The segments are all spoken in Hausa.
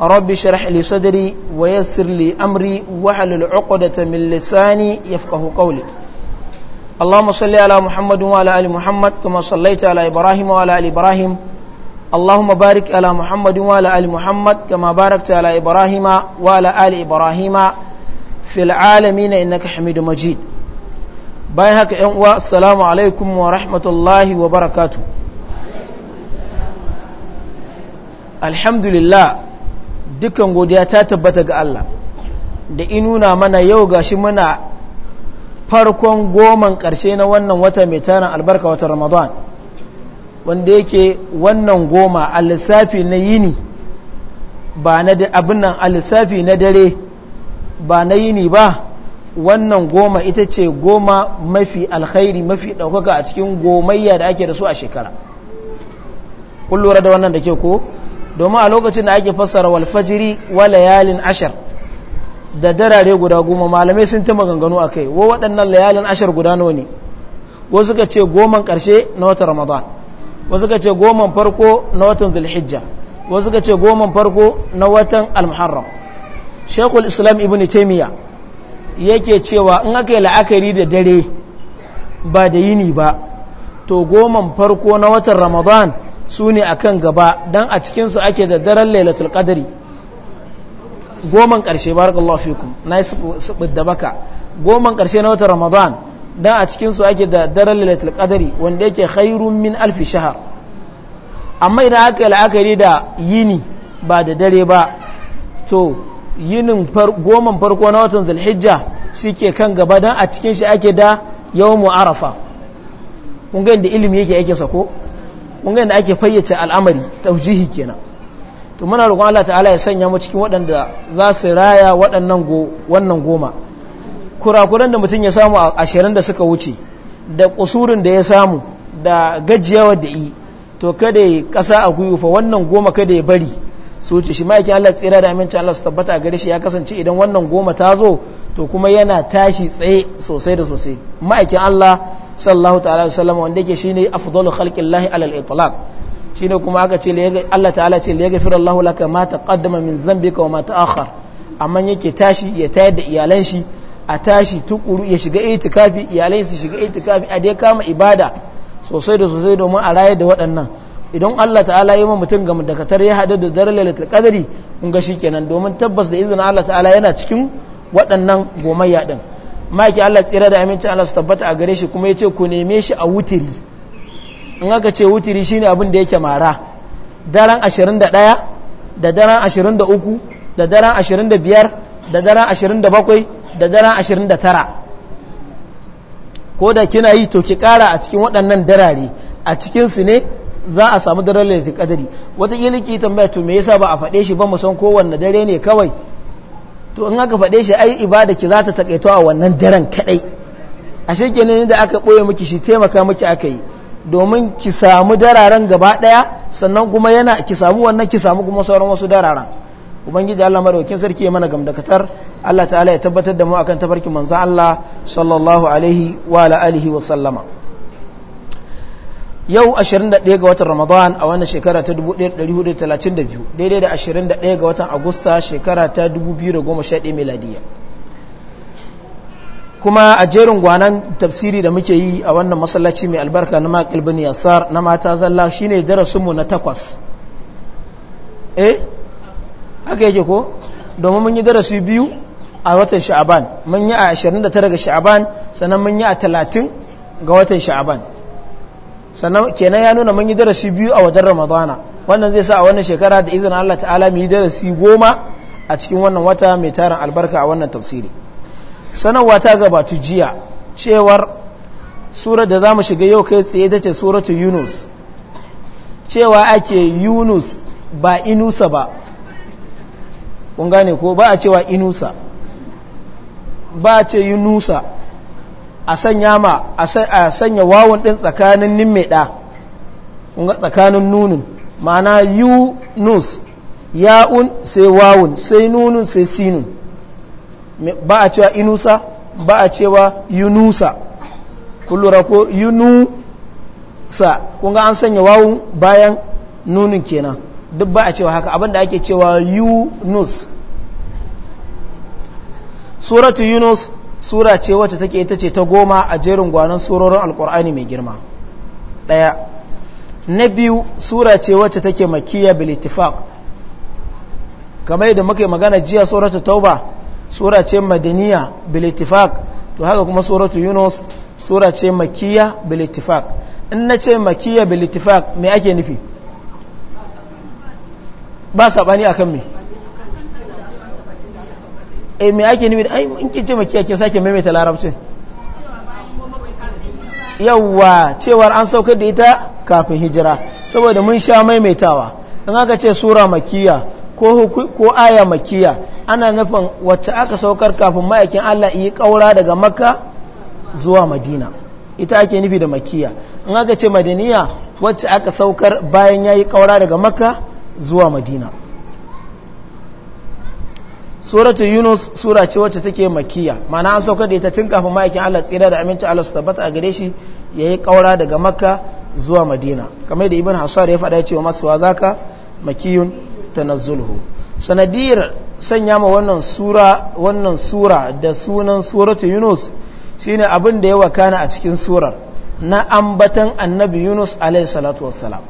رب شرح لي صدري ويسر لي أمري وحل العقدة من لساني يفقه قولي اللهم صل على محمد وعلى آل محمد كما صليت على إبراهيم وعلى آل إبراهيم اللهم بارك على محمد وعلى آل محمد كما باركت على إبراهيم وعلى آل إبراهيم في العالمين إنك حميد مجيد بايهك أنواء السلام عليكم ورحمة الله وبركاته الحمد لله dukkan godiya ta tabbata ga Allah da inuna mana yau ga shi muna farkon goman ƙarshe na wannan wata mai tana albarka wata ramadan wanda yake wannan goma a lissafi na yini ba na abin nan a lissafi na dare ba na yini ba wannan goma ita ce goma mafi alkhairi mafi ɗaukaka a cikin gomayya da ake da su a shekara kun da wannan da ke ko domin a lokacin da ake fassara wal fajiri wa layalin ashar da darare guda goma malamai sun ta maganganu a kai wa waɗannan layalin ashar guda nawa ne wasu ka ce goman ƙarshe na watan ramadan wasu ka ce goman farko na watan zulhijja wasu ka ce goman farko na watan almuharram shekul islam ibn taimiyya yake cewa in aka yi la'akari da dare ba da yini ba to goman farko na watan ramadan su ne a kan gaba don a cikinsu ake da daren lailatul qadari goman ƙarshe na yi da baka goman ƙarshe na watan ramadan don a cikinsu ake da daren lailatul kadari wanda yake khairun min alfi shahar amma idan aka yi la'akari da yini ba da dare ba to yinin goman farko na watan zulhijja shi ke kan gaba don a cikin shi ake da yawon mu'arafa kun ga ilimi yake ake sako mun ga yadda ake fayyace al'amari hujjihi kenan to muna roƙon Allah ta'ala ya sanya mu cikin waɗanda za su raya waɗannan go wannan goma kurakuran da mutum ya samu a ashirin da suka wuce da kusurin da ya samu da gajiyawa da yi to kada ya kasa a gwiwa fa wannan goma kada ya bari su wuce shi ma'aikin Allah tsira da amincin Allah su tabbata gare shi ya kasance idan wannan goma ta zo to kuma yana tashi tsaye sosai da sosai ma'aikin Allah sallallahu ta'ala wa sallama wanda yake shine afdalu lahi alal itlaq shine kuma aka ce Allah ta'ala ce ya gafira Allah laka ma taqaddama min dhanbika wa ma ta'akhkhar amma yake tashi ya tayar da iyalan shi a tashi tukuru ya shiga itikafi iyalai su shiga itikafi a dai kama ibada sosai da sosai domin a rayar da waɗannan idan Allah ta'ala yi mutum ga mudakatar ya hadu da daren lailatul qadari mun ga shi kenan domin tabbas da izinin Allah ta'ala yana cikin waɗannan gomayya ɗin maki Allah tsira da amincin Allah su tabbata a gare shi kuma ya ce ku neme shi a wutiri in aka ce wutiri ne abin da yake mara daren 21 da daren 23 da daren 25 da daren 27 da daren 29 ko da kina yi to ki kara a cikin waɗannan darare a cikinsu ne za a samu daren lalata kadari wataƙila ki tambaya to me yasa ba a faɗe shi ba mu san kowanne dare ne kawai to in aka faɗe shi ai ibada ki za ta takaito a wannan daren kaɗai kadai ashe ne da aka ɓoye miki shi taimaka miki aka yi domin ki samu dararen gaba ɗaya sannan kuma yana ki samu wannan ki samu kuma sauran wasu dararen ubangiji Allah madaukakin sarki ya mana gamdakatar Allah ta'ala ya tabbatar da mu akan tafarki manzon Allah sallallahu alaihi wa alihi wa sallama yau 21 ga watan ramadan a wannan shekara ta 1432 daidai da 21 ga watan agusta shekara ta 2011 meladiya kuma a jerin gwanan tafsiri da muke yi a wannan masallaci mai albarka na makil bin yasar na mata zalla shine darasinmu na takwas eh haka yake ko domin mun yi darasi biyu a watan sha'aban mun yi a 29 ga sha'aban sannan mun yi a 30 ga watan sha'aban sannan kenan ya nuna mun yi darasi biyu a wajen ramadana wannan zai sa a wannan shekara da izinin Allah ta'ala mu yi darasi goma a cikin wannan wata mai tarin albarka a wannan tafsiri sanarwa ta gabatu jiya cewar surar da za mu shiga yau kai tsaye ta ce suratu yunus cewa ake yunus ba inusa ba kun gane ko ba a cewa inusa ba ce yunusa a sanya ma a sanya wawon din tsakanin nin mai ɗa kun tsakanin nunun ma'ana yunus ya'un sai wawon sai nunun sai sinun ba a cewa inusa ba a cewa yunusa kullura ko yunusa kun an sanya wawon bayan nunun kenan duk ba a cewa haka abinda ake cewa yunus suratu yunus sura ce wacce take ita ce ta goma a jerin gwanon surorin alkur'ani mai girma ɗaya na biyu sura ce wacce take makiya bilitifak kamar yadda muka yi magana jiya suratu tauba sura ce madaniya bilitifak to haka kuma suratu yunus sura ce makiya bilitifak in na ce makiya bilitifak me ake nufi ba saɓani akan mai eh me ake nufi ai in kin ce maki ake sake maimaita larabci. yawwa cewar an saukar da ita kafin hijira saboda mun sha maimaitawa in aka ce sura makiya ko aya makiya ana nufin wacce aka saukar kafin ma'aikin Allah yi kaura daga makka zuwa madina ita ake nufi da makiya in aka ce madaniya wacce aka saukar bayan yayi kaura daga makka zuwa madina suratu yunus sura ce wacce take makiya mana an sauka da ita tun kafin ma'aikin allah tsira da aminci allah su tabbata a gare shi ya yi ƙaura daga makka zuwa madina kamar da ibn hasar ya faɗa cewa masu wa zaka makiyun tanazzulhu sanadiyar sanya ma wannan sura wannan sura da sunan suratu yunus shine abin da ya wakana a cikin surar na ambatan annabi yunus alaihi salatu wassalam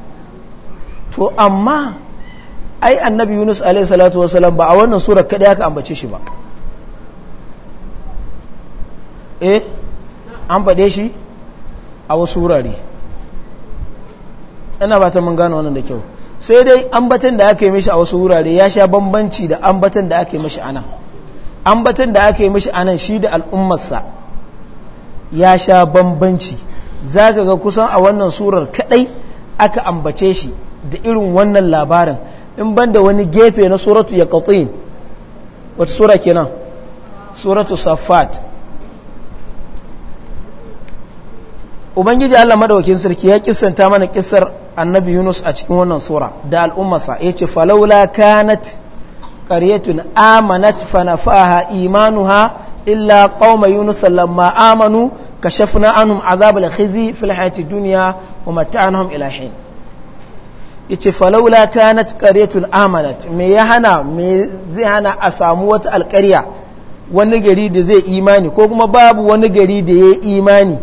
to amma ai annabi yunus alaihi salatu wasalam ba a wannan sura kadai aka ambace shi ba eh an faɗe shi a wasu wurare ina ba ta mun gano wannan da kyau sai dai ambatan da aka yi mishi a wasu wurare ya sha bambanci da ambatan da aka yi mishi anan ambatan da aka yi mishi anan shi da al'ummarsa ya sha bambanci za ga kusan a wannan surar kadai aka ambace shi da irin wannan labarin in ban da wani gefe na suratu ya katsin wata sura suratu safat ubangiji allah madawakin sarki ya kisanta mana kisar annabi yunus a cikin wannan sura da al'ummarsa ya ce falaula kanat qaryatun amanat fanafaha imanuha illa ƙauma yunus lamma amanu kashafna anhum azabal khizi fil duniya kuma wa mata'anahum ila yace falaula kanat qaryatul amanat me ya hana me zai hana a samu wata alƙarya wani gari da zai imani ko kuma babu wani gari da ya imani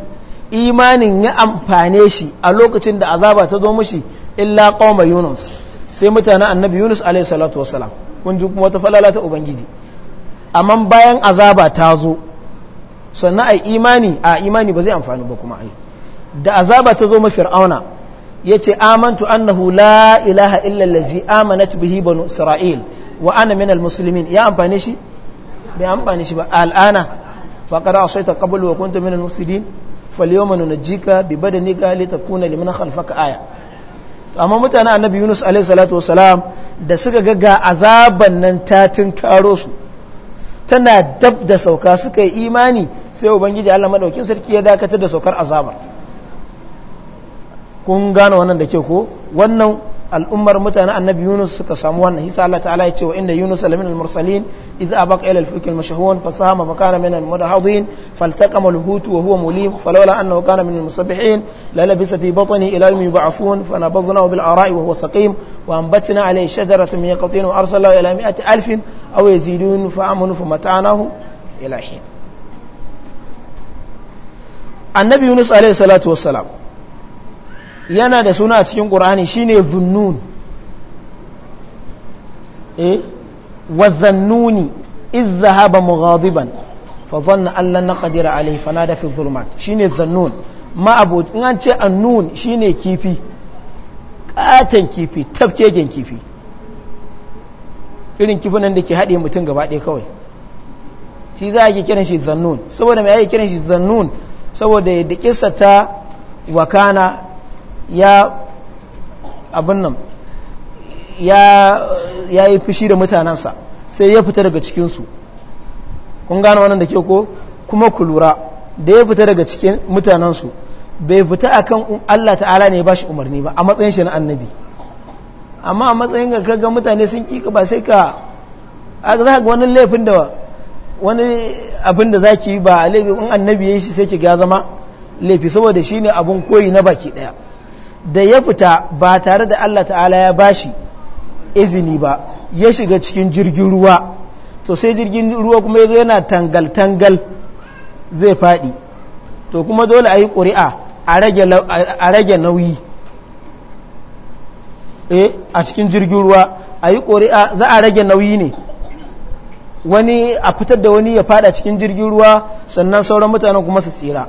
imanin ya amfane shi a lokacin da azaba ta zo mishi illa qauma yunus sai mutanen annabi yunus alayhi salatu wassalam kun ji kuma wata falala ta ubangiji amma bayan azaba ta zo sannan ai imani a imani ba zai amfani ba kuma ai da azaba ta zo ma fir'auna ya ce amantu annahu la ilaha illallazi amanat bihi banu isra'il wa ana minal muslimin ya amfani shi bai amfani shi ba al'ana faqad asaita qablu wa kunta minal mufsidin falyawma nunajjika bi badanika litakuna liman khalfaka aya to amma mutane annabi Yunus alaihi salatu wasalam da suka ga ga azaban nan ta tinkaro su tana dab da sauka suka yi imani sai ubangiji Allah madaukin sarki ya dakatar da saukar azabar kun gane wannan da ke ko wannan al'ummar mutane annabi yunus suka samu wannan hisa Allah ta'ala ya ce wa inda yunus alamin al-mursalin idza abaq ila al-fulk al-mashhun fasahama fa kana min al-mudahidin faltaqama al-hut wa huwa mulim falawla annahu kana min al-musabbihin la labisa fi batni ila yawm yub'athun fanabadnahu bil ara'i wa huwa saqim wa anbatna alayhi shajaratan min yaqtin wa arsalnahu ila mi'ati alfin aw yazidun fa amanu famata'nahu ila hin annabi yunus alayhi salatu wassalam yana da suna a cikin ƙur'ani shine zunnun eh wazannuni iz zahaba mughadiban fa dhanna an na naqdira alayhi fanada fi shi shine zannun ma abu an ce annun shine kifi katan kifi tafkegen kifi irin kifin nan da ke haɗe mutum gaba ɗaya kawai shi za a ke kiran shi zannun saboda mai ake kiran shi zannun saboda yadda kisa ta wakana ya abin nan ya yi fushi da mutanensa sai ya fita daga cikinsu kun gano wannan da ke ko kuma ku lura da ya fita daga cikin mutanensu bai fita akan Allah ta'ala ne ba shi umarni ba a matsayin shi na annabi amma a matsayin ga kaga mutane sun kika ba sai ka za ka wani laifin da wani abin da za ki yi ba a laifin annabi ya yi shi sai ki ga zama laifi saboda shi ne abin koyi na baki ɗaya da ya fita ba tare da Allah ta'ala ya bashi izini ba ya shiga cikin jirgin ruwa to sai jirgin ruwa kuma ya zo yana tangal-tangal zai faɗi to kuma dole a yi ƙuri'a a rage nauyi eh, a cikin jirgin ruwa a yi ƙuri'a za a rage nauyi ne wani a fitar da wani ya faɗa cikin jirgin ruwa sannan sauran mutanen kuma su tsira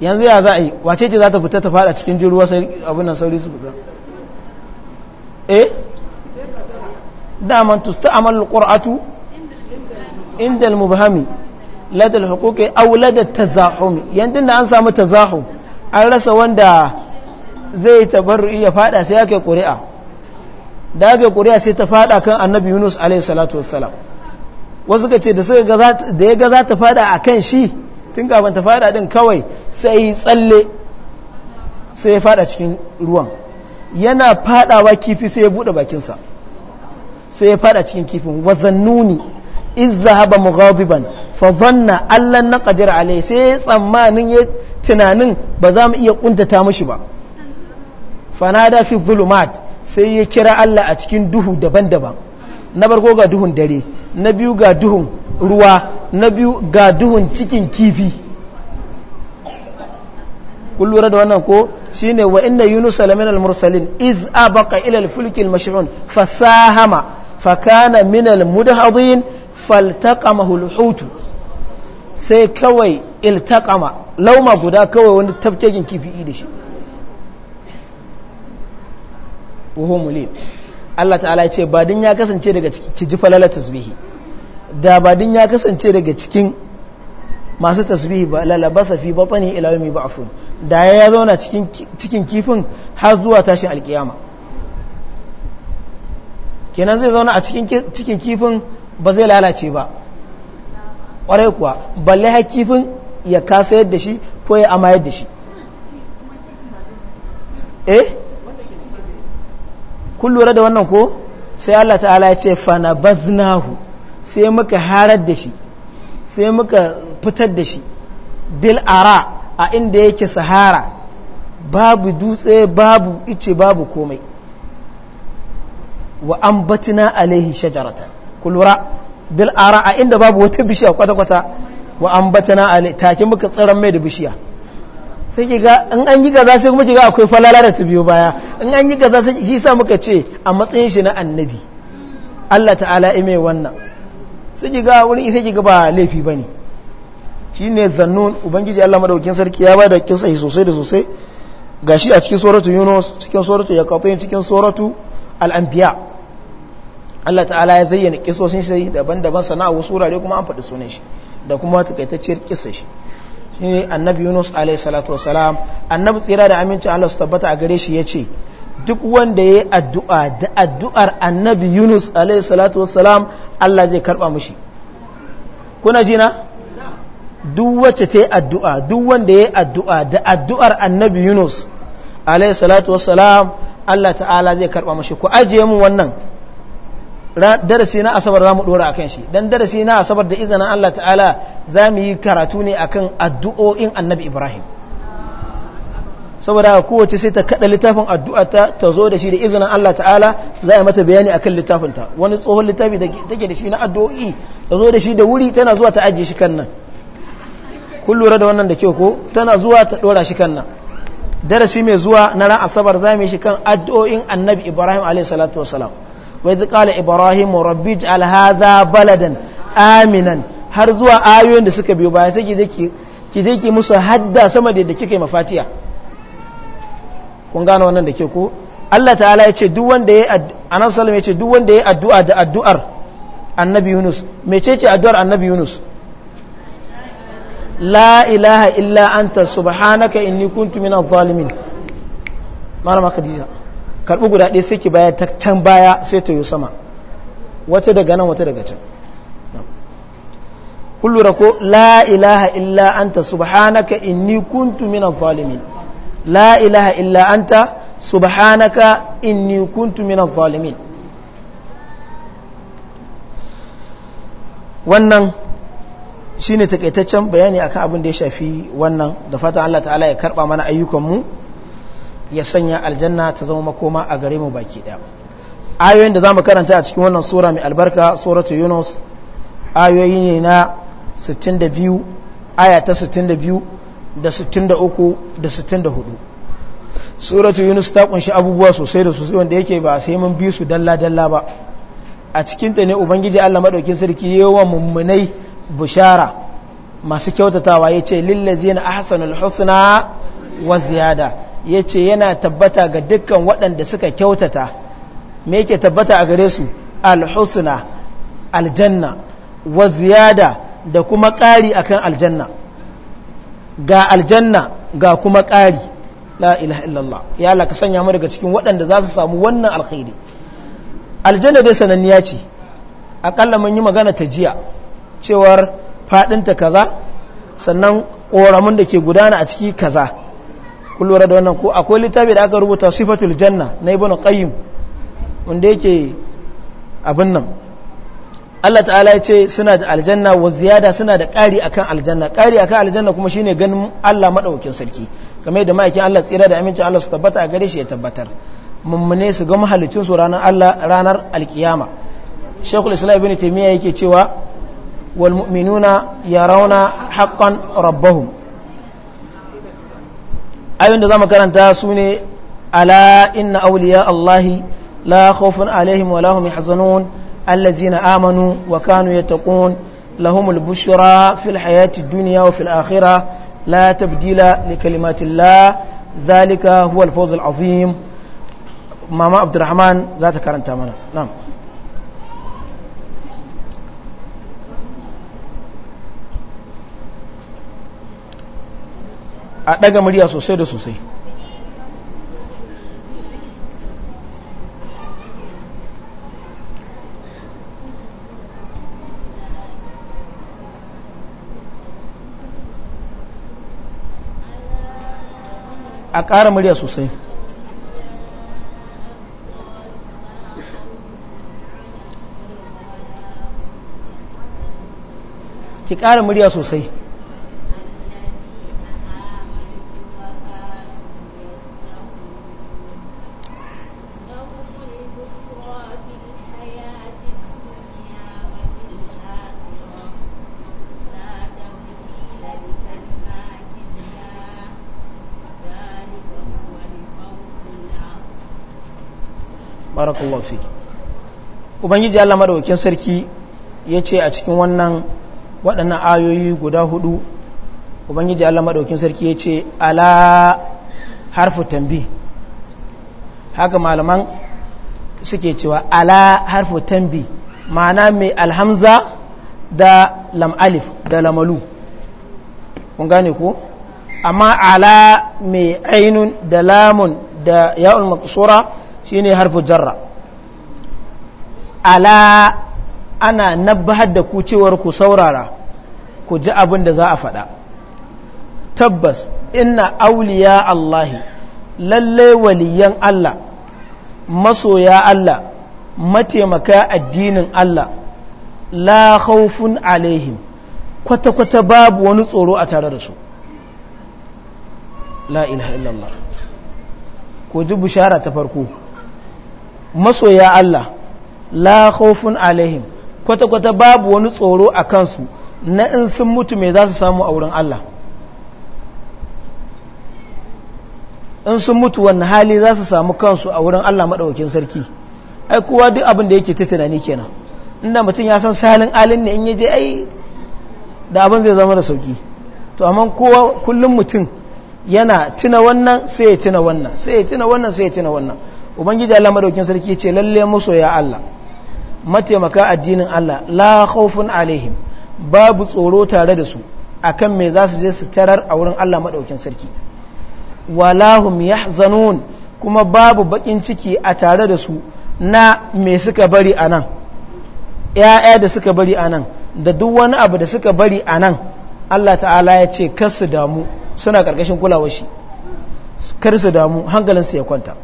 yanzu ya za a yi wace ce za ta fita ta fada cikin jiruwa sai abin nan sauri su fita eh daman tusta amal qur'atu inda al-mubhami lada al-huquqi aw lada tazahum yanda an samu tazahum an rasa wanda zai tabarru'i ya fada sai yake ƙuri'a da yake ƙuri'a sai ta fada kan annabi Yunus alayhi salatu wassalam wasu ka ce da suka ga ga za ta fada akan shi tun kafin ta fada din kawai sai tsalle sai ya fada cikin ruwan yana fadawa kifi sai ya bude bakinsa sai ya fada cikin kifin wazannuni izahaba mughadiban fa dhanna allan naqdir alai sai tsammanin ya tunanin ba za mu iya kuntata mashi ba fanada fi zulumat sai ya kira Allah a cikin duhu daban-daban na barko ga duhun dare na biyu ga duhun ruwa na biyu ga duhun cikin kifi kun da wannan ko shi ne wa inna yunus alamin al-mursalin iz abaka ilal fulkin fulki al fasahama fakana min al-mudhadin faltaqamahu sai kawai iltakama lauma guda kawai wani tafkekin kifi da shi Allah ta'ala ya ce ba din ya kasance daga ciki ji falala tasbihi da ba din ya kasance daga cikin masu tasbihi ba lalabasa fi batani ila ba ba'thun da ya zauna cikin cikin kifin har zuwa tashin alkiyama kenan zai zauna a cikin cikin kifin ba zai lalace ba kwarai kuwa balle ha kifin ya kasa yadda shi ko ya ama yadda shi eh kun lura da wannan ko sai Allah ta'ala ya ce baznahu. sai muka harar da shi sai muka fitar da shi bil ara a inda yake sahara babu dutse babu ice babu komai wa an batina alaihi shajarata kulura bil ara a inda babu wata bishiya kwata-kwata wa an batina alaihi take muka tsiran mai da bishiya sai ki ga in an yi gaza sai kuma ki ga akwai falala da ta biyo baya in an yi gaza sai shi sa muka ce a matsayin shi na annabi Allah ta'ala ime wannan sai ga wurin sai ga ba laifi bane shine zannun ubangiji Allah madaukakin sarki ya bada kisai sosai da sosai gashi a cikin suratu Yunus cikin suratu Yaqatin cikin suratu Al-Anbiya Allah ta'ala ya zayyana kisosin shi daban-daban sana'a wasu wurare kuma an faɗi sunan shi da kuma takaitacciyar kisa shi shine annabi Yunus alayhi salatu wasalam annabi tsira da aminci Allah su tabbata a gare shi yace duk wanda ya yi addu'a da addu'ar annabi yunus alaihi salatu wasalam allah zai karɓa mushi kuna jina duk wacce ta yi addu'a duk wanda ya yi addu'a da addu'ar annabi yunus alaihi salatu wasalam allah ta'ala zai karɓa mushi ku ajiye mu wannan darasi na asabar za mu ɗora a kan shi don darasi na asabar da izinin allah ta'ala za mu yi karatu ne akan addu'o'in annabi ibrahim saboda haka kowace sai ta kada littafin addu'a ta zo da shi da izinin Allah ta'ala za a mata bayani akan littafin ta wani tsohon littafi da take da shi na addu'o'i ta zo da shi da wuri tana zuwa ta ajiye shi kan nan kun lura da wannan da kyau ko tana zuwa ta dora shi kan nan darasi mai zuwa na ran asabar za mu yi shi kan addu'o'in annabi ibrahim alayhi salatu wasalam wa idh qala ibrahim rabbi ij'al hadha baladan aminan har zuwa ayoyin da suka biyo baya sai ki je ki musu hadda sama da yadda kika yi mafatiya kun gano wannan da ke ko Allah ta'ala ya ce duk wanda ya annabi sallallahu ya ce duk wanda ya addu'a da addu'ar annabi Yunus mecece addu'ar annabi Yunus la ilaha illa anta subhanaka inni kuntu minaz zalimin malama khadija karbi guda ɗaya sai ki baya ta can baya sai ta yi sama wata daga nan wata daga can kullu rako la ilaha illa anta subhanaka inni kuntu minaz zalimin la ilaha illa anta subhanaka inni kuntu min zalimin wannan shine takaitaccen bayani akan abin da ya shafi wannan da fatan Allah ta'ala ya karba mana ayyukanmu ya sanya aljanna ta zama makoma a gare mu baki daya ayoyin da zamu karanta a cikin wannan sura mai albarka suratu yunus ayoyi ne na 62 aya ta 62 da 63 da 64 suratu yunus ta kunshi abubuwa sosai da sosai wanda yake ba sai mun bisu su dalla-dalla ba a cikinta ne ubangiji allah maɗaukin sarki yawan mummunai bushara masu kyautatawa ya ce lillazina ahsanul husna wa ziyada ya ce yana tabbata ga dukkan waɗanda suka kyautata me yake tabbata a gare su alhusna aljanna wa ziyada da kuma ƙari akan aljanna ga aljanna ga kuma ƙari la ilaha illallah ya Allah ka sanya mu daga cikin waɗanda za su samu wannan alkhairi aljanna dai sananniya ce akalla mun yi magana ta jiya cewar faɗinta kaza sannan ƙoramun da ke gudana a ciki kaza kullura da wannan ko akwai littafi da aka rubuta sifatul janna na ibn qayyim wanda yake abin nan Allah ta'ala ya ce suna da aljanna wa ziyada suna da ƙari akan aljanna ƙari akan aljanna kuma shi ne ganin Allah madaukakin sarki kamar yadda ma'aikin Allah tsira da amincin Allah su tabbata a gare shi ya tabbatar mummune su ga mahallicin su ranar Allah ranar alkiyama Sheikhul Islam Ibn Taymiyyah yake cewa wal mu'minuna yarawna haqqan rabbahum ayoyin da zamu karanta sune ne ala inna awliya Allah la khawfun alaihim wa lahum yahzanun الذين آمنوا وكانوا يتقون لهم البشرى في الحياة الدنيا وفي الآخرة لا تبديل لكلمات الله ذلك هو الفوز العظيم ماما عبد الرحمن ذات كرنتا تامنا نعم a murya sosai da sosai a ƙara murya sosai ki ƙara murya sosai barakallahu fi ubangiji Allah madaukakin sarki yace a cikin wannan waɗannan ayoyi guda hudu ubangiji Allah madaukakin sarki yace ala harfu tambi haka malaman suke cewa ala harfu tambi ma'ana mai alhamza da lam alif da lamalu kun gane ko amma ala mai ainun da lamun da ya'ul maqsura Shi ne harfu jarra ala ana nabbahar da kucewar ku saurara ku ji abin da za a faɗa tabbas ina auliya Allahi lalle waliyan Allah masoya Allah mataimaka addinin Allah la khawfun alaihim kwata-kwata babu wani tsoro a tare da su la ilaha illallah ko ji bishara ta farko masoya Allah la khaufun alaihim kwata-kwata babu wani tsoro a kansu na in sun mutu mai za su samu a wurin Allah in sun mutu wani hali za su samu kansu a wurin Allah maɗaukin sarki ai kowa duk abin da yake ta tunani kenan inda mutum ya san salin alin ne in yaje ai da abin zai zama da sauki to amma kowa kullum mutum yana tuna wannan sai ya tuna wannan sai ya tuna wannan sai ya tuna wannan ubangiji Allah madaukin sarki ce lalle ya Allah mataimaka addinin Allah la khawfun alaihim babu tsoro tare da su akan me za su je su tarar a wurin Allah madaukin sarki walahum yahzanun kuma babu bakin ciki a tare da su na me suka bari anan ya'ya da suka bari anan da duk wani abu da suka bari anan Allah ta'ala ya ce kar su damu suna karkashin kulawar shi kar su damu hankalinsu ya kwanta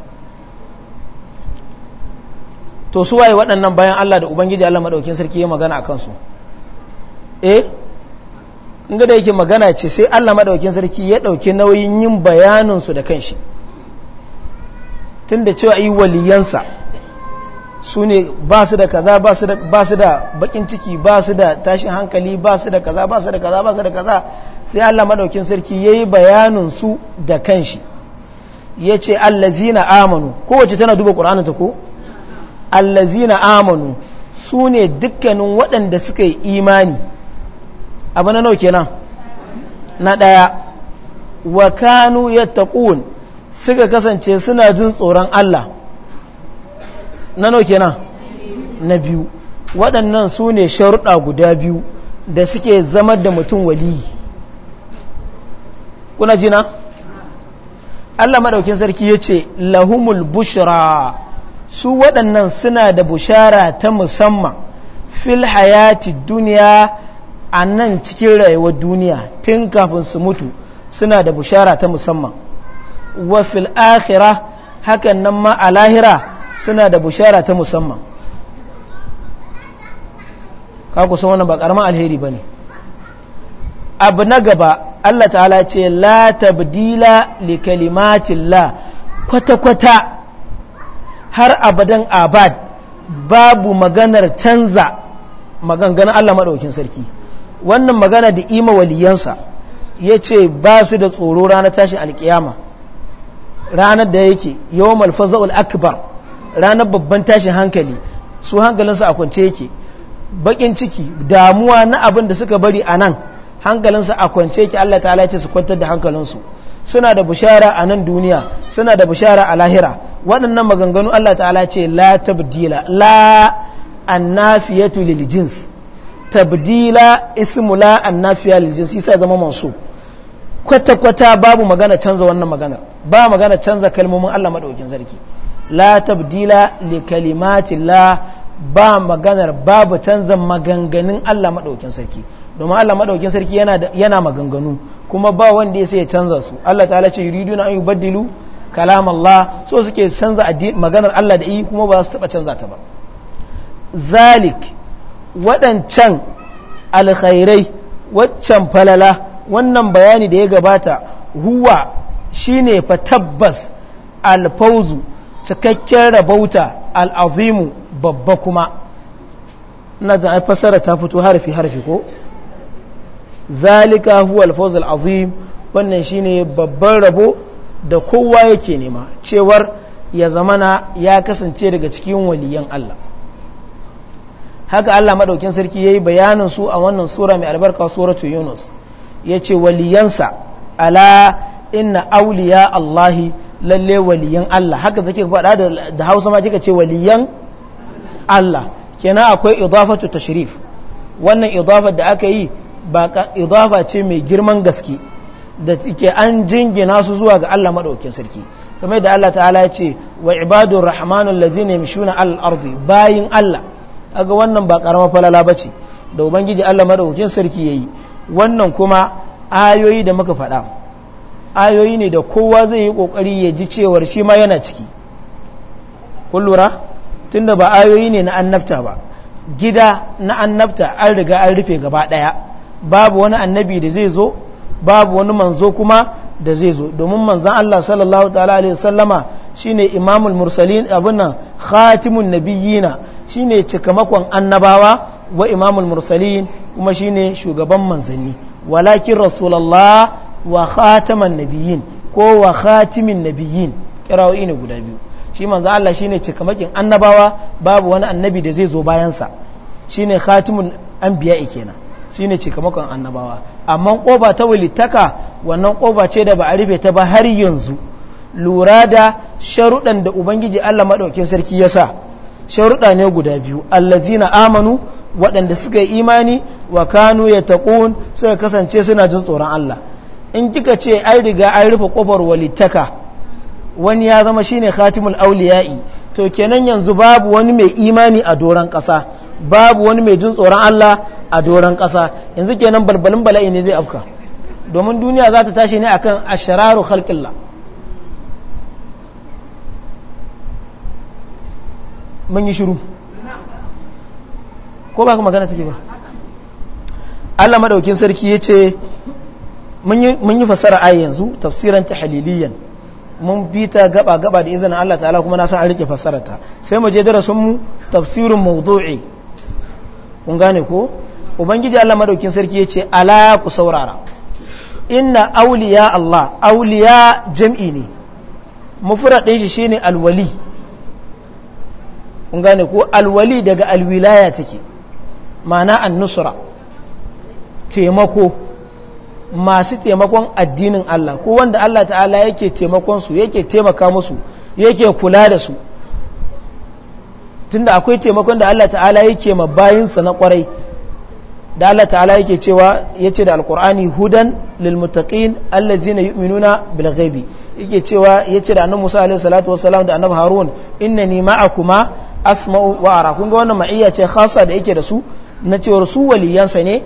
to su waye waɗannan bayan Allah da ubangiji Allah madaukin sarki ya magana a kansu eh ga da yake magana ce sai Allah maɗaukin sarki ya ɗauki nauyin yin bayanin su da kanshi tunda cewa yi waliyansa su ne ba su da kaza ba su da bakin ciki ba su da tashin hankali ba su da kaza ba su da kaza ba su da kaza sai Allah maɗaukin sarki yayi bayanin su da kanshi yace allazina amanu kowace tana duba qur'anin ta ko allazina amanu su ne dukkanin waɗanda suka yi imani abu na nauke nan na ɗaya wa kanu ya taƙun suka kasance suna jin tsoron Allah na nauke nan na biyu waɗannan su ne sharuɗa guda biyu da suke zama da mutum waliyi kuna jina? Allah maɗaukin sarki ya ce lahumul bushra su waɗannan suna da bushara ta musamman fil hayati duniya a nan cikin rayuwar duniya tun kafin su mutu suna da bushara ta musamman wa fil akhira hakan nan ma a lahira suna da bushara ta musamman ka san wannan ba ƙaramin alheri ba ne abu na gaba Allah ta'ala ce la tabdila li la kwata-kwata har abadan abad babu maganar canza maganganun Allah maɗaukin sarki wannan magana da ima waliyansa ya ce ba su da tsoro ranar tashin alkiyama ranar da yake yawon malfaza'ul akbar ranar babban tashin hankali su hankalinsa a kwance yake bakin ciki damuwa na abin da suka bari a nan hankalinsa a kwance yake Allah ta halaye su kwantar da hankalinsu suna da bushara a nan duniya suna da bushara a lahira waɗannan maganganu Allah ta'ala ce la tabdila la annafiyatu lil jins tabdila ismu la annafiya lil jins sai zama mansub kwata kwata babu magana canza wannan maganar ba magana canza kalmomin Allah madaukin sarki la tabdila li kalimatillah ba maganar babu canza maganganun Allah madaukin sarki domin Allah madaukin sarki yana yana maganganu kuma ba wanda ya sai ya canza su Allah ta'ala ce yuriduna an yubaddilu kalam Allah so suke canza maganar Allah da yi kuma ba su taba canza ta ba zalik waɗancan alkhairai waccan falala wannan bayani da ya gabata huwa shine fa tabbas alfauzu cikakken rabauta al'azimu babba kuma na da fasara ta fito harfi harfi ko zalika huwa alfawzul azim wannan shine babban rabo da kowa yake nema cewar ya zamana ya kasance daga cikin waliyan Allah haka Allah madaukin sarki yayi bayanin su a wannan sura mai albarka suratu Yunus yace waliyansa ala inna awliya Allahi lalle waliyan Allah haka zake faɗa da Hausa ma kika ce waliyan Allah kenan akwai idafatu tashrif wannan idafar da aka yi ba idafa ce mai girman gaske da ke an jingina su zuwa ga Allah maɗaukin sarki kamar da Allah ta'ala ya ce wa ibadun rahmanun lazina yamshuna al ardi bayin Allah aga wannan ba karama falala bace da ubangiji Allah maɗaukin sarki ya yi wannan kuma ayoyi da muka faɗa ayoyi ne da kowa zai yi ƙoƙari ya ji cewar shi ma yana ciki kun lura tunda ba ayoyi ne na annabta ba gida na annabta an riga an rufe gaba ɗaya babu wani annabi da zai zo babu wani manzo kuma da zai zo domin manzan Allah sallallahu ta'ala sallama shi ne imamul mursalin abin khatimun nabiyina shine cikamakon annabawa wa imamul mursalin kuma shine shugaban manzanni walakin rasulallah wa khataman nabiyin ko wa khatimin nabiyin kirawoyi ne guda biyu shi manzan Allah shine cikamakin annabawa babu wani annabi da zai zo bayansa shine khatimun anbiya'i kenan Shi ne cikamakon annabawa amma ƙoba ta wulitaka wannan ƙoba ce da ba a rufe ta ba har yanzu lura da sharuɗan da ubangiji Allah maɗaukin sarki ya sa sharuɗa ne guda biyu zina amanu waɗanda suka yi imani wa kanu ya taƙun suka kasance suna jin tsoron Allah in kika ce an riga an rufe ƙofar walitaka wani ya zama shine khatimul auliya'i to kenan yanzu babu wani mai imani a doron ƙasa babu wani mai jin tsoron Allah a doron ƙasa yanzu kenan balbalin bala'i ne zai afka domin duniya za ta tashi ne akan ashararu khalqillah mun yi shiru ko ba magana take ba Allah madaukin sarki yace mun yi fasara a yanzu tafsiran tahliliyan mun bita ta gaba gaba da izinin Allah ta'ala kuma na san an rike ta sai mu je darasin mu tafsirin mawdu'i kun gane ko ubangiji Allah madaukin sarki yace ala ku saurara inna awliya Allah awliya jam'i ne ɗin shi shine alwali kun gane ko alwali daga alwilaya take ma'ana an-nusra taimako masu taimakon addinin Allah ko wanda Allah ta'ala yake taimakon su yake taimaka musu yake kula da su tunda akwai taimakon da Allah ta'ala yake ma bayinsa na kwarai da Allah ta'ala yake cewa yace da alqur'ani hudan lil muttaqin allazina yu'minuna bil ghaibi yake cewa yace da annabi Musa alayhi salatu salam da annabi Harun innani ma'akuma asma'u wa ara kun ga wannan ma'iyya ce khassa da yake da su na cewa su waliyansa ne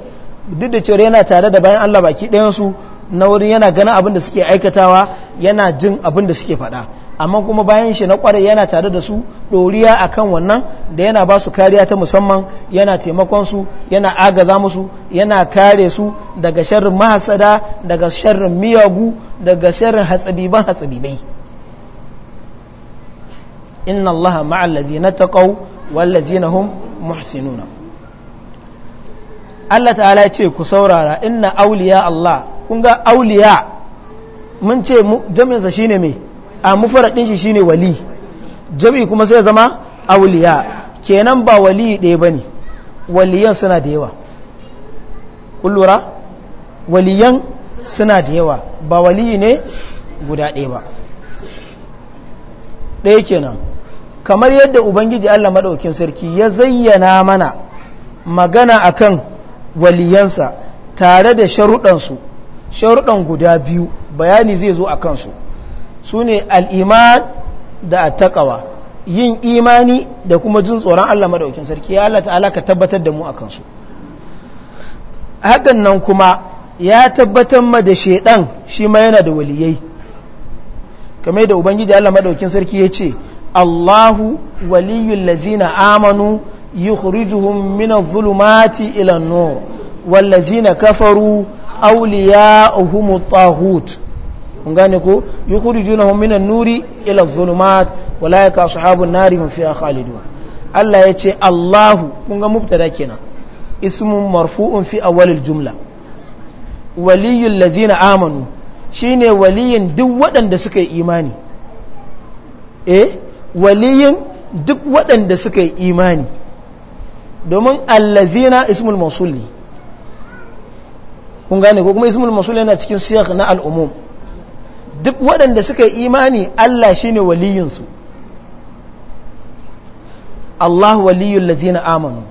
duk da cewa yana tare da bayan Allah baki ɗayansu na wurin yana ganin abin da suke aikatawa yana jin abin da suke faɗa amma kuma bayan shi na kware yana tare da su ɗoriya akan wannan da yana ba su kariya ta musamman yana taimakon su yana agaza musu yana kare su daga sharrin mahasada daga sharrin miyagu daga sharrin hatsabiban hatsabibai inna allaha ma'al taqaw wal hum muhsinuna Allah ta'ala ce ku saurara inna auliya Allah kun ga auliya mun ce jami'insa shine me a mufaradin shi shine wali jami'i kuma sai zama auliya kenan ba wali ɗaya ne waliyan suna da yawa kun waliyan suna da yawa ba wali ne guda ɗaya ba ɗaya kenan kamar yadda ubangiji Allah maɗaukin sarki ya zayyana mana magana akan waliyansa tare da sharuɗansu sharuɗan guda biyu bayani zai zo a kansu su ne al'iman da taƙawa, yin imani da kuma jin tsoron Allah maɗaukin sarki ya Allah ta'ala ka tabbatar da mu a kansu hakan nan kuma ya tabbatar ma da shaidan shi ma yana da waliyai kamar da ubangiji Allah maɗaukin sarki ya ce Allahu waliyun lazina amanu yukhrijuhum min adh-dhulumati ila an-nur wallazina kafaru awliya'uhum at-taghut ungane ko yukhrijunahum min an-nuri ila adh-dhulumat walaika ashabun nari hum fiha khalidun Allah Allahu kunga mubtada kenan ismun marfu'un fi awwalil jumla waliyul ladina amanu shine waliyin duk wadanda suka eh? waliyin duk wadanda suka imani domin allazina ismul mausul ne kun gane ko kuma ismul mausul yana cikin siyar na al'umum duk waɗanda suka yi imani Allah shi ne waliyinsu Allah waliyun ladina amanu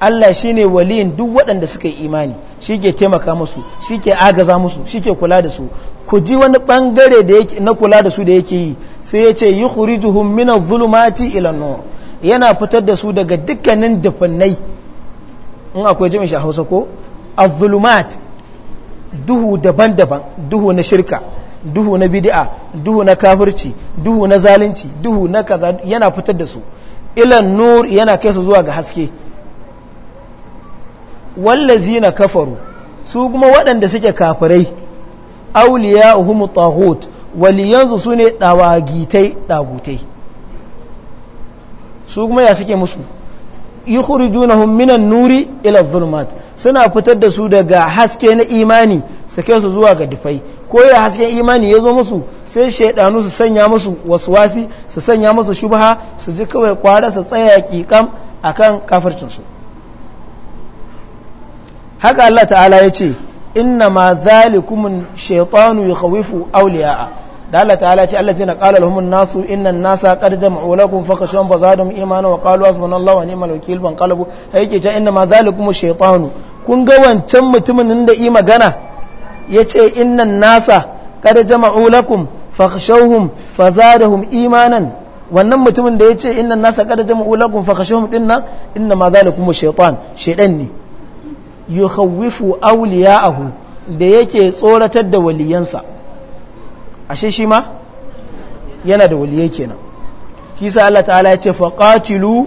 Allah shi ne waliyin duk waɗanda suka yi imani shi ke taimaka musu shi ke agaza musu shi ke kula da su ku ji wani ɓangare na kula da su da yake yi sai ya ce yi hurijuhun mina zulumati ilanon yana fitar da su daga dukkanin dufannai in akwai jami'in shi a hausa ko azulumat duhu daban-daban duhu na shirka duhu na bidi'a duhu na kafirci duhu na zalunci duhu na kaza yana fitar da su ilan nur yana kai su zuwa ga haske wallazina kafaru su kuma waɗanda suke kafirai awliya'uhum taghut waliyansu sune dawagitai ɗagutai. su kuma ya suke musu juna minan nuri ila zulmat suna fitar da su daga haske na imani sake su zuwa ga difai ko ya hasken imani ya zo musu sai shaidanu su sanya musu waswasi su sanya musu shubha su ji kawai kwara su tsaya kikam a kan kafircinsu haka Allah ta'ala ya ce inna ma zalikumun shaitanu kawifu auliya'a da Allah ta'ala ce Allah zina qala lahum an-nasu inna an-nasa qad jama'u lakum fakhashawhum fazadahum imana wa qalu hasbunallahu wa ni'mal wakeel ban qalabu yake ta inna ma zalikum shaytanu kun ga wancan mutumin da yi magana yace inna an-nasa qad jama'u lakum fakhashawhum fazadahum imanan wannan mutumin da yace inna an-nasa qad jama'u lakum fakhashawhum dinna inna ma zalikum shaytan shaydan ne yukhawwifu awliya'ahu da yake tsoratar da waliyansa ashe shi ma yana da waliyai kenan shi sa Allah ta'ala ya ce faqatilu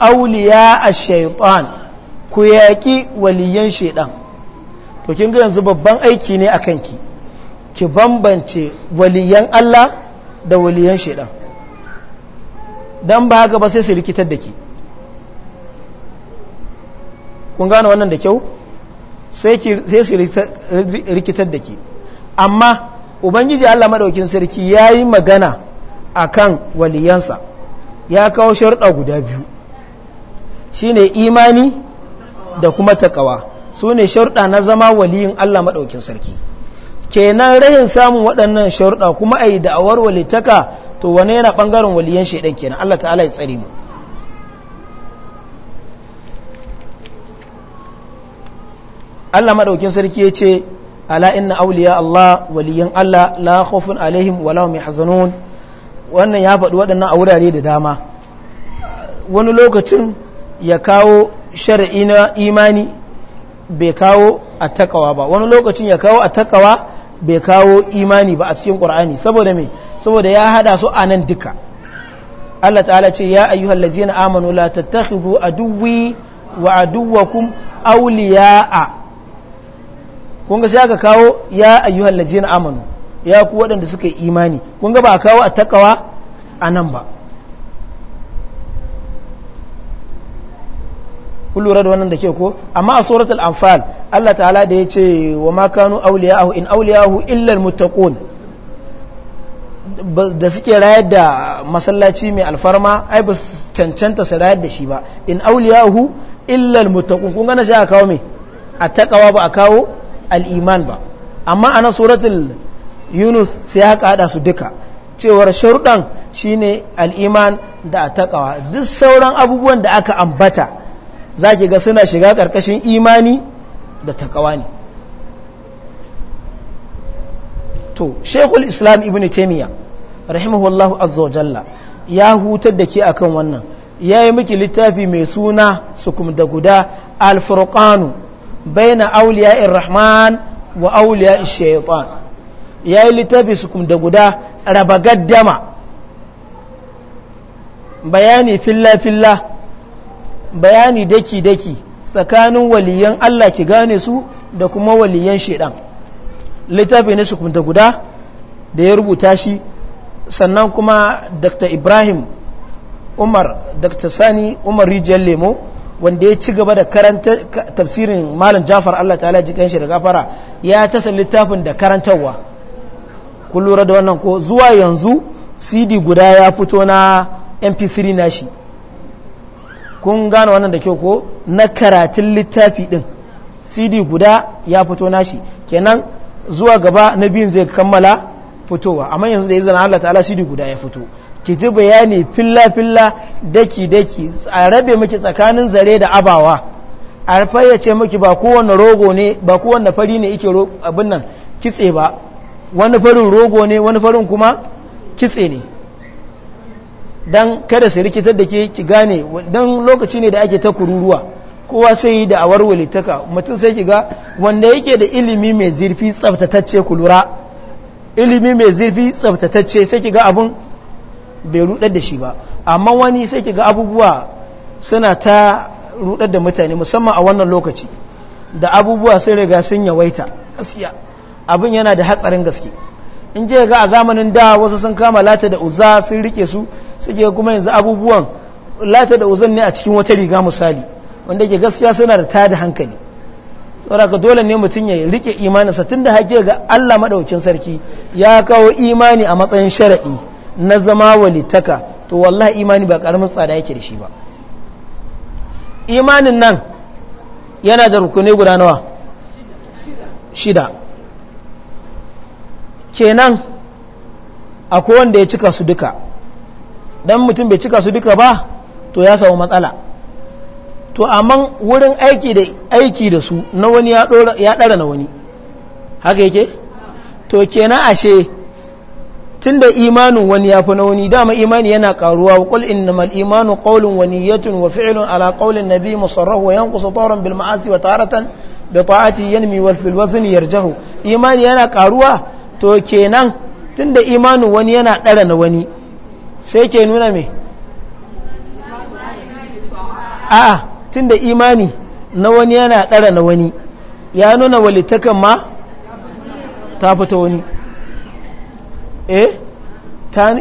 awliya ash-shaytan ku yaki waliyan shaytan to kin ga yanzu babban aiki ne akan ki ki bambance waliyan Allah da waliyan shaytan dan ba haka ba sai su rikitar da ki kun gane wannan da kyau sai su rikitar da ki amma ubangiji Allah Maɗaukin sarki ya yi magana a kan waliyansa ya kawo sharuɗa guda biyu shine imani da kuma takawa su ne sharuɗa na zama waliyin Allah madaukin sarki kenan rahin samun waɗannan sharuɗa kuma a yi da'awar walitaka to wane yana ɓangaren waliyan shaidan kenan Allah ta'ala ya tsare mu Allah Maɗaukin sarki ya ce ala inna auliya Allah waliyan Allah la khawfun alaihim wa lahum yahzanun wannan ya faɗi waɗannan a wurare da dama wani lokacin ya kawo shar'i na imani bai kawo a takawa ba wani lokacin ya kawo a takawa bai kawo imani ba a cikin ƙur'ani saboda me saboda ya hada su a nan duka Allah ta'ala ce ya ayyuhal ladzina amanu la tattakhidhu aduwwi wa aduwwakum awliya'a kun ga sai aka kawo ya ayyuhal ladina amanu ya ku waɗanda suka yi imani kun ga ba a kawo a takawa a nan ba kun lura da wannan da ke ko amma a suratul anfal Allah ta'ala da ya ce wa ma kanu awliyahu in awliyahu illa almuttaqun da suke rayar da masallaci mai alfarma ai ba cancanta su rayar da shi ba in awliyahu illa almuttaqun kun ga na sai a kawo me a takawa ba a kawo al'iman ba amma a na suratul yunus sai ya kada su duka cewar shirɗan shi ne al'iman da a taƙawa duk sauran abubuwan da aka ambata za ki ga suna shiga ƙarƙashin imani da taƙawa ne to shekul islam ibn taimiyya rahimahullahu azzawajalla ya hutar da ke akan wannan ya yi miki littafi mai suna su kuma da guda alfurkanu baina auliya rahman wa auliya shaitan ya yi littafi su da guda raba gaddama bayani filla-filla bayani daki-daki tsakanin waliyan Allah ki gane su da kuma waliyan shaidan littafi ne su da guda da ya rubuta shi sannan kuma dr ibrahim umar dr sani umar rijiyar lemo wanda ya ci gaba da karanta tafsirin malam jafar Allah ta'ala ji kanshi da gafara ya tasa littafin da karantarwa kun lura da wannan ko zuwa yanzu cd guda ya fito na mp3 nashi kun gane wannan da kyau ko na karatun littafi din cd guda ya fito nashi kenan zuwa gaba na biyun zai kammala fitowa amma yanzu da zana Allah ta'ala cd guda ya fito ki ji bayani filla-filla daki-daki a rabe miki tsakanin zare da abawa a fayyace miki ba kowane rogo ne ba kowane fari ne ike abin nan kitse ba wani farin rogo ne wani farin kuma kitse ne don kada su rikitar da ke ki gane don lokaci ne da ake ta kururuwa kowa sai yi da awar walitaka mutum sai ki ga wanda yake da ilimi mai zirfi tsabtatacce kulura ilimi mai zirfi tsabtatacce sai ki ga abin bai rudar da shi ba amma wani sai ki ga abubuwa suna ta rudar da mutane musamman a wannan lokaci da abubuwa sun riga sun yawaita gaskiya abin yana da hatsarin gaske in je ga a zamanin da wasu sun kama lata da uza sun rike su suke kuma yanzu abubuwan lata da uzan ne a cikin wata riga misali wanda ke gaskiya suna da tada hankali saboda dole ne mutum ya rike imaninsa tun da hake ga Allah maɗaukin sarki ya kawo imani a matsayin sharaɗi na zama walitaka to wallahi imani ba karamin tsada yake da shi ba imanin nan yana da rukuni guda nawa shida kenan akwai wanda ya cika su duka don mutum bai cika su duka ba to ya samu matsala to amma wurin aiki da aiki da su na wani ya ɗara na wani haka yake to kenan ashe Tun da imanin wani ya fi na wani dama imani yana karuwa wa kul innamal imanu wani ya niyyatun wa fi'lun ala na biyu musarrahu wa yanqusu tawran bil ma'asi wa taratan bi ta'ati yanmi wal fil wazn yarjahu imani yana karuwa to kenan tun da imanin wani yana ɗara na wani sai ke nuna me a'a da imani na wani yana ɗara na wani ya nuna walitakan ma ta fita wani eh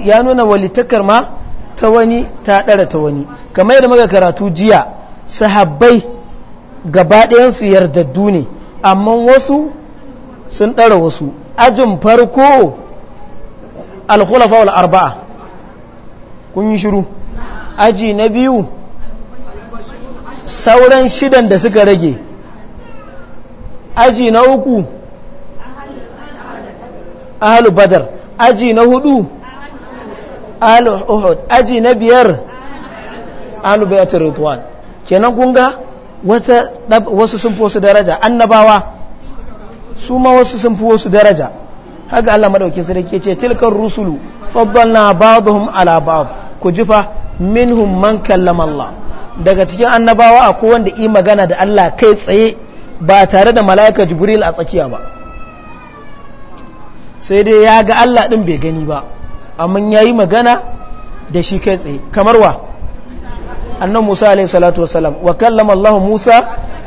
ya nuna walitakar ma ta wani ta ɗara ta wani kamar yadda muka karatu jiya sahabbai gabaɗayansu yardaddu ne amma wasu sun ɗara wasu ajin farko alkhulafa wal arba'a kun yi shiru aji na biyu sauran shidan da suka rage aji na uku ahalu badar aji na hudu al-uhud aji na biyar al-bayatul ridwan kenan kunga wata wasu sun fi wasu daraja annabawa su ma wasu sun fi wasu daraja haka Allah madaukin sarki ce tilkar rusulu faddalna ba'dhum ala ba'd ku jifa minhum man kallama Allah daga cikin annabawa akwai wanda yi magana da Allah kai tsaye ba tare da mala'ika jibril a tsakiya ba sai dai ya ga Allah ɗin bai gani ba amma ya yi magana da shi kai tsaye kamar wa annan musa alai salatu wasalam wa kallama Allah musa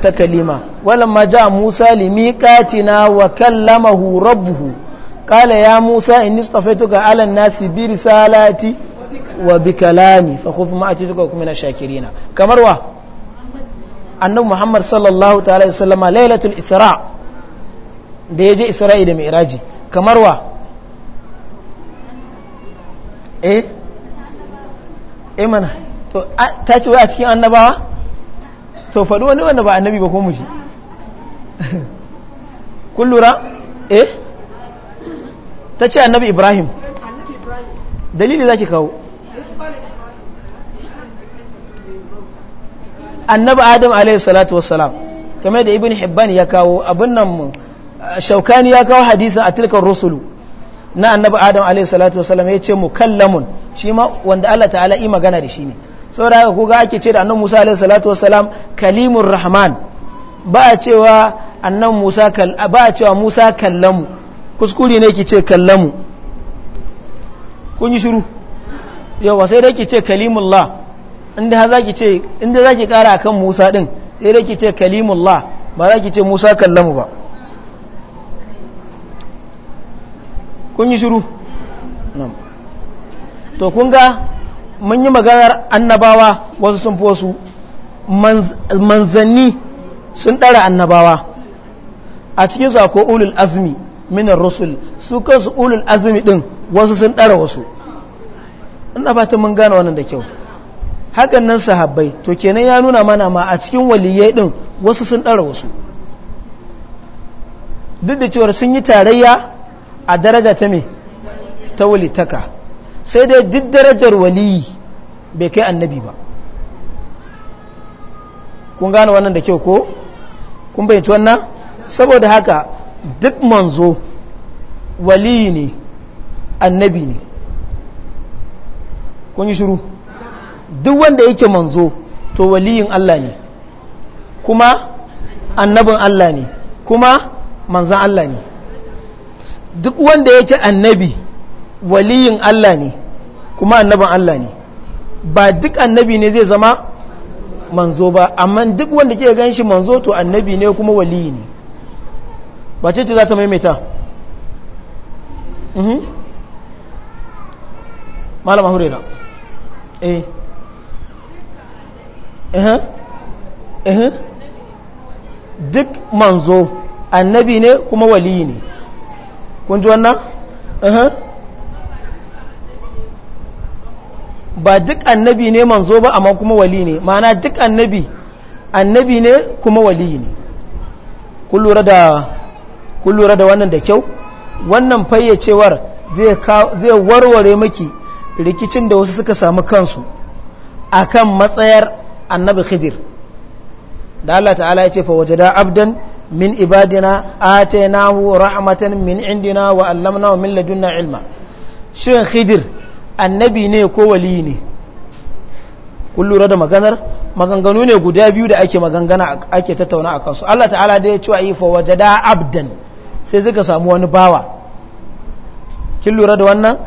ta kalima walamma ja musa limiqatina wa kallamahu rabbuhu qala ya musa inni istafaytuka ala nasi bi risalati wa bi kalami fa khudh ma atituka kum min shakirin kamar wa annabi muhammad sallallahu ta'ala alaihi lailatul isra da ya je isra'i da mi'raji kamar wa eh eh mana to ta ce wai a cikin annabawa to faɗi wani wanda ba annabi ba ko mushi kullura eh ta ce annabi ibrahim dalili za ki kawo annabi adam alaihi salatu wassalam kamar da ibn hibban ya kawo abin nan shaukani ya kawo hadisin a tilkar rusulu na annabi adam alaihi salatu wasallam ya ce mukallamun shi ma wanda Allah ta'ala yi magana da shi ne saboda haka kuga ake ce da annan Musa alaihi salatu wasallam kalimun rahman ba a cewa annan Musa ba a cewa Musa kallamu kuskuri ne ki ce kallamu kun yi shiru yawa sai dai ki ce kalimullah inda ha ki ce inda ki kara akan Musa din sai dai ki ce kalimullah ba za ki ce Musa kallamu ba kun yi shiru to kun ga mun yi maganar annabawa wasu sun fi wasu manzanni sun ɗara annabawa a cikin ko ulul azmi minar rusul su kansu ulul azmi ɗin wasu sun ɗara wasu ina ba ta mun gane wannan da kyau hakan nan sahabbai to kenan ya nuna mana ma a cikin waliyai ɗin wasu sun ɗara wasu duk da cewar sun yi tarayya a daraja ta me ta walitaka sai dai duk darajar waliyi bai kai annabi ba kun gane wannan da kyau ko kun bayyanci wannan saboda haka duk manzo waliyi ne annabi ne kun yi shiru duk wanda yake manzo to waliyin Allah ne kuma annabin Allah ne kuma manzan Allah ne duk wanda yake annabi waliyin Allah ne kuma annaban Allah ne ba duk annabi ne zai zama manzo ba amma duk wanda ke gan shi manzo to annabi ne kuma waliyi ne ba ce ce za ta maimaita mhm. malama eh eh duk manzo annabi ne kuma waliyi ne kun ji wannan ba duk annabi ne manzo ba amma kuma wali ne ma'ana duk annabi annabi ne kuma wali ne kullura da wannan da kyau wannan fayyacewar zai warware maki rikicin da wasu suka samu kansu a kan matsayar annabi khidir da Allah ta'ala ya ce fa wajada abdan min ibadina من عبادنا آتيناه رحمة من عندنا وعلمناه من لدنا ilma. شين خدر annabi ne ko wali ne kun lura da maganar maganganu ne guda biyu da ake magangana ake tattauna a kansu Allah ta'ala da ya ci wa ifa wajada abdan sai suka samu wani bawa kin lura da wannan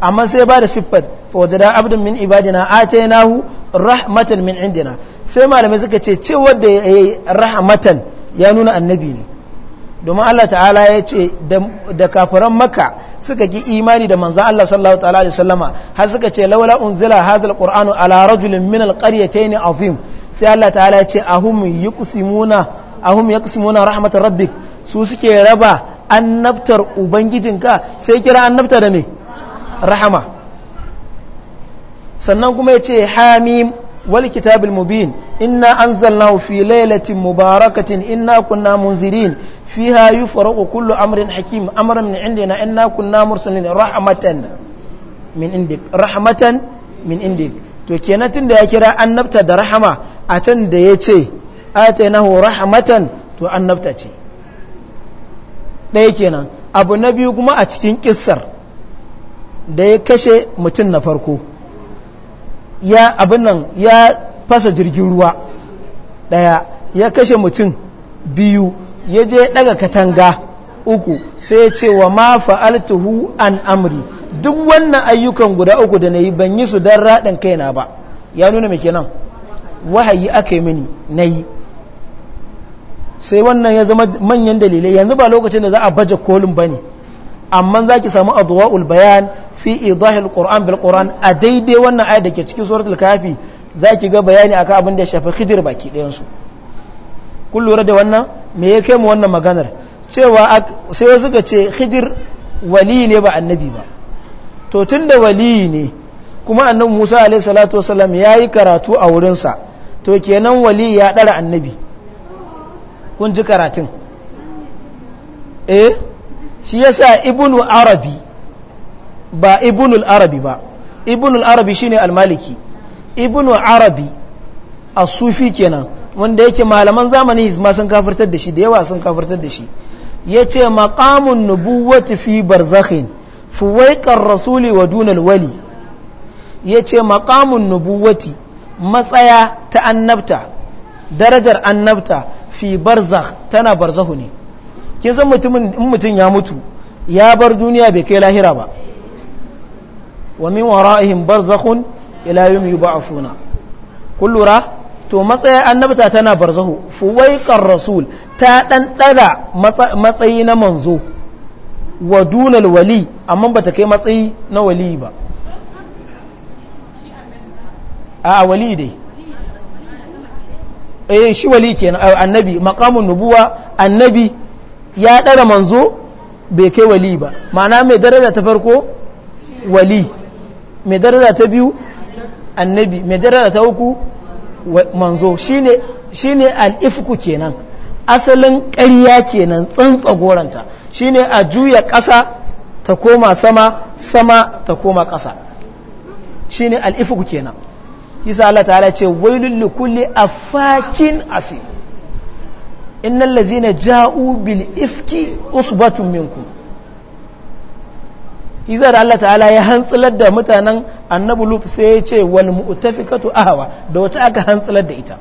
amma sai ba da siffat fa wajada abdan min ibadina atainahu rahmatan min indina sai malamai suka ce ce wanda yayi rahmatan ya nuna annabi ne domin Allah ta'ala ya ce da kafiran maka suka ki imani da manzan Allah sallallahu ta'ala da sallama har suka ce laula unzila hadhal qur'anu ala rajulin min a azim sai Allah ta'ala ya ce ahum yuqsimuna ahum yaqsimuna rahmatar rabbik su suke raba annabtar ubangijinka sai kira annabta da me rahama sannan kuma ya ce hamim والكتاب المبين إنا أنزلناه في ليلة مباركة إنا كنا منذرين فيها يفرق كل أمر حكيم أمر من عندنا إنا كنا مرسلين رحمة من عندك رحمة من عندك to kenan tunda ya kira annabta da rahama a can da ya ce atainahu rahmatan to annabta ce ɗaya kenan abu na biyu kuma a cikin ƙisar da ya kashe mutum na farko ya abin nan ya fasa jirgin ruwa daya ya kashe mutum biyu ya je daga katanga uku sai ya ce wa ma fa'altuhu an amri duk wannan ayyukan guda uku da na yi ban yi su don raɗin kai na ba ya nuna mai kenan wahayi aka yi mini na yi sai wannan ya zama manyan dalilai yanzu ba lokacin da za a baje kolin ba ne amma za ki samu adwa'ul bayan fi idahil qur'an bil qur'an a daidai wannan ayat da ke cikin suratul kafi za ki ga bayani akan abin da ya shafi khidir baki ɗayan su kun lura da wannan me ya kai mu wannan maganar cewa sai wasu ga ce khidir wali ne ba annabi ba to tunda wali ne kuma annabi Musa alayhi salatu wasallam yayi karatu a wurin sa to kenan wali ya dara annabi kun ji karatun eh shi sa ibinu arabi ba ibnu arabi ba arabi almaliki ibnu arabi a sufi kenan wanda yake malaman zamani ma sun kafirtar da shi da yawa sun kafirtar da shi ya ce maƙamun nubuwati fi barzakhin fuwaikar rasuli wa dunal wali ya ce maƙamun nubuwati matsaya ta annabta darajar annabta fi barzakh tana barzahu ne ke san mutumin mutum ya mutu ya bar duniya bai kai lahira ba wa min wara'ihim barzakhun ila yawm yub'athuna kun lura to matsayin annabta tana barzahu fuwaiqar rasul ta dan dada matsayi na manzo wa dunal wali amma bata kai matsayi na wali ba a wali dai eh shi wali kenan annabi maqamun nubuwa annabi ya ɗara manzo bai kai wali ba ma'ana mai daraja ta farko wali mai daraja ta biyu annabi mai daraja ta uku manzo shi ne al'ifku kenan asalin ƙarya kenan tsantsa goranta shi ne a juya ƙasa ta koma sama sama ta koma ƙasa shi ne al'ifku kenan isa Allah ta ce wailullukulli a fakin afi innal ladzina ja'u bil ifki usbatun minku izar Allah ta'ala ya hantsilar da mutanen annabu lut sai ya ce wal mu'tafikatu ahwa da wata aka hantsilar da ita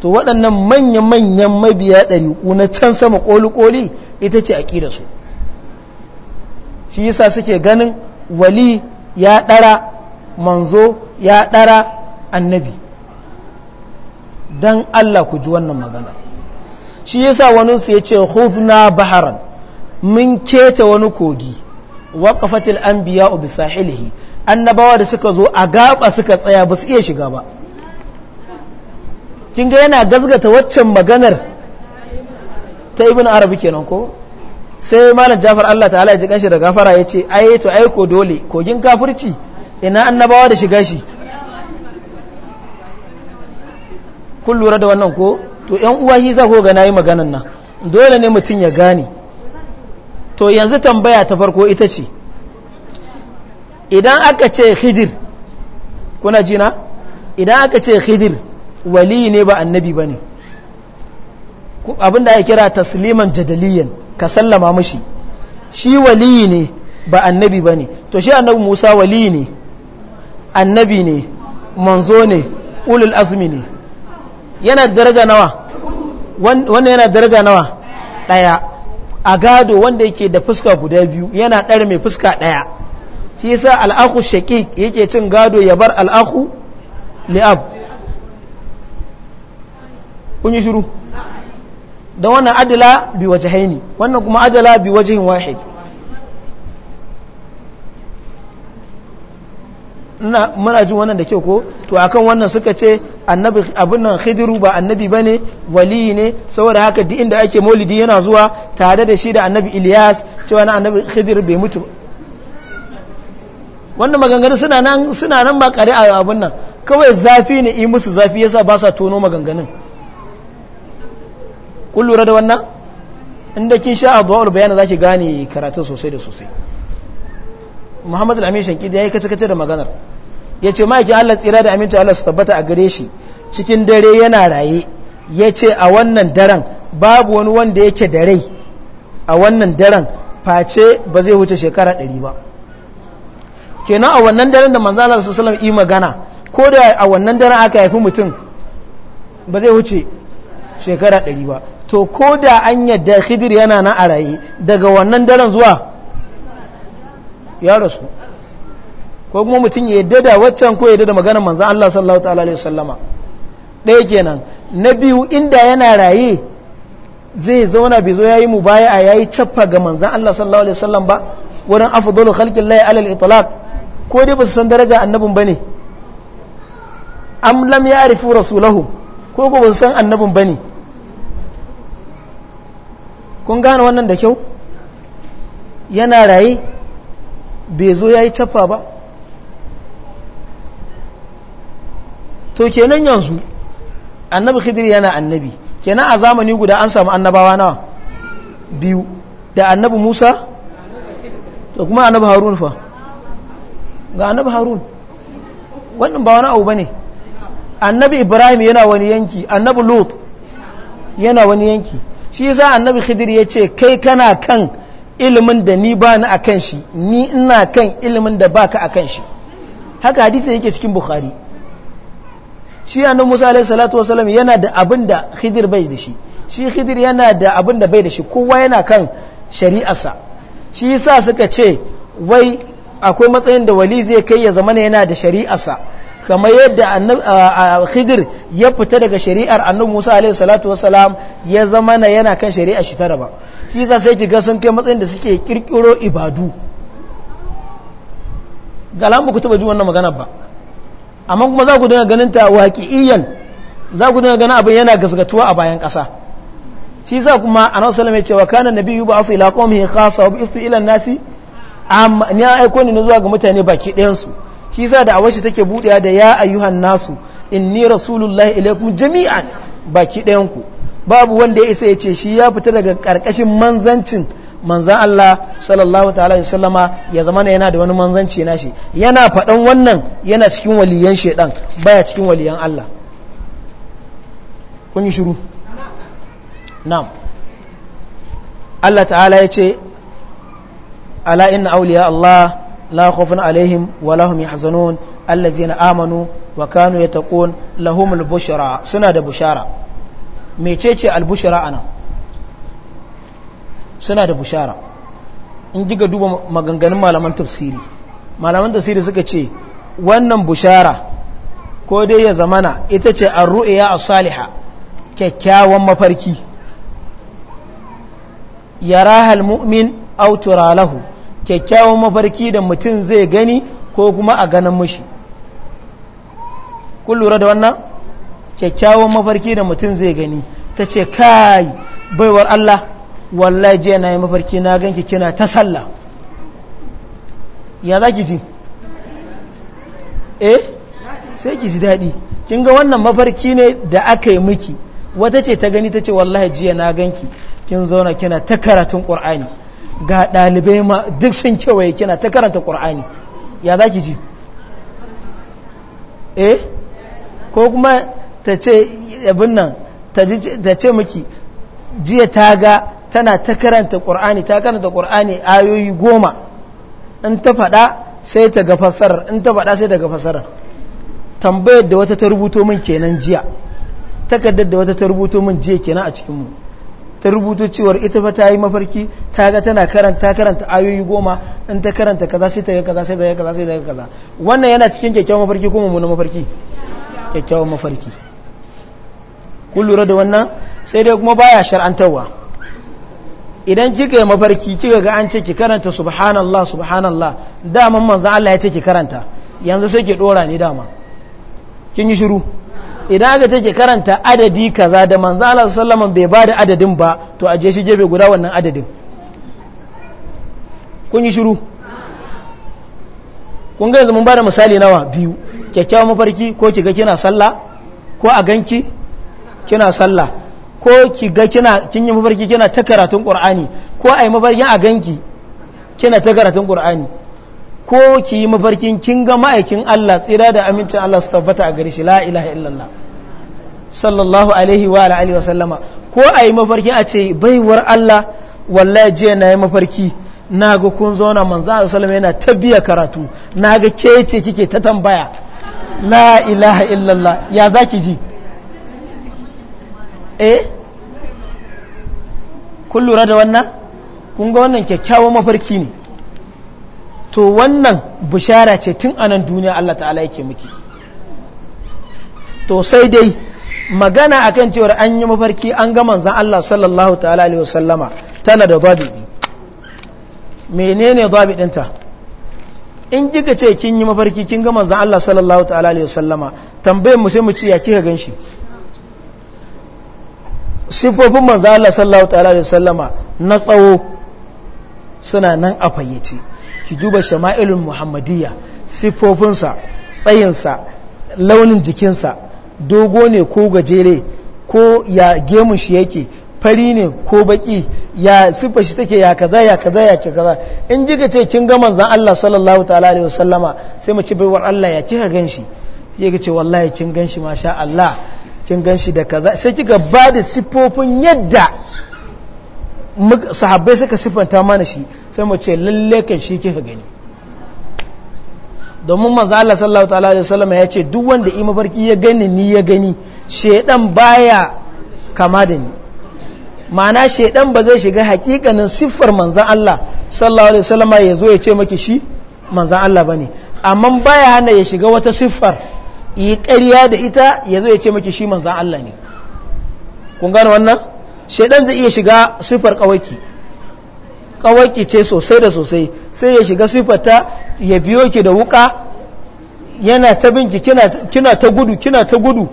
to waɗannan manya manyan mabiya ɗari na can sama koli koli ita ce a ƙira su shi yasa suke ganin wali ya ɗara manzo ya ɗara annabi Don Allah ku ji wannan magana shi yasa wani su ce hufna baharan mun keta wani kogi waqafatil anbiya bi sahilihi annabawa da suka zo a gaba suka tsaya ba su iya shiga ba kin ga yana gazgata waccan maganar ta ibn arabi kenan ko sai malam jafar Allah ta'ala ya ji kanshi da gafara ya ce ai to ai ko dole kogin kafirci ina annabawa da shiga shi kun lura da wannan ko to yan uwa shi za zago ga yi maganan nan dole ne mutum ya gane to yanzu tambaya ta farko ita ce idan aka ce khidir kuna jina idan aka ce khidir wali ne ba annabi ba ne abinda ya kira tasliman jadaliyan ka sallama mashi shi wali ne ba annabi ba ne to shi annabi musa wali ne annabi ne manzo ne ulul azmi ne yana daraja nawa wannan yana daraja nawa ɗaya a gado wanda yake da fuska guda biyu yana ɗar mai fuska ɗaya shi yasa al'aku shaqiq yake cin gado ya bar al'aku li'ab kun yi shiru da wannan adala bi wajhaini wannan kuma adala bi wajhin wahid muna jin wannan da ke ko to akan wannan suka ce abin nan khidiru ba annabi ne wali ne saboda haka di inda ake maulidi yana zuwa tare da shi da annabi Ilyas cewa na annabi khidiru bai mutu wannan maganganu suna nan suna nan ba kare a abin nan kawai zafi ne yi musu zafi yasa ba sa tono maganganun kun lura da wannan inda kin sha abuwa za zaki gane karatun sosai da sosai Muhammadu Al-Amin Shankidi ya yi kace-kace da maganar ya ce ma'aikin Allah tsira da aminta Allah su tabbata a gare shi cikin dare yana raye ya ce a wannan daren babu wani wanda yake da rai a wannan daren face ba zai wuce shekara ɗari ba kenan a wannan daren da manzana su salam yi magana ko da a wannan daren aka haifi mutum ba zai wuce shekara ɗari ba to ko da an yadda khidir yana na a raye daga wannan daren zuwa ya rasu ko kuma mutum ya yadda da waccan ko ya yadda da maganar manzan Allah sallallahu ta'ala alaihi wasallama ɗaya kenan na biyu inda yana raye zai zauna bai zo yayi mubaya'a yayi cappa ga manzan Allah sallallahu alaihi wasallam ba wurin afdalu khalqillahi alal itlaq ko dai ba su san daraja annabin bane am lam ya'rifu rasulahu ko ko ba su san annabin bane kun gane wannan da kyau yana raye bai zo yayi cappa ba to kenan yanzu annabi khidir yana annabi kenan a zamani guda an samu annabawa nawa biyu da annabi musa da kuma annabi harun fa ga annabi harun wannan ba wani abu ba ne annabi ibrahim yana wani yanki annabi lot yana wani yanki shi yasa annabi khidir ya ce kai kana kan ilimin da ni ba ni a kan shi ni ina kan ilimin da baka a kan shi haka hadisi yake cikin bukhari shi annabi Musa alayhi salatu wasallam yana da abin da Khidir bai da shi shi Khidir yana da abin bai da shi kowa yana kan shari'arsa shi yasa suka ce wai akwai matsayin da wali zai kai ya zama yana da shari'arsa kamar yadda Khidir ya fita daga shari'ar annabi Musa alayhi salatu wasallam ya zama yana kan shari'ar shi ta raba shi yasa sai kiga sun kai matsayin da suke kirkiro ibadu galan ba ku taba ji wannan magana ba amma kuma za ku dina ganin ta waƙi'iyan za ku dina ganin abin yana gasgatuwa a bayan ƙasa shi za kuma annabi sallallahu alaihi cewa ba a ba'athu ila qaumihi kasa wa bi'athu ila nasi amma ni aiko ne zuwa ga mutane baki ɗayan su shi sa da washe take buɗewa da ya ayyuhan nasu inni rasulullahi ilaikum jami'an baki ɗayan ku babu wanda ya isa ya ce shi ya fita daga ƙarƙashin manzancin manzan Allah sallallahu ta'ala ya sallama ya zama yana da wani manzanci na shi yana faɗan wannan yana cikin waliyan shaidan baya cikin waliyan Allah kun yi shiru na'am Allah ta'ala ya ce ala inna awliya Allah la khawfun alaihim wa lahum yahzanun allazina amanu wa kanu yattaqun lahumul Bushara suna da bushara mecece al bushra anan suna da bushara in diga duba maganganun malaman tafsiri malaman tafsiri suka ce wannan bushara ko dai ya zamana ita ce an ru'iya a saliha kyakkyawan mafarki ya rahal mu'min autura lahu kyakkyawan mafarki da mutum zai gani ko kuma a ganin mushi kun lura da wannan kyakkyawan mafarki da mutum zai gani ta ce kai baiwar Allah wallahi jiya na yi mafarki na ganki kina ta sallah ya za ki ji eh sai ki ji daɗi kin ga wannan mafarki ne da aka yi miki wata ce ta gani ta ce wallahi jiya na ganki kin zauna kina ta karatun ƙur'ani ga ɗalibai ma duk sun kewaye kina ta karanta ƙur'ani ya za ki ji eh ko kuma ta ce abin nan ta ce miki jiya ta ga tana ta karanta ƙur'ani ta karanta ƙur'ani ayoyi goma in ta faɗa sai ta ga fasarar in ta faɗa sai ta ga fasarar tambayar da wata ta rubuto min kenan jiya takardar da wata ta rubuto min jiya kenan a cikinmu ta rubuto cewar ita fa ta yi mafarki ta ga tana karanta karanta ayoyi goma in ta karanta kaza sai ta ga kaza sai ta ga kaza sai ta ga kaza wannan yana cikin kyakkyawan mafarki ko mummunan mafarki kyakkyawan mafarki kun lura da wannan sai dai kuma baya shar'antarwa idan kika yi mafarki kika ga an ce ki karanta subhanallah subhanallah daman manzo Allah ya ce ki karanta yanzu sai ki dora ne dama kin yi shiru idan aka ce ki karanta adadi kaza da manzo Allah sallama bai ba da adadin ba to aje shi gefe guda wannan adadin kun yi shiru kun ga yanzu mun bada misali nawa biyu kyakkyawan mafarki ko kiga kina sallah ko a ganki kina sallah ko ki ga kina kin yi mafarki kina ta karatun qur'ani ko ai mafarkin a ganki kina ta karatun qur'ani ko ki yi mafarkin kin ga ma'aikin Allah tsira da amincin Allah su tabbata a gare shi la ilaha illallah sallallahu alaihi wa alihi wa sallama ko ai mafarkin a ce baiwar Allah wallahi je na yi mafarki na ga kun zauna manzo Allah sallama yana ta biya karatu na ga ke ce kike ta tambaya la ilaha illallah ya zaki ji eh kun lura da wannan kun ga wannan kyakkyawan mafarki ne to wannan bishara ce tun anan duniya Allah ta'ala yake miki to sai dai magana akan cewar an yi mafarki an ga manzan Allah sallallahu ta'ala alaihi wasallama tana da zabi menene dinta in kika ce kin yi mafarki kin ga manzan Allah sallallahu ta'ala alaihi wasallama tambayar mu sai mu ce ya kika ganshi sifofin manzo Allah sallallahu ta'ala alaihi sallama na tsawo suna nan a fayyace ki duba shama'ilul muhammadiyya sifofinsa tsayinsa launin jikinsa dogo ne ko gajere ko ya gemun shi yake fari ne ko baki ya siffa shi take ya kaza ya kaza ya kaza in kika ce kin ga manzo Allah sallallahu ta'ala alaihi sallama sai mu ci baiwar Allah ya kika ganshi yake ce wallahi kin ganshi masha Allah kin gan shi da kaza sai kika ba da sifofin yadda sahabbai suka sifanta mana shi sai mu ce lalle kan shi kika gani domin manzo Allah sallallahu ta'ala alaihi wasallam ya ce duk wanda ima farki ya gani ni ya gani shedan baya kama da ni ma'ana shedan ba zai shiga hakikanin siffar manzo Allah sallallahu alaihi wasallam ya zo ya ce maki shi manzo Allah bane amma baya hana ya shiga wata siffar yi ƙariya da ita ya zo ya ce maki shi manzan Allah ne kun gano wannan shaidan zai iya shiga sifar ƙawaki ƙawaki ce sosai da sosai sai ya shiga ta ya biyo ki da wuka yana ta binki kina ta gudu kina ta gudu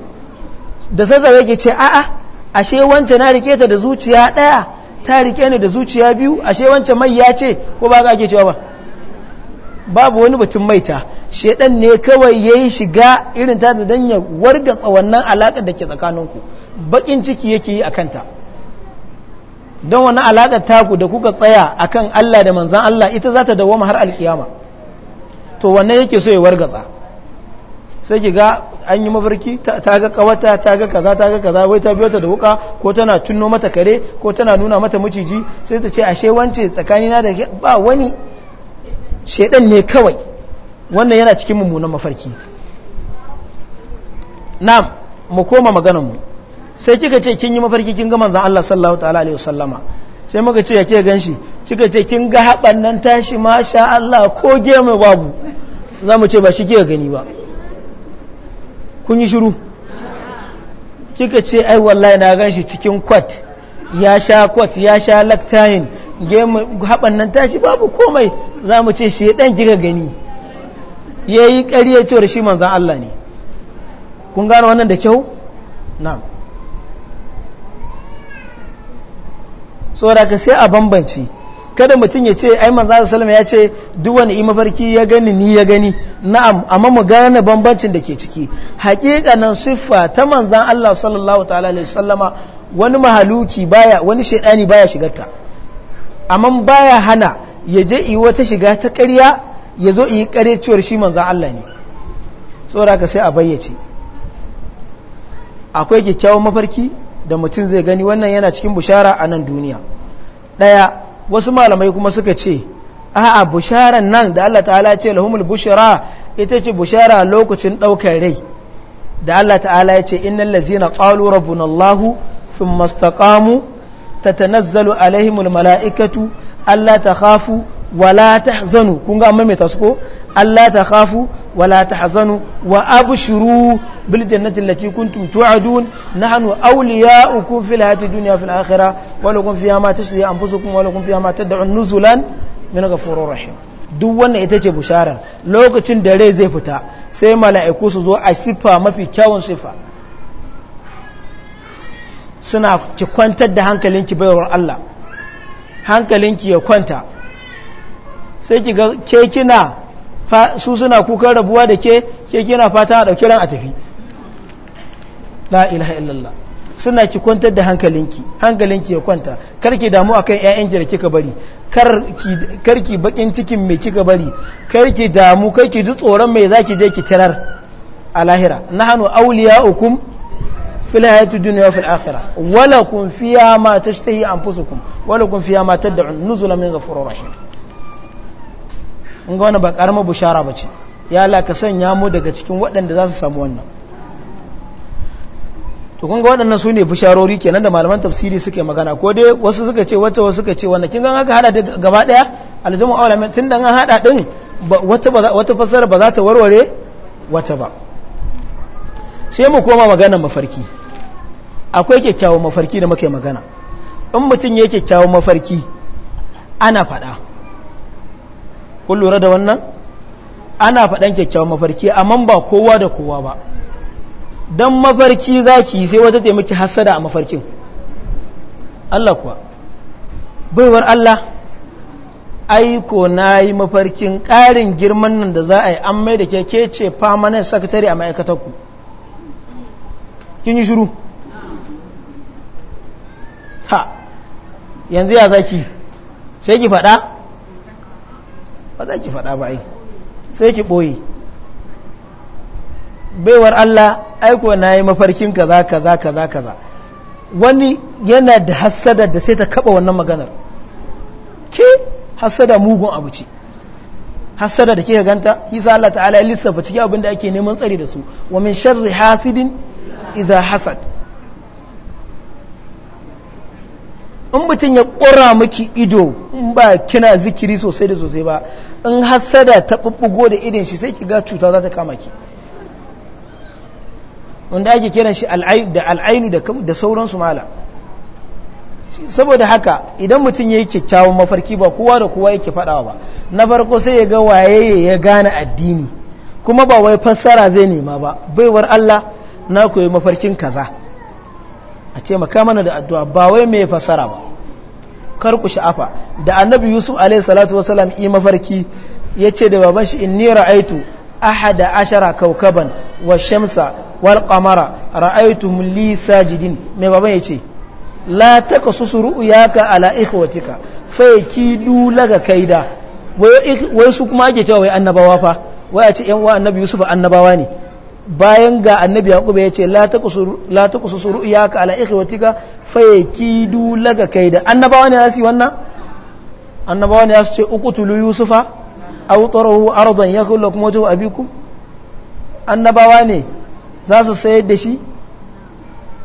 da sassa yake ce a'a ashe wancan na rike ta da zuciya ɗaya ta rike ni da zuciya biyu ashe wancan mai ya ce ko ba ka ake cewa ba babu wani batun maita shaidan ne kawai ya yi shiga irin ta da ya warga tsawannan alakar da ke tsakaninku bakin ciki yake yi a kanta don wani alaƙar taku da kuka tsaya akan Allah da manzan Allah ita za ta dawoma har alkiyama to wannan yake so ya wargatsa sai ki ga an yi mafarki ta ga kawata ta ga kaza ta ga kaza wai ta biyo ta da wuka ko tana tunno mata kare ko tana nuna mata maciji sai ta ce ashe wance tsakanina da ba wani shaidan ne kawai wannan yana cikin mummunan mafarki na'am mu koma maganar mu sai kika ce kin yi mafarki kin ga manzon Allah sallallahu ta'ala alaihi wasallama sai muka ce yake ganshi kika ce kin ga haban nan tashi masha Allah ko mai babu zamu ce ba shi kika gani ba kun yi shiru kika ce ai wallahi na ganshi cikin kwat ya sha kwat ya sha lactain gemu haɓan nan tashi babu komai za mu ce shi ɗan jiga gani ya yi ƙariya cewar shi manzan Allah ne kun gano wannan da kyau? na tsoraka sai a bambanci kada mutum ya ce ai manzan salama ya ce duwane yi mafarki ya gani ni ya gani na'am amma mu gane bambancin da ke ciki haƙiƙanan siffa ta manzan Allah sallallahu ta'ala wani mahaluki baya wani shaɗani baya shigarta amma baya hana ya je yi wata shiga ta ƙarya ya zo yi ƙare cewar shi manzan Allah ne tsora ka sai a bayyace akwai kyakkyawan mafarki da mutum zai gani wannan yana cikin bushara a nan duniya ɗaya wasu malamai kuma suka ce a'a busharar nan da Allah ta'ala ce lahumul bushara ita ce bushara lokacin ɗaukar rai da Allah ta'ala ya ce lazina ladzina qalu rabbuna sun thumma tatanazzalu alaihimul mala'ikatu ta takhafu wala tahzanu kun ga mai tasko alla takhafu wala tahzanu wa abshuru bil jannati allati kuntum tu'adun nahnu awliya'ukum fil hayati dunya fil akhirah wa lakum fiha ma tashri anfusukum wa lakum fiha ma tad'un nuzulan min ghafurur rahim duk wannan ita ce bisharar lokacin da rai zai fita sai mala'iku su zo a siffa mafi kyawun siffa suna ki kwantar da hankalinki baiwar Allah hankalinki ya kwanta sai ki ga ke kina su suna kukan rabuwa da ke ke kina fata a ɗauki ran a tafi la ilaha illallah suna ki kwantar da hankalinki hankalinki ya kwanta kar ki damu 'ya'yan ƴaƴanki da kika bari kar ki bakin cikin mai kika bari kar ki damu kar ki ji tsoron mai ki je ki tirar a lahira auliya hukum في الحياة الدنيا وفي الآخرة ولكم فيها ما تشتهي أنفسكم ولكم فيها ما تدعون نزل من غفور رحيم نقول ga wani بشارة bushara يا الله ya laka sanya mu daga cikin waɗanda za samu wannan to kun ga waɗannan su ne ke kenan da malaman tafsiri suke magana ko dai wasu suka ce wata wasu suka ce wannan kin ga haka hada gaba daya aljamu awlamin tun an hada din wata wata fasara ba za ta warware wata ba sai mu koma maganar mafarki akwai kyakkyawan mafarki da muke magana in mutum ya kyakkyawan mafarki ana faɗa kun lura da wannan ana faɗan kyakkyawan mafarki amma ba kowa da kowa ba don mafarki za ki sai wata taimaki hasada a mafarkin Allah kuwa baiwar Allah aiko na yi mafarkin ƙarin girman nan da za a yi an mai da keke ce permanent secretary a ma'aikatarku kin yi shuru ha yanzu ya zaki sai ki faɗa ba za ki faɗa ba yi sai ki ɓoye baiwar Allah aiko na yi mafarkin kaza kaza kaza kaza wani yana da hassada da sai ta kaba wannan maganar ke hassada mugun abu ce hassada da kika ganta isa Allah ta'ala ya lissafa cikin abin da ake neman tsari da su wa min sharri hasidin idza hasad in mutum ya ƙora miki ido in ba kina zikiri sosai da sosai ba in hasada ta ɓuɓɓugo da idin shi sai ki ga cuta za ta kama ki wanda ake kiran shi da al'ainu da sauransu mala saboda haka idan mutum ya yi kyakkyawan mafarki ba kowa da kowa yake faɗawa ba na farko sai ya ga waye ya gane addini kuma ba wai fassara zai nema ba baiwar Allah na koyi mafarkin kaza a ce maka mana da addu'a ba wai mai fasara ba kar ku sha'afa da annabi yusuf alaihi salatu wasalam yi mafarki ya ce da baban shi inni ra'aitu ahada ashara kaukaban wa shamsa wal qamara ra'aitu li sajidin mai baban ya ce la takasusu ru'yaka ala ikhwatika fa yakidu dulaga kaida wai su kuma ake cewa wai annabawa fa wai a ce yan uwa annabi yusuf annabawa ne bayan ga annabi ya ce la kusa la taqsur ka ala ikhwatika fayakidu kai da annabawa ne su yi wannan annabawa ne su ce uqtulu yusufa aw tarahu ya yakhul kuma wajhu abiku? annabawa ne za su sayar da shi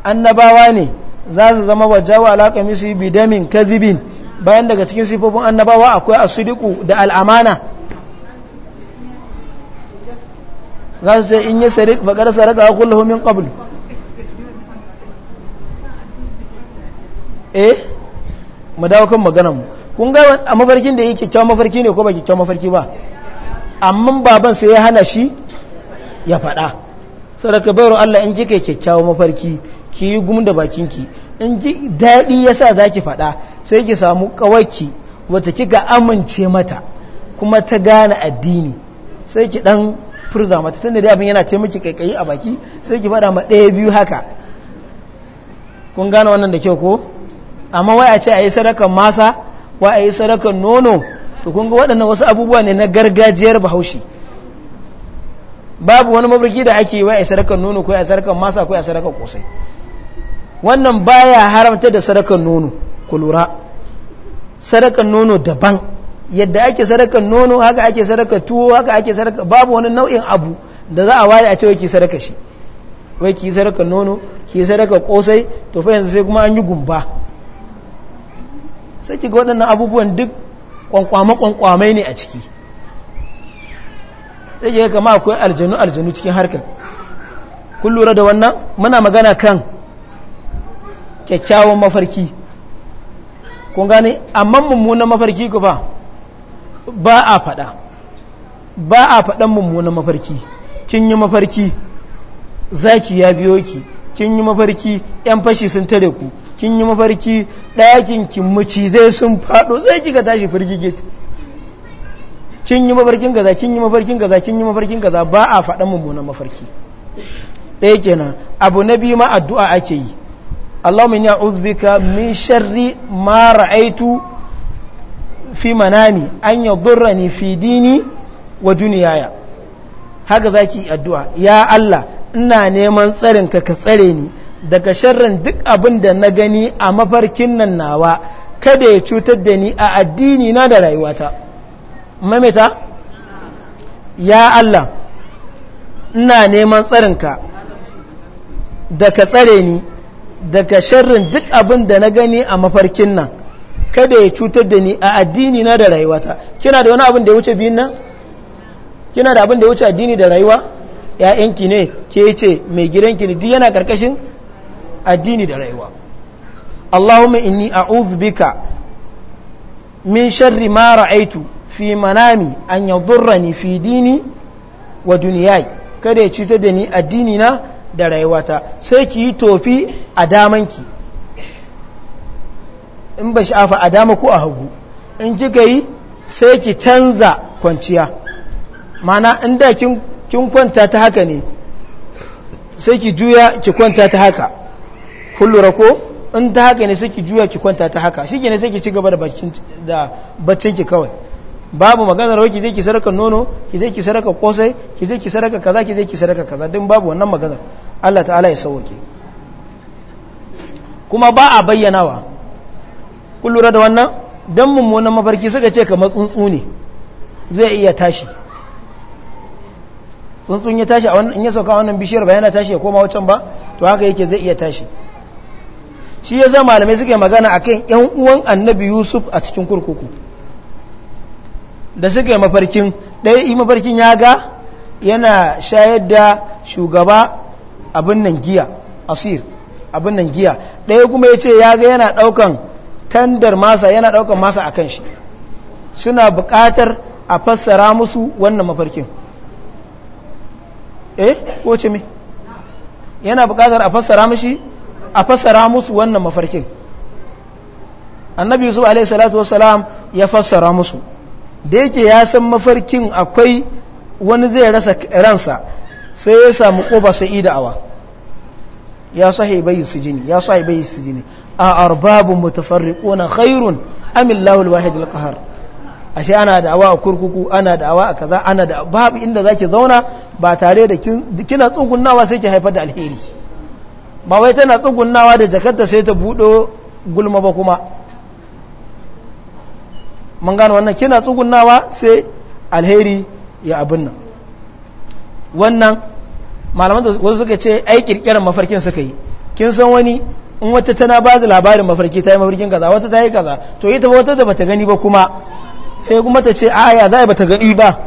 annabawa ne za su zama wajawa alaƙa misu bidamin kazibin bayan daga cikin sifofin annabawa akwai asidiku da al'amana za su ce in yi sarik faƙar a kullahu min ƙabul eh mu dawo kan mu kun ga a mafarkin da yi kyakkyawan mafarki ne ko ba kyakkyawan mafarki ba amma baban sai ya hana shi ya faɗa saraka Allah in ji kika kyakkyawan mafarki ki yi bakin da bakinki in ji daɗi ya sa za ki faɗa sai ki samu ƙawarki wata kika amince mata kuma ta gane addini sai ki ɗan furza mata tunda da abin yana ce miki kaikayi a baki sai ki faɗa ma ɗaya biyu haka kun gane wannan da kyau ko amma wai a ce a yi sadakan masa wai a yi sadakan nono to kun ga waɗannan wasu abubuwa ne na gargajiyar bahaushe babu wani mabarki da ake yi wai a yi sadakan nono ko a sadakan masa ko a sadakan kosai wannan baya haramta da sadakan nono ku lura sadakan nono daban yadda ake sadaka nono haka ake sadaka tuwo haka ake sadaka babu wani nau'in abu da za a ware a ce wai ki sadaka shi wai ki sadaka nono ki sadaka kosai to fa yanzu sai kuma an yi gumba sai ga waɗannan abubuwan duk kwankwama kwankwamai ne a ciki sai ga kama akwai aljanu-aljanu cikin harkar kun lura da wannan muna magana kan kyakkyawan mafarki kun gane amma mummunan mafarki ku ba ba a faɗa ba a faɗan mummunan mafarki kin yi mafarki zaki ya biyo ki kin yi mafarki yan fashi sun tare ku kin yi mafarki ɗakin ki macizai sun faɗo zai kika tashi firgigit kin yi mafarkin gaza kin yi mafarkin gaza kin yi mafarkin gaza ba a faɗan mummunan mafarki ɗaya kenan abu na biyu ma addu'a ake yi Allahumma inni a'udhu bika min sharri ma ra'aytu fi manami an ni fi dini wa duniyaya haka ki addu'a ya Allah ina neman tsarin ka ka tsare ni daga sharrin duk abin da na gani a mafarkin nan nawa kada ya cutar da ni a addini na da rayuwata mamita ya Allah ina neman tsarinka da ka tsare ni daga sharrin duk abin da na gani a mafarkin nan kada ya cutar da ni a addini na da rayuwata kina da wani abin da ya wuce biyun nan kina da abin da ya wuce addini da rayuwa ƴaƴanki ne ke ce mai gidanki ne duk yana karkashin addini da rayuwa Allahumma inni a'udhu bika min sharri ma aitu fi manami an yadhurrani fi dini wa duniyai kada ya cutar da ni addini na da rayuwata sai ki yi tofi a damanki in ba sha'afa a dama ko a hagu in kika yi sai ki canza kwanciya mana inda kin kwanta ta haka ne sai ki juya ki kwanta ta haka kullura ko in ta haka ne sai ki juya ki kwanta ta haka shi ne sai ki ci gaba da baccinki kawai babu maganar wai ki zai ki saraka nono ki zai ki saraka kosai ki zai ki saraka kaza ki zai ki saraka kaza din babu wannan maganar Allah ta'ala ya sauke kuma ba a bayyanawa kullura da wannan don mummunan mafarki suka ce kamar tsuntsu ne zai iya tashi tsuntsun ya tashi in ya sauka wannan bishiyar ba yana tashi ya koma wacan ba to haka yake zai iya tashi shi ya zama malamai suke magana a kan yan uwan annabi yusuf a cikin kurkuku da suke mafarkin ɗaya yi mafarkin ya ga yana shayar da shugaba abin nan giya asir abin nan giya ɗaya kuma ya ce ya ga yana ɗaukan tandar masa yana ɗaukar masa a kan shi suna buƙatar a fassara musu wannan mafarkin eh ko ce me yana buƙatar a fassara mushi a fassara musu wannan mafarkin annabi yusuf alaihi salatu wassalam ya fassara musu da yake ya san mafarkin akwai wani zai rasa ransa sai ya samu ƙofa sai ida awa ya sahibai su jini ya sahibai su jini a متفرقون خير أم الله الواحد wahid ashe ana da'awa a kurkuku ana da'awa a kaza ana da babu inda zaki zauna ba tare da kina tsugunnawa sai ki haifar da alheri ba wai tana tsugunnawa da jakarta sai ta budo gulma ba kuma mun gano wannan kina tsugunnawa sai alheri ya abin nan wannan malaman da wasu suka ce ai kirkirar mafarkin suka yi kin san wani in wata tana ba da labarin mafarki ta yi mafarkin kaza wata ta yi kaza to ita wata da bata gani ba kuma sai kuma ta ce aya za a bata gani ba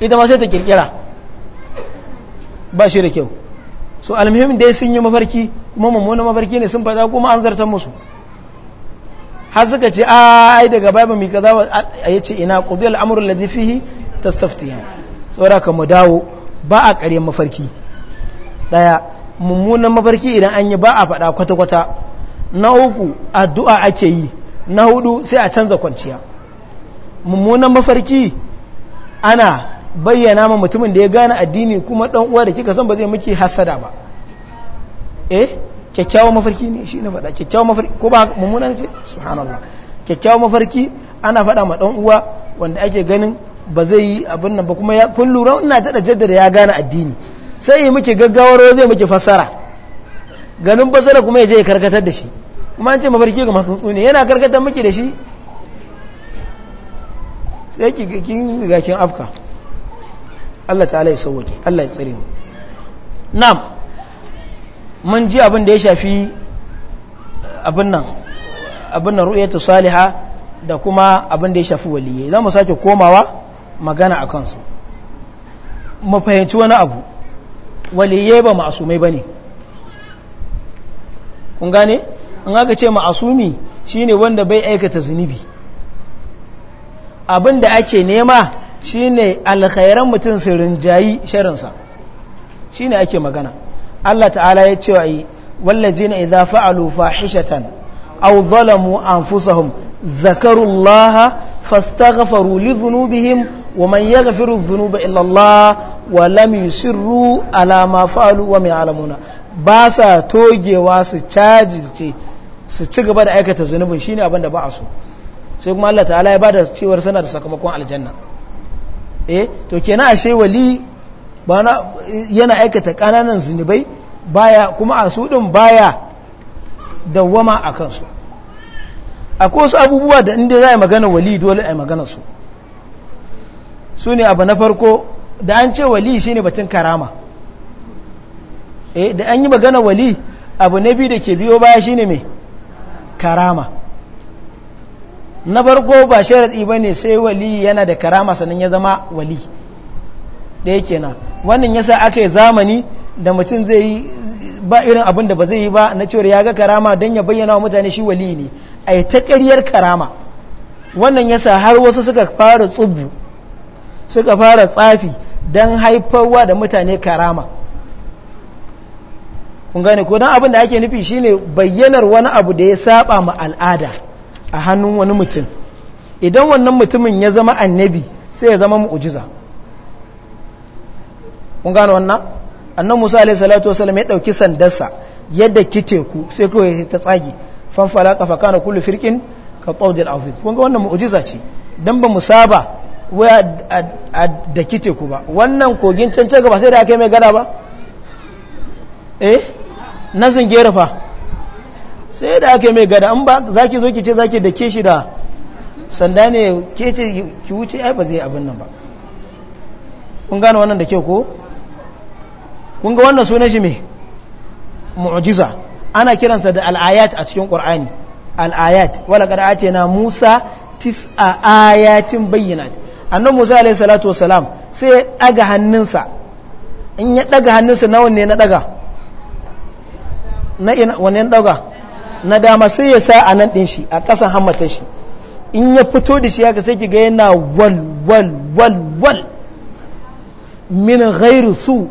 ita ma sai ta kirkira ba shi da kyau so almuhim dai sun yi mafarki kuma mummunan mafarki ne sun fada kuma an zartar musu har suka ce ai daga baya mai kaza a yace ina qudiyal amru alladhi fihi tastaftiyan saboda ka mu dawo ba a ƙaryan mafarki daya mummunan mafarki idan an yi ba a faɗa kwata-kwata na uku addu'a ake yi na hudu sai a canza kwanciya mummunan mafarki ana bayyana ma mutumin da ya gane addini kuma ɗan uwa da kika san ba zai miki hasada ba eh kyakkyawan mafarki ne shi na faɗa kyakkyawan mafarki ko ba mummuna ce subhanallah kyakkyawan mafarki ana faɗa ma ɗan uwa wanda ake ganin ba zai yi abin nan ba kuma ya kun lura ina daɗa jaddada ya gane addini sai yi miki gaggawar zai miki fasara ganin fasara kuma ya je ya karkatar da shi kuma an ce mafarki ga masu tsuni yana karkatar miki da shi sai ki kin gakin afka Allah ta'ala ya sauwake Allah ya tsare mu na'am mun ji abin da ya shafi abin nan abin nan ta salihah da kuma abin da ya shafi waliyyi zamu sake komawa magana akan su mu fahimci wani abu waliye ba ma'asumai ba ne kun gane in aka ce ma'asumi shine wanda bai aikata zunubi abin da ake nema shine alkhairan mutum su rinjayi sharinsa shine ake magana Allah ta'ala ya ce wa yi wallazina idza fa'alu fahishatan aw zalamu anfusahum zakarullaha fastaghfaru li ومن يغفر الذنوب إلا الله ولم يسروا على ما فعلوا وما يعلمون باسا توجي واسو تاجلتي su ci gaba da aikata zunubin shine abin da ba a so sai kuma Allah ta'ala ya bada cewar sana da sakamakon aljanna eh to kenan ashe wali bana yana aikata kananan zunubai baya kuma a su din baya dawwama a su akwai wasu abubuwa da inda za a yi magana wali dole a yi magana su su ne abu na farko da an ce wali shi ne batun karama eh, da an yi magana wali abu na biyu da ke biyo baya shi ne mai karama na farko ba sharaɗi ba ne sai wali yana da karama sannan ya zama wali ɗaya kenan wannan yasa aka yi zamani da mutum zai yi ba irin abin da ba zai yi ba na cewar ya ga karama don ya bayyana wa mutane shi wali ne a yi ta karama wannan yasa har wasu suka fara tsubu suka fara tsafi don haifarwa da mutane karama kun ko don abin da ake nufi shine bayyanar wani abu da ya saba ma al'ada a hannun wani mutum idan wannan mutumin ya zama annabi sai ya zama mu'ujiza kun wannan annan musa alaihi salatu ya dauki sandarsa yadda ki teku sai kawai ta tsage fanfala kafa kana kullu firkin ka tsawdil azim kun ga wannan mu'ujiza ce dan ba mu saba wai a daki teku ba wannan kogin can can gaba sai da aka yi mai gada ba eh na zingera fa sai da aka yi mai gada in ba za ki zo ki ce za ki dake shi da sanda ne ke ce ki wuce ai ba zai abin nan ba kun gane wannan da ke ko kun ga wannan sunan shi me mu'jiza ana kiransa da al'ayat a cikin qur'ani al'ayat wala qad na musa tis'a ayatin bayyinat annan musa alayhi salatu wasalam sai ya ɗaga hannunsa in ya ɗaga hannunsa na wanne na ɗaga na ina wanne na ɗaga na dama sai ya sa a nan ɗin shi a ƙasan hammatar shi in ya fito da shi haka sai ki ga yana wal wal wal wal min ghairu su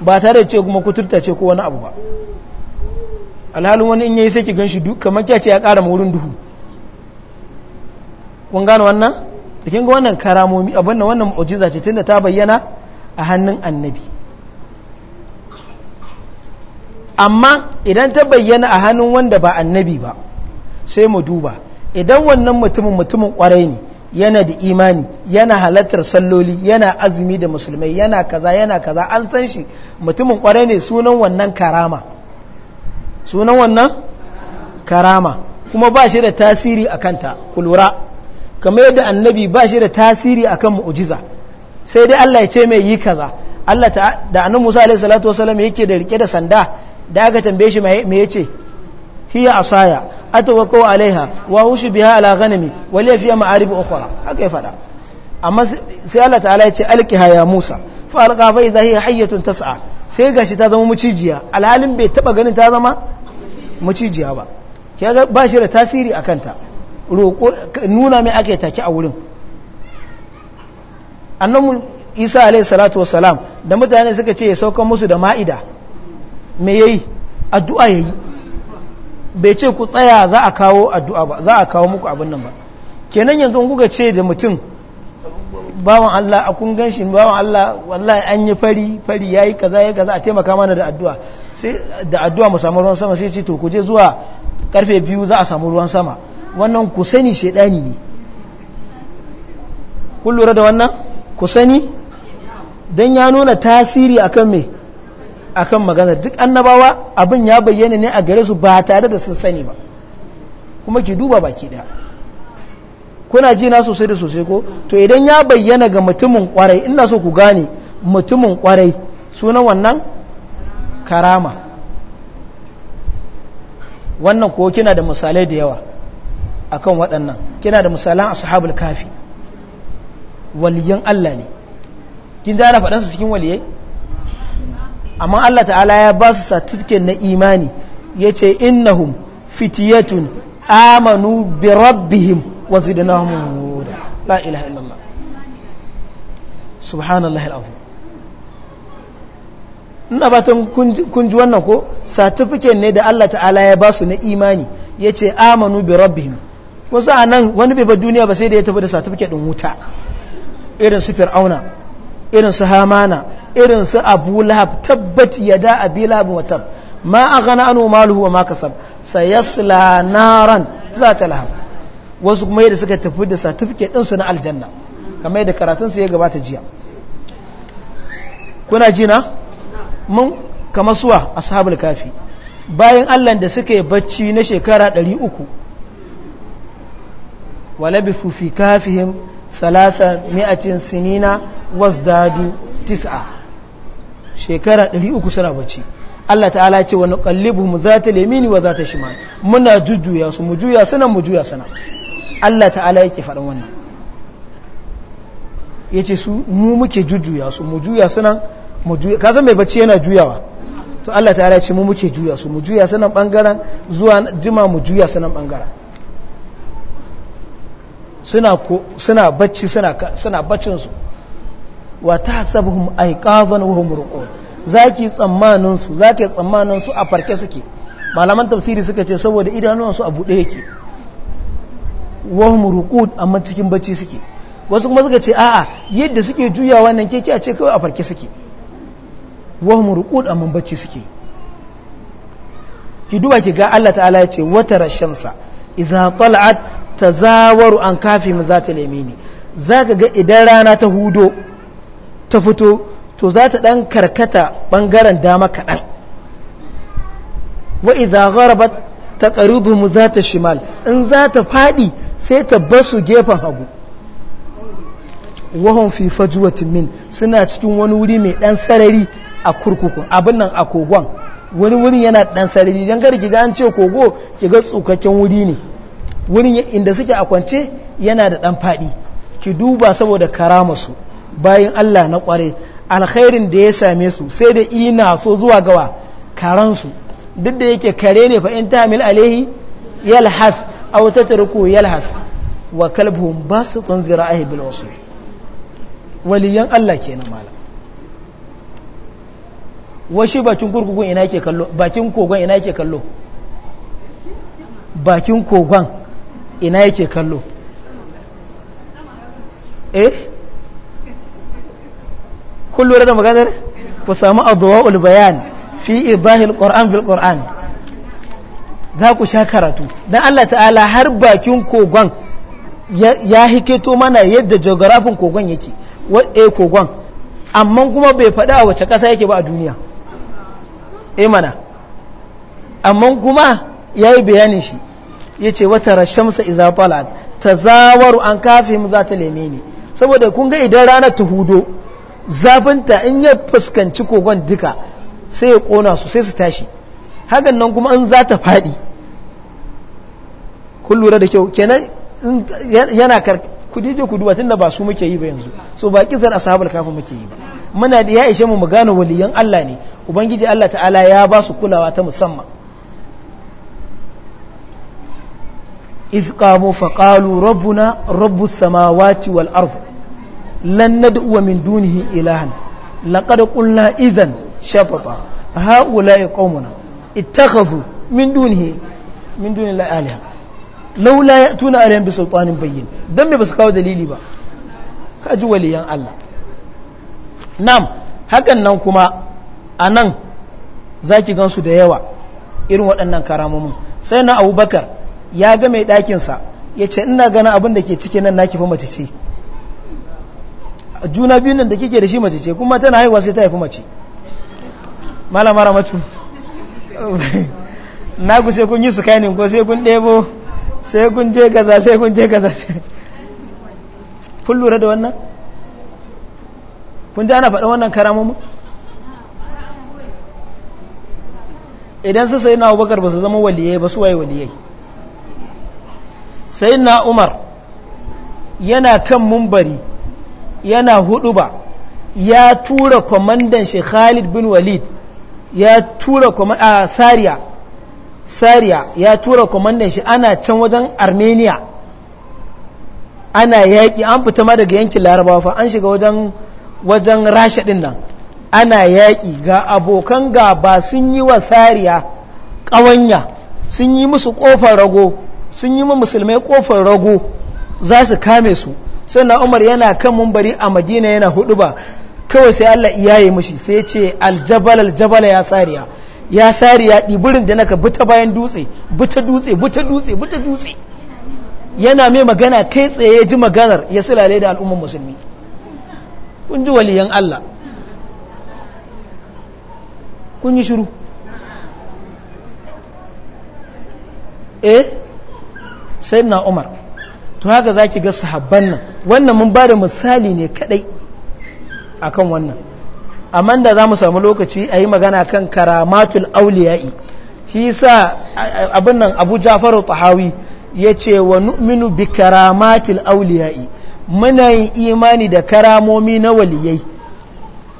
ba tare da ce kuma kuturta ce ko wani abu ba alhalin wani in yayi sai ki ganshi duk kamar kyace ya ƙara wurin duhu kun gane wannan da kin ga wannan karamomi abin da wannan mu'jiza ce tunda ta bayyana a hannun annabi amma idan ta bayyana a hannun wanda ba annabi ba sai mu duba idan wannan mutumin mutumin kwarai ne yana da imani yana halartar salloli yana azumi da musulmai yana kaza yana kaza an san shi mutumin kwarai ne sunan wannan karama sunan wannan karama kuma ba shi da tasiri a kanta kulura kamar yadda annabi ba shi da tasiri akan mu'ujiza sai dai Allah ya ce mai yi kaza Allah ta da annan Musa alaihi salatu wasallam yake da rike da sanda da aka tambaye shi me yace hiya asaya atawakkau alaiha wa hushu biha ala ghanami wa li fiha ma'arib ukhra haka ya fada amma sai Allah ta'ala ya ce alqiha ya Musa fa alqa fa idha hiya hayyatun tas'a sai gashi ta zama mucijiya alhalin bai taba ganin ta zama mucijiya ba kaga ba shi da tasiri akan ta roƙo nuna mai ake take a wurin annan isa alaihi salatu wasalam da mutane suka ce ya saukan musu da ma'ida me yayi addu'a yayi bai ce ku tsaya za a kawo addu'a ba za a kawo muku abin nan ba kenan yanzu kuka ce da mutum bawan Allah a kun ganshi bawan Allah wallahi an yi fari fari yayi kaza yayi kaza a taimaka mana da addu'a sai da addu'a mu samu ruwan sama sai ce to ku je zuwa karfe biyu za a samu ruwan sama wannan ku sani shaidani ne kun lura da wannan ku sani don ya nuna tasiri akan me akan magana duk annabawa abin ya bayyana ne a gare su ba tare da sun sani ba kuma ki duba baki daya kuna ji na sosai da sosai ko to idan ya bayyana ga mutumin kwarai ina so ku gane mutumin kwarai sunan wannan karama wannan ko kina da misalai da yawa akan waɗannan kina da misalan ashabul kafi waliyan Allah ne kin da ana faɗan su cikin waliyai amma Allah ta'ala ya ba su certificate na imani yace innahum fitiyatun amanu bi rabbihim wa zidnahum huda la ilaha illallah subhanallahi alazim ina batun kunji wannan ko certificate ne da Allah ta'ala ya ba su na imani yace amanu bi rabbihim wasu a nan wani bai ba duniya ba sai da ya tafi da certificate ɗin wuta irin su fir'auna irin su hamana irin su abu lahab tabbat da abi lahab wa ma ma gana anhu maluhu wa ma sayasla naran za ta lahab wasu kuma yadda suka tafi da certificate ɗinsu su na aljanna kamar yadda karatun su ya gabata jiya kuna jina mun kamar suwa ashabul kafi bayan Allah da suka yi bacci na shekara ɗari uku. ولبثوا في كهفهم ثلاثمائة سنين وازدادوا تسعة شكرا لأوكو سنة بشي Allah ta'ala ya ce wani wa nuqallibuhum zata yamini wa za ta zata shimal muna jujjuya su mu juya sana mu juya sana Allah ta'ala yake faɗin wannan Ya ce su mu muke jujjuya su mu juya sana mu juya ka san mai bacci yana juyawa to Allah ta'ala ya ce mu muke juya su mu juya sana bangaren zuwa jima mu juya sana bangaren suna bacci suna baccinsu wa ta sabuhun aiqazan wa hum zaki tsammanin su zaki tsammanin su a farke suke malaman tafsiri suka ce saboda idanuwansu a buɗe yake wa hum amma cikin bacci suke wasu kuma suka ce a'a yadda suke juya wannan keke a ce kawai a farke suke wa hum amma bacci suke ki duba ki ga Allah ta'ala ya ce wata rashansa idza tal'at ta zawaru an kafi min za ta lemini za ka ga idan rana ta hudo ta fito to za ta ɗan karkata ɓangaren dama kaɗan wa idha gharabat za zata shimal in za ta fadi sai ta basu gefen hagu wahum fi fajwatin min suna cikin wani wuri mai ɗan sarari a kurkuku abin nan a kogon wani wuri yana ɗan sarari dan garki da an ce kogo kiga tsukakken wuri ne wurin inda suke a kwance yana da ɗan faɗi ki duba saboda karamarsu bayan Allah na ƙware alkhairin da ya same su sai da ina so zuwa gawa karansu duk da yake kare ne fa in tamil alaihi yalhas aw tatruku yalhas wa kalbuhum basitun zira'ihi bil wasil waliyan Allah kenan malam washi bakin kurkukun ina yake kallo bakin kogon ina yake kallo bakin kogon ina yake kallo eh kullu da maganar ku samu adwa'ul bayan fi idahil qur'an bil qur'an za ku sha karatu dan Allah ta'ala har bakin kogon ya hiketo mana yadda geographin kogon yake eh kogon amma kuma bai faɗa a wace ƙasa yake ba a duniya eh mana amma kuma yayi bayanin shi yace wata rashamsa idza talat tazawaru an mu za ta ne saboda kun ga idan ranar ta hudo zafinta in ya fuskanci kogon duka sai ya kona su sai su tashi hagan nan kuma an za ta faɗi kun lura da kyau kenan yana kar kudi je kudu duba tunda ba su muke yi ba yanzu so ba kisar asabar kafi muke yi ba muna da ya ishe mu mu gane waliyan Allah ne ubangiji Allah ta'ala ya ba su kulawa ta musamman izkamu faƙalu rabbuna rabbu samawati wal ardu lan nad'u min dunihi ilahan laqad qulna idhan shatata haula'i qaumuna ittakhadhu min dunihi min duni la ilaha laula ya'tuna alayhim bi sultanin bayyin dan me basu kawo dalili ba kaji waliyan Allah nam hakan nan kuma nan zaki gansu da yawa irin waɗannan karamomin sai na abubakar ya ga mai ɗakinsa ya ce ina gana abin da ke ciki nan na kifa mace ce juna biyun nan da kike da shi mace ce kuma tana haihuwa sai ta haifi mace malamara ramatu na ku sai kun yi su kainin ko sai kun ɗebo sai kun je gaza sai kun je gaza kun lura da wannan kun ji ana faɗa wannan karamomin idan su sai na abubakar ba su zama waliyai ba su waye waliyai sai na umar yana kan mumbari yana hudu ba ya tura kwamandan shi khalid bin walid ya tura kwamandan a sariya sariya ya tura kwamandan shi ana can wajen armenia ana yaƙi an fita ma daga yankin larabawa fa an shiga wajen wajen rasha din nan ana yaƙi ga abokan gaba sun yi wa sariya ƙawanya sun yi musu ƙofar rago sun yi ma musulmai kofar rago za su kame su sannan umar yana kan mumbari a madina yana hudu ba kawai sai allah iya yi mashi sai ce aljabal aljabala ya sariya ya sariya ɗibirin da naka buta bayan dutse buta dutse buta dutse buta dutse yana mai magana kai tsaye ya ji maganar ya sulale da al'ummar musulmi kun ji waliyan allah kun yi shiru eh sai na umar to haka za ki ga sahabban nan wannan mun ba da misali ne kadai akan wannan amma da za mu samu lokaci a yi magana kan karamatul auliya'i shi sa abin nan abu jafaru tahawi ya ce wa nu'minu bi karamatul auliya'i muna yin imani da karamomi na waliyai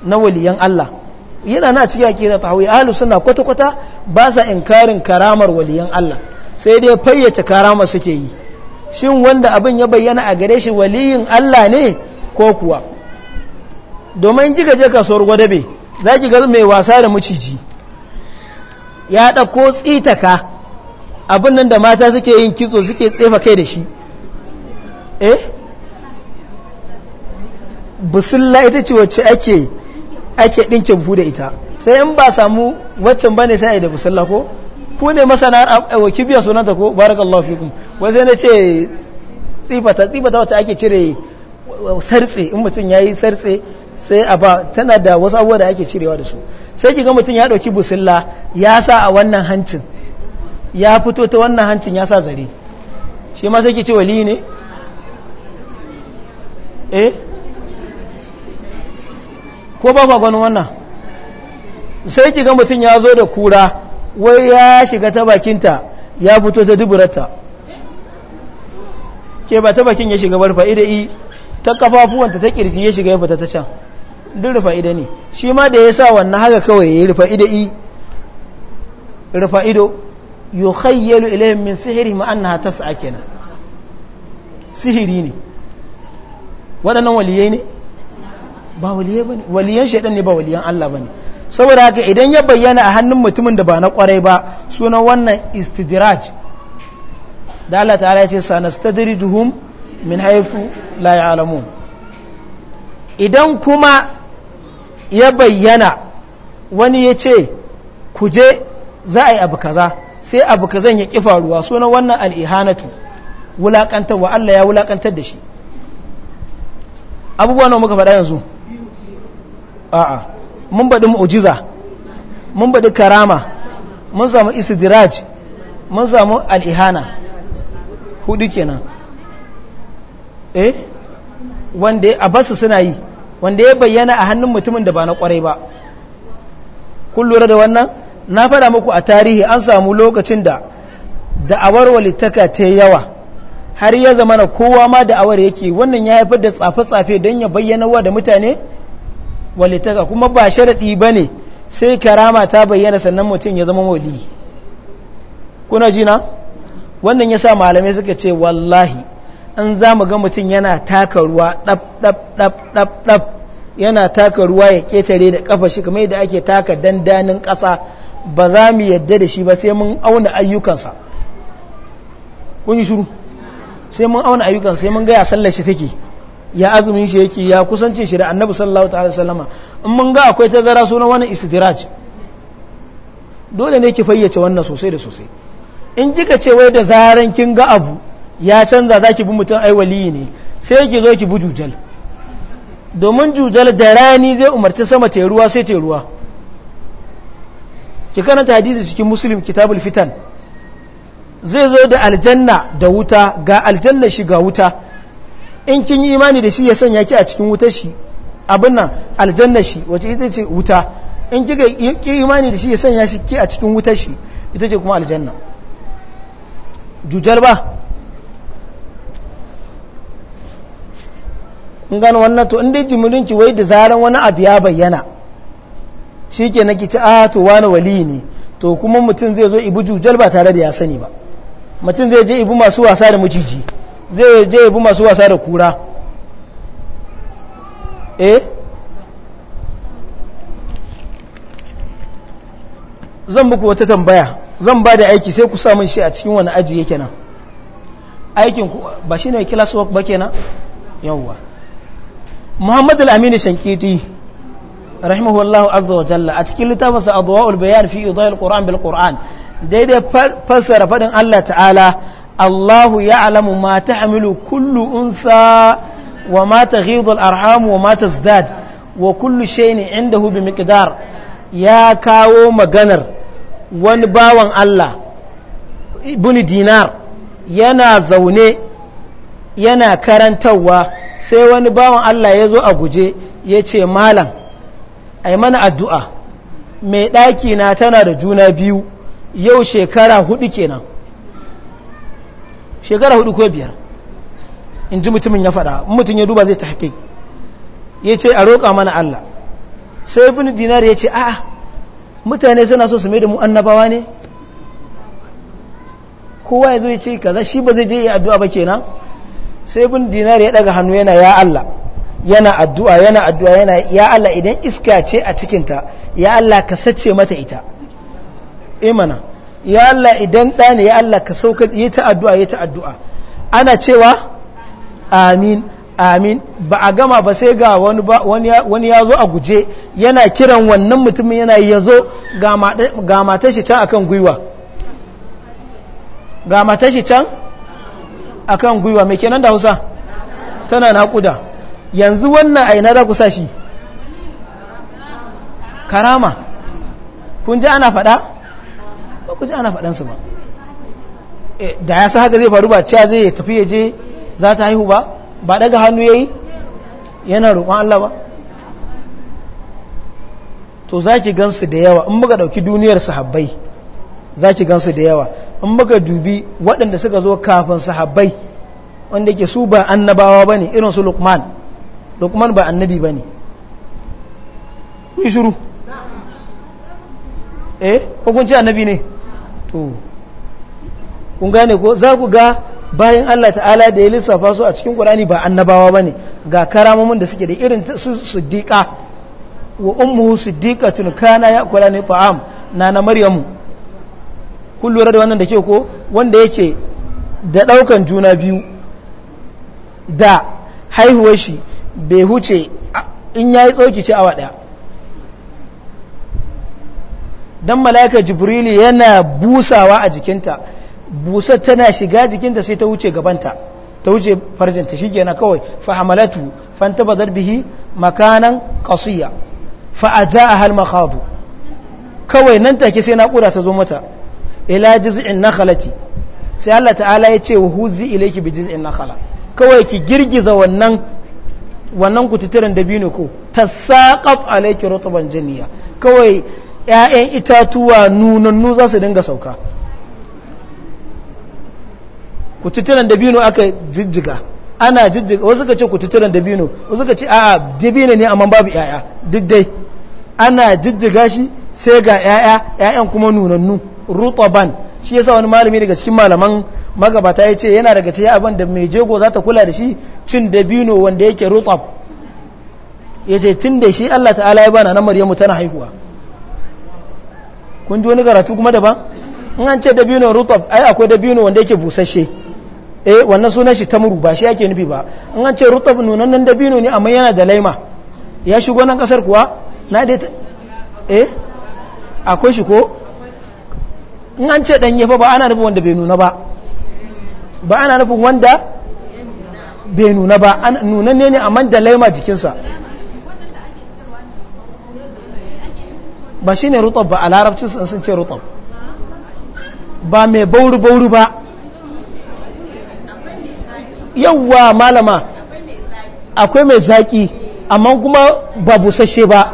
na waliyan Allah yana na cikin akira tahawi ahlus sunna kwata-kwata ba sa inkarin karamar waliyan Allah sai dai fayyace karama suke yi shin wanda abin ya bayyana a gare shi waliyin Allah ne ko kuwa domin kika je kasuwar gwadabe za ki ga mai wasa da maciji ya ɗauko tsitaka abin nan da mata suke yin kitso suke tsefa kai da shi eh busulla ita ce wacce ake ake ɗinkin buhu da ita sai in ba samu waccan bane sai a yi da busulla ko ku ne masana wa kibiya sunanta ko barakallahu fikum wai sai na ce tsifata tsifata wacce ake cire sartse in mutum ya yi sartse sai a ba tana da wasu abubuwa da ake cirewa da su sai ki ga mutum ya ɗauki busilla ya sa a wannan hancin ya fito ta wannan hancin ya sa zare shi ma sai ki ce wali ne eh ko ba kwa gwanin wannan sai ki ga mutum ya zo da kura wai ya shiga ta bakinta ya fito ta duburarta ke ba ta bakin ya shiga bar fa'ida i ta kafafuwanta ta kirji ya shiga ya fita ta can duk rufa ido ne shi ma da ya sa wannan haka kawai ya rufa ido i rufa ido yi khayyalu ilayin min sihiri ma'anna ta ake kenan sihiri ne waɗannan waliyai ne ba waliyai ba ne waliyan shaidan ne ba waliyan Allah ba ne saboda haka idan ya bayyana a hannun mutumin da ba na kwarai ba sunan wannan istidraj da Allah ta ya ce sanastadrijuhum min haifu la idan kuma ya bayyana wani ya ce ku je za a yi abu kaza sai abu kazan ya kifa ruwa sunan wannan al'ihanatu wa Allah ya wulaƙantar da shi abubuwa na muka faɗa yanzu a'a mun baɗi mu'ujiza mun baɗi karama mun samu isidiraj mun samu al'ihana hudu kenan eh wanda ya abasu suna yi wanda ya bayyana a hannun mutumin da ba na kwarai ba kun da wannan na fada muku a tarihi an samu lokacin da da'awar walittaka ta yawa har ya zama na kowa ma da'awar yake wannan ya haifar da tsafe-tsafe don ya bayyana wa da mutane walitaka kuma ba sharaɗi ba ne sai karama ta bayyana sannan mutum ya zama wali kuna jina wannan ya sa malamai suka ce wallahi an za mu ga mutum yana taka ruwa ɗab ɗab ɗab ɗab yana taka ruwa ya ƙetare da ƙafa shi kamar yadda ake taka dandanin ƙasa ba za mu yadda da shi ba sai mun auna ayyukansa kun yi shuru sai mun auna ayyukansa sai mun ga ya sallar shi take ya azumin shi yake ya kusancin shi da annabi sallallahu ta'ala sallama in mun ga akwai tazara sunan wani istidraj dole ne ki fayyace wannan sosai da sosai in kika ce wai da zaran kin ga abu ya canza za ki bi mutum ai waliyi ne sai ki zo ki bi jujal domin jujal da rani zai umarci sama ta ruwa sai ta ruwa ki ta hadisi cikin muslim kitabul fitan zai zo da aljanna da wuta ga aljanna shi ga wuta in kin yi imani da shi ya sanya ki a cikin wuta shi abin nan aljanna shi wace ita ce wuta in kika yi imani da shi ya sanya shi ki a cikin wuta shi ita ce kuma aljanna Jujarba. ba in gano wannan to inda jimirin ki wai da zaran wani abu ya bayyana shi ke na kici a ah, to wani wali ne to kuma mutum zai zo ibu jujal ba tare da ya sani ba mutum zai je ibu masu wasa da maciji zai je bi masu wasa da kura eh zan muku wata tambaya zan ba da aiki sai ku samun shi a cikin wani aji yake nan aikin ku ba shi ne class work ba kenan yawwa muhammad al aminu shankiti rahimahullahu azza wa jalla a cikin littafinsa adwa'ul bayan fi idayil qur'an bil qur'an daidai fassara fadin Allah ta'ala Allahu ya alamu ma ta hamilu kullu unsa wa ma ta ghidul arhamu wa ma ta zdad wa kullu shaini inda hubi miƙidar ya kawo maganar wani bawan Allah buni dinar yana zaune yana karantarwa sai wani bawan Allah ya zo a guje ya ce malam ai mana addu'a mai ɗaki na tana da juna biyu yau shekara hudu kenan shekara hudu ko biyar in ji mutumin ya faɗa mutum ya duba zai ta haƙe ya ce a roƙa mana Allah sai bin dinar ya ce a'a mutane suna so su mai da mu annabawa ne kowa ya zo ya ce kaza shi ba zai je ya addu'a ba kenan sai bin dinar ya daga hannu yana ya Allah yana addu'a yana addu'a yana ya Allah idan iska ce a cikinta ya Allah ka sace mata ita imana eh, ya Allah idan ɗa ne ya Allah ka sauka yi ta addu'a yi ta addu'a ana cewa amin amin ba a gama ba sai ga wani ya zo a guje yana kiran wannan mutumin yana ya zo ga matar shi can akan gwiwa ga matar shi can akan gwiwa mai kenan da hausa tana naƙuda yanzu wannan aina za ku sa shi karama kun ji ana faɗa? ba ku ji ana faɗansu ba eh, da ya sa haka zai faru ba cewa zai tafi ya je za ta haihu ba ba daga hannu ya yi yana roƙon Allah ba to za ki gansu da yawa in muka ɗauki duniyar sahabbai za ki gansu da yawa in muka dubi waɗanda suka zo kafin sahabbai wanda ke su ba annabawa ba ne irin su lukman lukman ba annabi ba ne yi shuru eh hukunci annabi ne to kun gane ko za ku ga bayan Allah ta'ala da ya lissafa su a cikin ƙurani ba annabawa ba ne ga karamomin da suke da irin su siddiƙa wa ummuhu siddiqatun kana ya kula ne ta'am na na maryamu kun da wannan da ke ko wanda yake da ɗaukan juna biyu da haihuwar shi bai huce in ya yi tsoki ce awa ɗaya dan mala'ika jibril yana busawa a jikinta busar tana shiga jikinta sai ta wuce gabanta ta wuce farjinta shikenan kawai fa hamalatu fantabadar bihi makanan qasiya fa a al-makhadu kawai nan take sai naqura ta zo mata ila jiz'in nakhlati sai Allah ta'ala ya ce wa huzi ilayki bi jiz'in nakhla kawai ki girgiza wannan wannan kututturen dabino ko tasaqat alayki rutban janiya kawai ‘ya'yan itatuwa nunannu za su dinga sauka kututtunan dabino aka jijjiga ana jijjiga wasu ka ce kututtunan dabino wasu ka ce a'a dabino ne amma babu ‘ya'ya duk dai ana jijjiga shi sai ga ‘ya'ya ‘ya'yan kuma nunannu rutoban shi yasa wani malami daga cikin malaman magabata ya ce yana daga ce abin da mai jego za ta kula da shi cin dabino wanda yake rutob ya ce tun da shi allah ta'ala ya bana na maryamu tana haihuwa kun ji wani garatu kuma daban in an ce dabino rutab ai akwai dabino wanda yake busasshe eh wannan sunan shi tamuru ba shi yake nufi ba in an ce rutab nan dabino ne amma yana da laima ya shigo nan kasar kuwa na dai eh akwai shi ko in an ce danye fa ba ana nufin wanda bai nuna ba ba ana nufin wanda bai nuna ba nunanne ne amma da laima jikinsa ba shi ne rutab ba a larabci sun ce rutab ba mai bauru-bauru ba yauwa malama akwai mai zaki amma kuma ba busasshe ba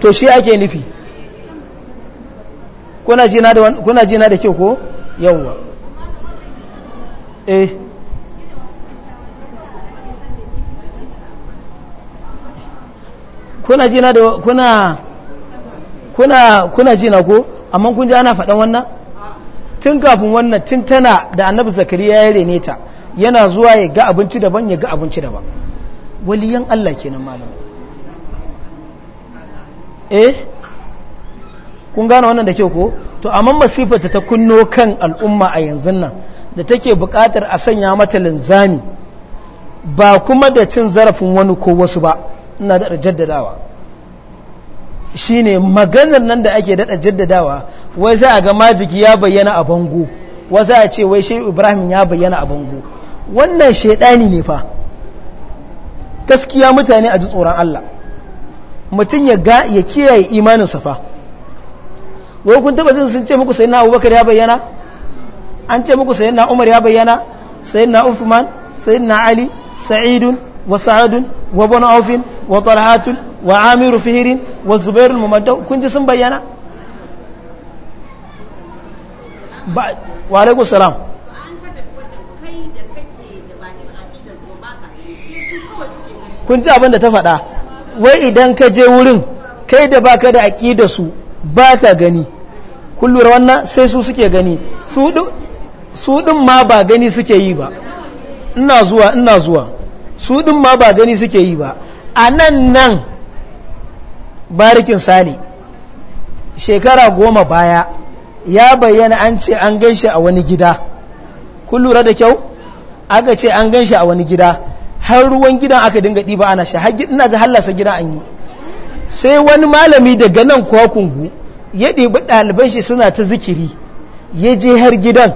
to shi ake nufi kuna jina da kyau ko yawwa eh kuna jina da kuna kuna kuna ji na ko amma kun ji ana faɗan wannan tun kafin wannan tun tana da annabi zakariya ya rene ta yana zuwa ya ga abinci daban ya ga abinci daban waliyan Allah kenan malam eh kun gane wannan da ke ko to amma masifata ta kunno kan al'umma a yanzu nan da take buƙatar a sanya mata linzami ba kuma da cin zarafin wani ko wasu ba ina da jaddadawa shine maganar nan da ake daɗa jaddadawa wai za a ga majiki ya bayyana a bango wa za a ce wai shehu ibrahim ya bayyana a bango wannan shaidani ne fa gaskiya mutane a ji tsoron Allah mutum ya ga ya kiyaye imaninsa fa wai kun taba sun ce muku sayyidina Abubakar ya bayyana an ce muku sayyidina Umar ya bayyana sayyidina Uthman sayyidina Ali Sa'idun wa Sa'adun wa Ibn wa Talhatun wa amiru fihirin wa zubairu mumaddau kun ji sun bayyana wa alaikum salam kun ji abin da ta faɗa wai idan ka je wurin kai da ba ka da aƙida su ba ka gani kullum wannan sai su suke gani su ɗin ma ba gani suke yi ba ina zuwa ina zuwa su ɗin ma ba gani suke yi ba a nan nan barikin sani shekara goma baya ya bayyana an ce an ganshi a wani gida kun lura da kyau aka ce an ganshi a wani gida har ruwan gidan aka dinga ɗiba ana sha ina ga hallasa gidan an yi sai wani malami daga nan kwakungu ya ɗibi ɗaliban shi suna ta zikiri ya je har gidan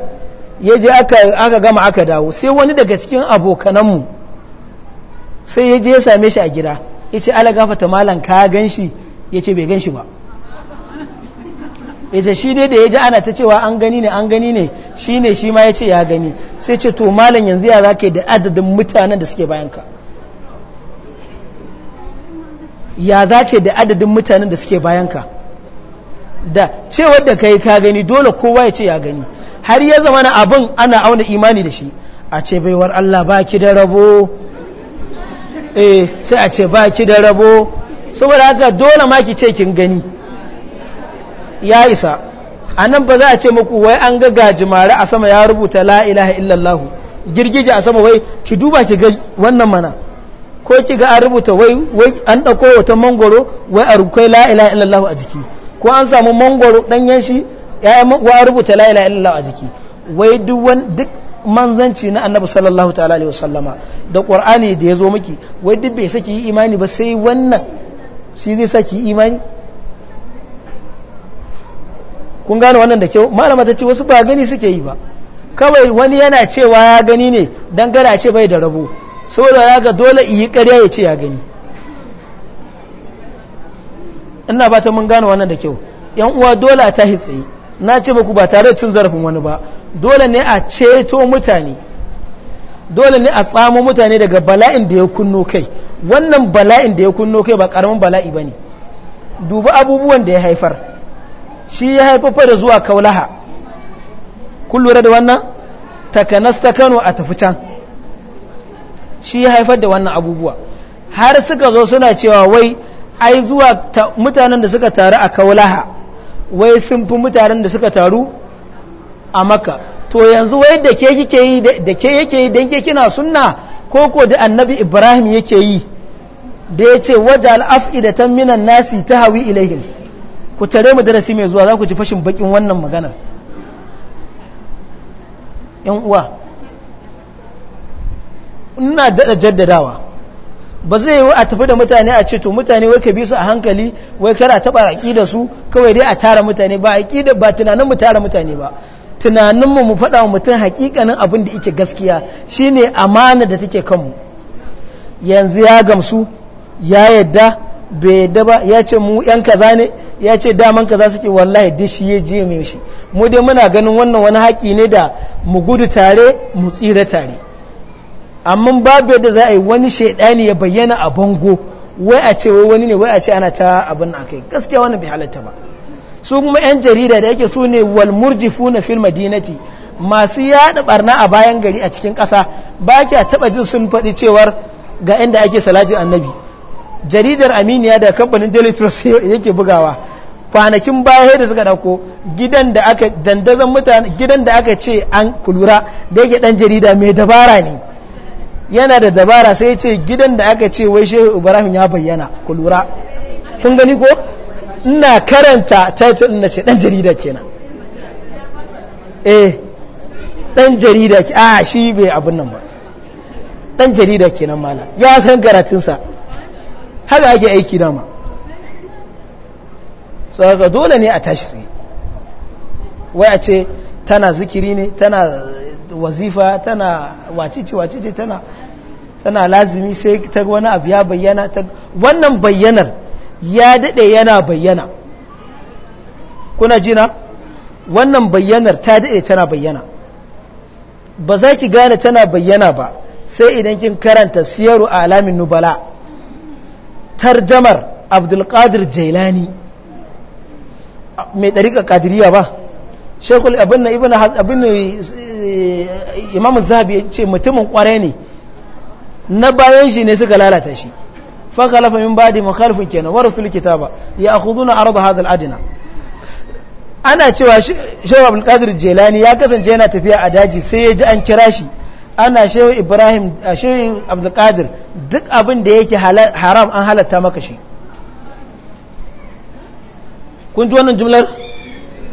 ya je aka gama aka dawo sai wani daga cikin abokananmu sai ya je ya same shi a gida ya ce ala gafata malam ka gan shi ya ce bai gan ba ya ce shi dai da ya ji ana ta cewa an gani ne an gani ne shi ne shi ma ya ce ya gani sai ce to malam yanzu ya za da adadin mutanen da suke bayanka ya za da adadin mutanen da suke bayanka da cewar da kai ka gani dole kowa ya ce ya gani har ya zama na abin ana auna imani da shi a ce baiwar Allah ba ki da rabo eh sai a ce ba ki da rabo saboda haka dole ma ki ce kin gani ya isa a nan ba za a ce muku wai an ga gajimare a sama ya rubuta la ilaha illallahu girgije a sama wai ki duba ki ga wannan mana ko ki ga an rubuta wai an ɗauko wata mangoro wai a rukai la ilaha illallahu a jiki ko an samu mangoro danyen shi ya rubuta la ilaha illallahu a jiki wai duk manzanci na annabi sallallahu ta'ala alaihi wasallama da qur'ani da yazo miki wai duk bai saki imani ba sai wannan shi zai saki imani kun gane wannan da kyau malama ta ce wasu ba gani suke yi ba kawai wani yana cewa ya gani ne dan gara ce bai da rabo saboda ya ga dole yi ƙarya ya ce ya gani ina ba ta mun gane wannan da kyau yan uwa dole ta hitsi na ce ba ku ba tare cin zarafin wani ba dole ne a ceto mutane dole ne a tsamo mutane daga bala'in da ya kunno kai wannan bala'in da ya kunno kai ba karamin bala'i ba ne dubi abubuwan da ya haifar shi ya haifafa da zuwa kaulaha kun lura da wannan takanas ta kano a tafi can shi ya haifar da wannan abubuwa har suka zo suna cewa wai ai zuwa mutanen da suka taru a kaulaha wai sun fi mutanen da suka taru a maka to yanzu wai da ke kike yi da ke yake yi dan ke kina sunna ko ko da annabi ibrahim yake yi da ya ce waje da af'idatan minan nasi ta hawi Ilahim. ku tare mu darasi mai zuwa za ku ji fashin bakin wannan maganar yan uwa ina daɗa jaddadawa ba zai yi a tafi da mutane a ce to mutane wai ka bi su a hankali wai kara taɓa aƙida su kawai dai a tara mutane ba aƙida ba tunanin mu tara mutane ba tunanin mu mu faɗa wa mutum haƙiƙanin abin da yake gaskiya shine amana da take kanmu yanzu ya gamsu ya yadda bai yadda ba ya ce mu yan kaza ne ya ce daman kaza suke wallahi duk shi ya je mai shi mu dai muna ganin wannan wani haƙi ne da mu gudu tare mu tsira tare amma babu yadda za a yi wani shaidani ya bayyana a bango wai a ce wani ne wai a ce ana ta abin a kai gaskiya wani bai halatta ba su kuma yan jarida da yake su ne walmurji funa fil madinati masu yada barna a bayan gari a cikin kasa ba kya taba jin sun faɗi cewar ga inda ake salajin annabi jaridar aminiya da kamfanin daily trust yake bugawa kwanakin baya da suka dauko gidan da aka dandazon mutane gidan da aka ce an kulura da yake dan jarida mai dabara ne yana da dabara sai ce gidan da aka ce wai shehu ibrahim ya bayyana ku lura kun gani ko ina karanta title na ce dan jarida kenan eh dan jarida ke a shi bai abin nan ba dan jarida kenan mala ya san karatunsa haka ake aiki dama saboda dole ne a tashi tsaye wai a ce tana zikiri ne tana wazifa tana wacece wacece tana tana lazimi sai ta wani abu ya bayyana ta wannan bayyanar ya daɗe yana bayyana kuna jina wannan bayyanar ta daɗe tana bayyana ba za ki gane tana bayyana ba sai idan kin karanta siyaru a alamin nubala tarjamar abdulkadir jailani mai ɗariƙa ƙadiriya ba shekul abin na ibn abin eh, zahabi ce mutumin kware ne na bayan shi ne suka lalata shi fa khalafa min ba'di mukhalifin kenan warasul kitaba ya akhuduna na hadha al-adna ana cewa shehu abul qadir ya kasance yana tafiya a daji sai ya ji an kira shi ana shehu ibrahim shehu abdul qadir duk abin da yake haram an halatta maka shi kun ji wannan jumlar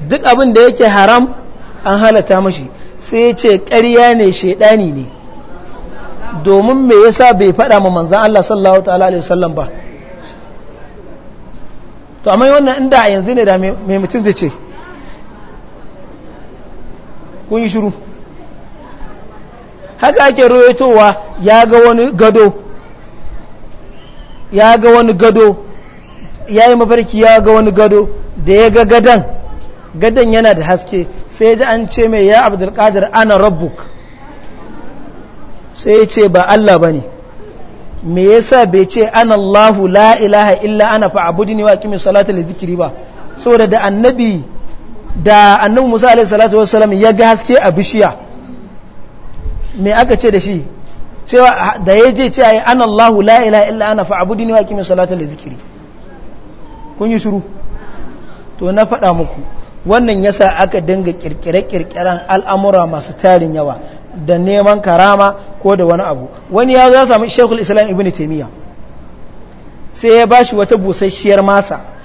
duk abin da yake haram an halatta mashi sai ya ce ƙarya ne shaidani ne domin me yasa bai faɗa ma manzan Allah sallallahu ta'ala alaihi sallam ba to amma wannan inda a yanzu ne da mai mutum zai ce kun yi shiru haka ake royotowa ya ga wani gado ya ga wani gado ya yi mafarki ya ga wani gado da ya ga gadon gadon yana da haske sai ji an ce mai ya abdulkadir ana rabbuk sai ya ce ba Allah ba ne me yasa bai ce ana Allahu la ilaha illa ana fa'abudu ne wa kimi salatu da zikiri ba saboda da annabi da annabi musa alaihi salatu wasalam ya ga haske a bishiya me aka ce da shi cewa da ya je ce ya ana Allahu la ilaha illa ana fa'abudu ne wa kimi salatu da zikiri kun yi shuru to na faɗa muku wannan yasa aka dinga kirkire-kirkiren al'amura masu tarin yawa da neman karama ko da wani abu wani ya za sami shekul islam ibn taimiyya sai ya ba shi wata busasshiyar masa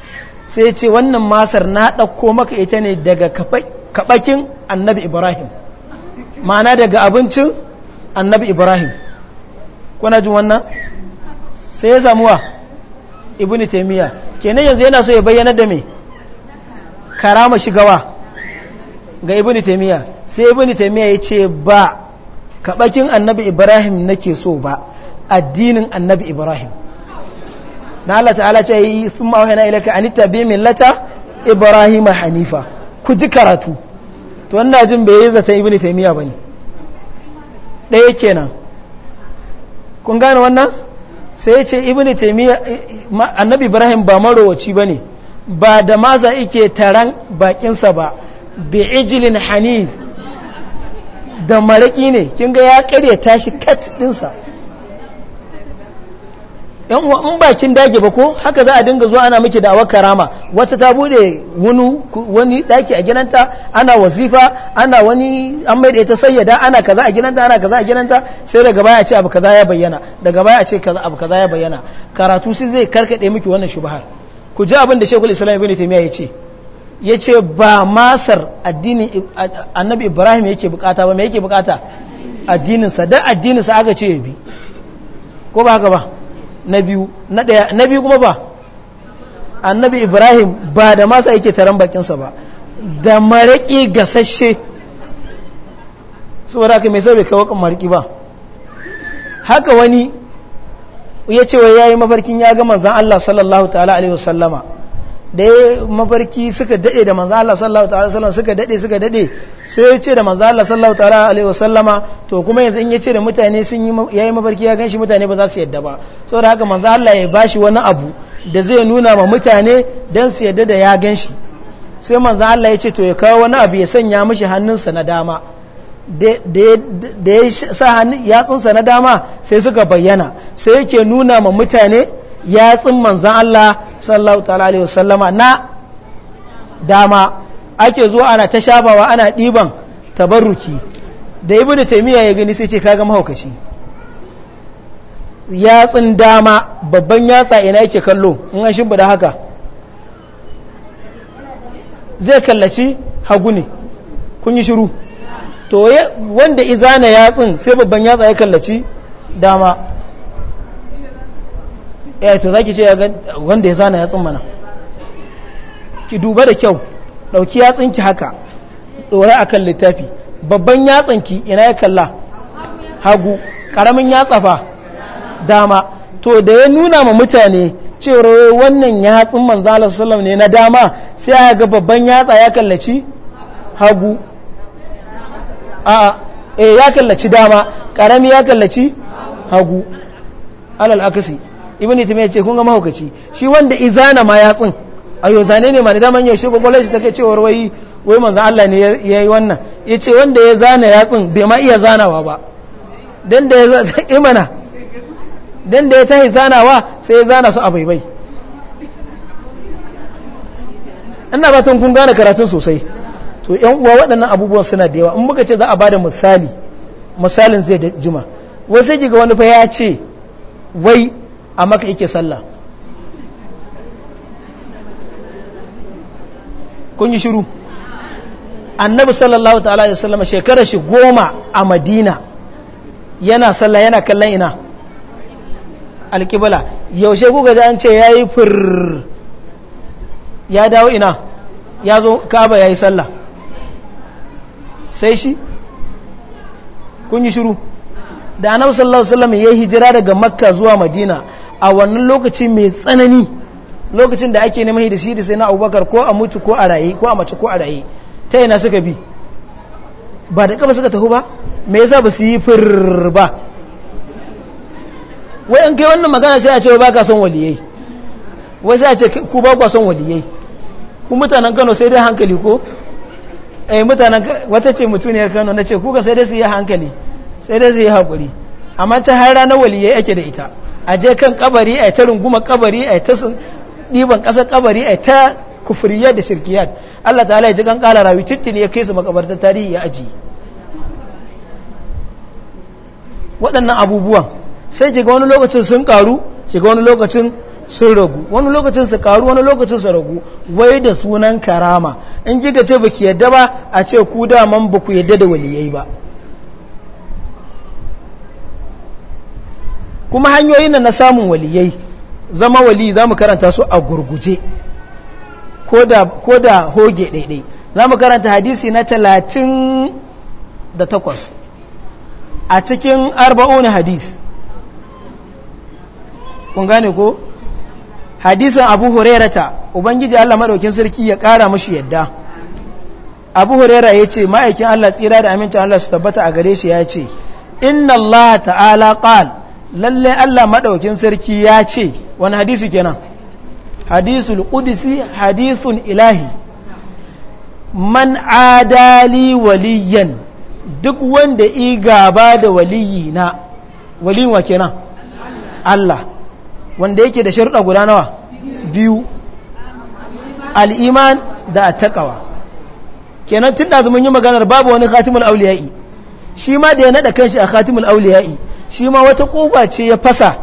sai ce wannan masar na ɗauko maka ita ne daga kaɓakin annabi ibrahim ma'ana daga abincin annabi ibrahim kuna jin wannan sai ya samuwa ibn taimiyya kenan yanzu yana so ya bayyana da mai. karama shigawa ga ibn taimiyya sai ibn taimiyya ya ce ba kaɓakin annabi ibrahim nake so ba addinin annabi ibrahim na Allah ta'ala ce yi sun ma'auhina ilaka an tabi millata ibrahim hanifa ku ji karatu to wanda jin bai yi zaton ibn taimiyya ba ne ɗaya kenan kun gane wannan sai ya ce ibn taimiyya annabi ibrahim ba marowaci ba ne ba da masa ike taran bakinsa ba bi ijilin hani da maraƙi ne kinga ya karya tashi kat dinsa yan uwa in bakin dage ba ko haka za a dinga zuwa ana miki da karama wata ta bude wani daki a gidanta ana wasifa ana wani an mai da ita sayyada ana kaza a gidanta ana kaza a gidanta sai daga baya a ce abu kaza ya bayyana daga baya a ce abu kaza ya bayyana karatu sai zai karkade miki wannan shubhar ku ji abin da shekul islam ibn taimiyya ya ce ya ce ba masar addinin annabi ibrahim yake bukata ba me yake bukata addininsa addinin addininsa aka ce ya bi ko ba haka ba na biyu na daya na biyu kuma ba annabi ibrahim ba da masa yake taron bakinsa ba da maraƙi gasashe saboda aka mai sabi kawo kan ba haka wani ya ce wai yi mafarkin ya ga manzan Allah sallallahu ta'ala alaihi wasallama da ya mafarki suka dade da manzan Allah sallallahu ta'ala alaihi wasallama suka dade suka dade sai ya ce da manzan Allah sallallahu ta'ala alaihi wasallama to kuma yanzu in ya ce da mutane sun yi yi mafarki ya ganshi mutane ba za su yadda ba saboda haka manzan Allah ya bashi wani abu da zai nuna ma mutane dan su yadda da ya ganshi sai manzan Allah ya ce to ya kawo wani abu ya sanya mishi hannunsa na dama da ya sa yatsunsa na dama sai suka bayyana sai yake nuna ma mutane yatsun manzan Allah sallallahu alaihi wasallama na dama ake zuwa ana ta shabawa ana ɗiban tabarruki da da taymiya ya gani sai ce kaga mahaukaci yatsun dama babban yatsa ina yake kallo in an shimba da haka zai kallaci hagu ne kun yi shiru to wanda izana yatsin sai babban yatsa ya kallaci dama eh to zaki ce wanda ya zana yatsin mana ki duba da kyau dauki yatsin ki haka dora akan littafi babban yatsin ki ina ya kalla hagu karamin yatsa fa dama to da ya nuna ma mutane cewar wannan yatsin manzo sallallahu alaihi wasallam ne na dama sai ya ga babban yatsa ya kallaci hagu a e eh, ya kallaci dama karami ya kallaci hagu alal akasi ibn timiya ce kun ga mahaukaci shi wanda izana ma yatsin ayo zane ne ma da daman yaushe gwagwalai shi take cewar wai wai manzan Allah ne ya yi wannan ya ce wanda ya zana yatsin bai ma iya zanawa ba don da ya imana don da ya tahi zanawa sai ya zana su a baibai ina batun kun gane karatun sosai to yan uwa waɗannan abubuwan suna da yawa in muka ce za a bada misali misalin zai da juma wai sai kiga wani fa ya ce wai a maka yake sallah kun yi shiru annabi sallallahu ta'ala ya sallama shekarar shi goma a madina yana sallah yana kallon ina alkibala yaushe kuka ji an ce ya yi fir ya dawo ina ya zo kaba ya yi sallah sai shi kun yi shiru da annabi sallallahu alaihi wasallam yayi hijira daga makka zuwa madina a wannan lokaci mai tsanani lokacin da ake neman hidisi da sai na abubakar ko a mutu ko a raye ko a mace ko a raye ta yana suka bi ba da kafa suka tafi ba me yasa ba su yi fir ba wai an kai wannan magana sai a ce ba ka son waliyai wai sai a ce ku ba ku son waliyai ku mutanen Kano sai dai hankali ko eh mutanen wata ce mutuniyar Kano na ce kuka sai dai su yi hankali sai dai su yi hakuri amma ta hara ranar waliyai ake da ita a je kan kabari a yi ta runguma kabari a yi ta ɗiban ƙasar kabari a yi ta kufuriya da shirkiyat Allah ta'ala ya ji kan ƙala rawi tuttun ya kai su makabartar tarihi ya aji waɗannan abubuwan sai shiga wani lokacin sun ƙaru shiga wani lokacin sun ragu wani lokacin su karu wani lokacin su ragu wai da sunan karama in giga ce baki yadda ba a ce ku daman ba ku yadda da waliyai ba kuma hanyoyin na samun waliyai zama wali za mu karanta su a gurguje ko da hoge ɗaiɗai za mu karanta hadisi na talatin da takwas a cikin arba'un hadis kun gane ko hadisin abu hurairata ubangiji allah maɗaukin sarki ya ƙara mashi yadda abu huraira ya ce ma'aikin allah tsira da amincin allah su tabbata a gare shi ya ce inna allah ta'ala kal lalle allah maɗaukin sarki ya ce wani hadisu kenan hadisul ƙudisi hadisun ilahi man adali waliyan duk wanda i gaba da waliyina waliwa kenan allah wanda yake da sharuɗa guda nawa biyu al'iman da a taƙawa kenan tun da mun yi maganar babu wani khatimul auliyai shi ma da ya naɗa kanshi a khatimul auliyai shi ma wata koba ce ya fasa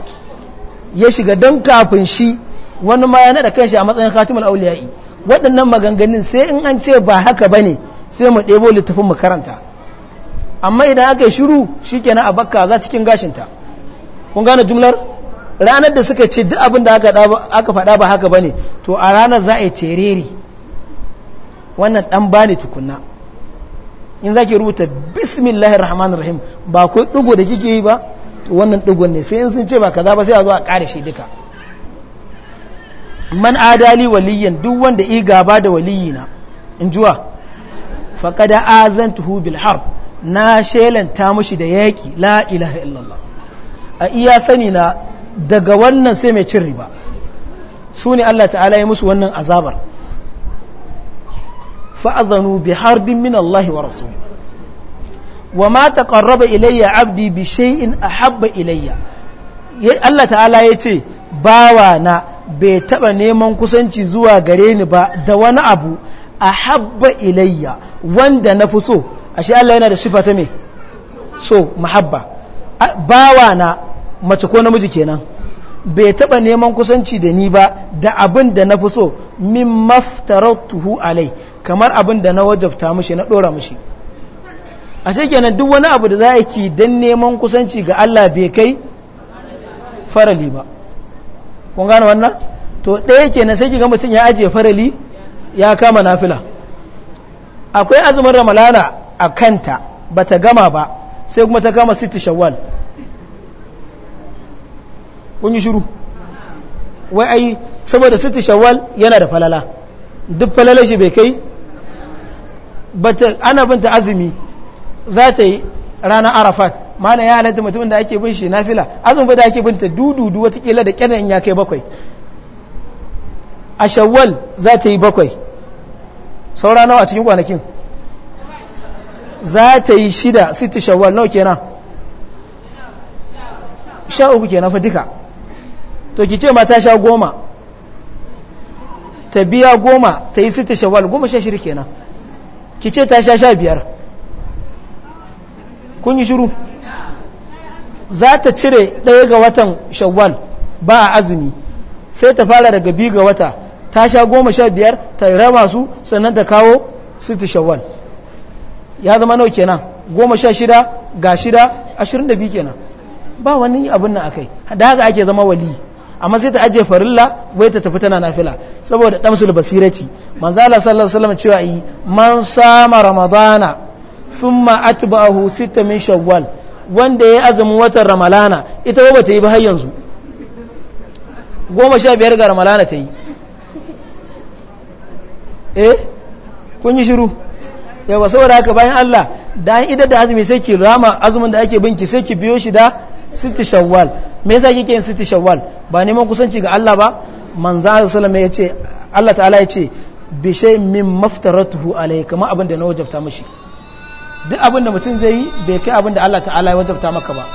ya shiga dan kafin shi wani ma ya naɗa kanshi a matsayin khatimul auliyai waɗannan maganganun sai in an ce ba haka ba ne sai mu ɗebo littafin mu karanta amma idan aka yi shiru shi kenan a bakka za cikin gashinta kun gane jumlar ranar da suka ce duk abin da aka faɗa ba haka ba ne to a ranar za a yi tereri wannan ɗan ba tukunna in za rubuta bismillahir rahmanir rahim ba ko ɗigo da kike yi ba to wannan ɗigon ne sai in sun ce ba kaza ba sai a zo a ƙare shi duka man adali waliyan duk wanda i gaba da waliyina in juwa faƙada azantuhu bil harb na shelanta mushi da yaƙi la ilaha illallah a iya sani na daga wannan sai mai cin riba su ne Allah ta'ala ya musu wannan azabar fa'azanu bi harbin min Allah wa rasu wa ma ƙarraba ilayya abdi bi shay'in ahabba ilayya Allah ta'ala ya ce bawa na bai taɓa neman kusanci zuwa gare ni ba da wani abu A ahabba ilayya wanda na fi so ashe Allah yana da shifa ta me so mahabba bawa na mace ko namiji kenan bai taɓa neman kusanci da ni ba da abin da na fi so min maftarautuhu alai kamar abin da na wajabta mashi na dora mashi a kenan duk wani abu da za a ki don neman kusanci ga Allah bai kai farali ba kun gane wannan to ɗaya kenan sai ga mutum ya ajiye farali ya kama nafila akwai azumin ramalana a kanta ba ta gama ba sai kuma ta kama siti shawwal kun yi shiru wai ai saboda siti shawwal yana da falala duk falala shi bai kai ana binta azumi za ta yi ranar arafat mana ya halatta mutumin da ake bin shi na fila azumi da ake binta dududu watakila da kyanan ya kai bakwai a shawwal za ta yi bakwai saura nawa cikin kwanakin za ta yi shida siti shawwal nawa kenan sha uku kenan fa duka to ki ce ma sha goma ta biya goma ta yi sita shawal goma sha shiri kenan ki ce ta sha sha biyar kun yi shiru za ta cire ɗaya ga watan shawal ba a azumi sai ta fara daga biyu ga wata ta sha goma sha biyar ta rama su sannan ta kawo sita shawal ya zama nau kenan goma sha shida ga shida ashirin da biyu kenan ba wani abin na akai da haka ake zama waliyi amma sai ta ajiye farilla wai ta tafi tana nafila saboda damsul basirati manzo Allah sallallahu alaihi wasallam cewa yi man sama ramadana thumma atba'ahu sita min shawwal wanda ya azumin watan ramalana ita ba ta yi ba har yanzu goma sha biyar ga ramalana ta yi eh kun yi shiru yawa saboda haka bayan Allah da an idar da azumi sai ki rama azumin da ake binki sai ki biyo shi da sita shawwal me yasa kike yin siti shawwal ba neman kusanci ga Allah ba manzo sallallahu alaihi wasallam yace Allah ta'ala yace bi shay min maftaratuhu alayka ma abinda na wajabta mishi duk abinda mutum zai yi bai kai abinda Allah ta'ala ya wajabta maka ba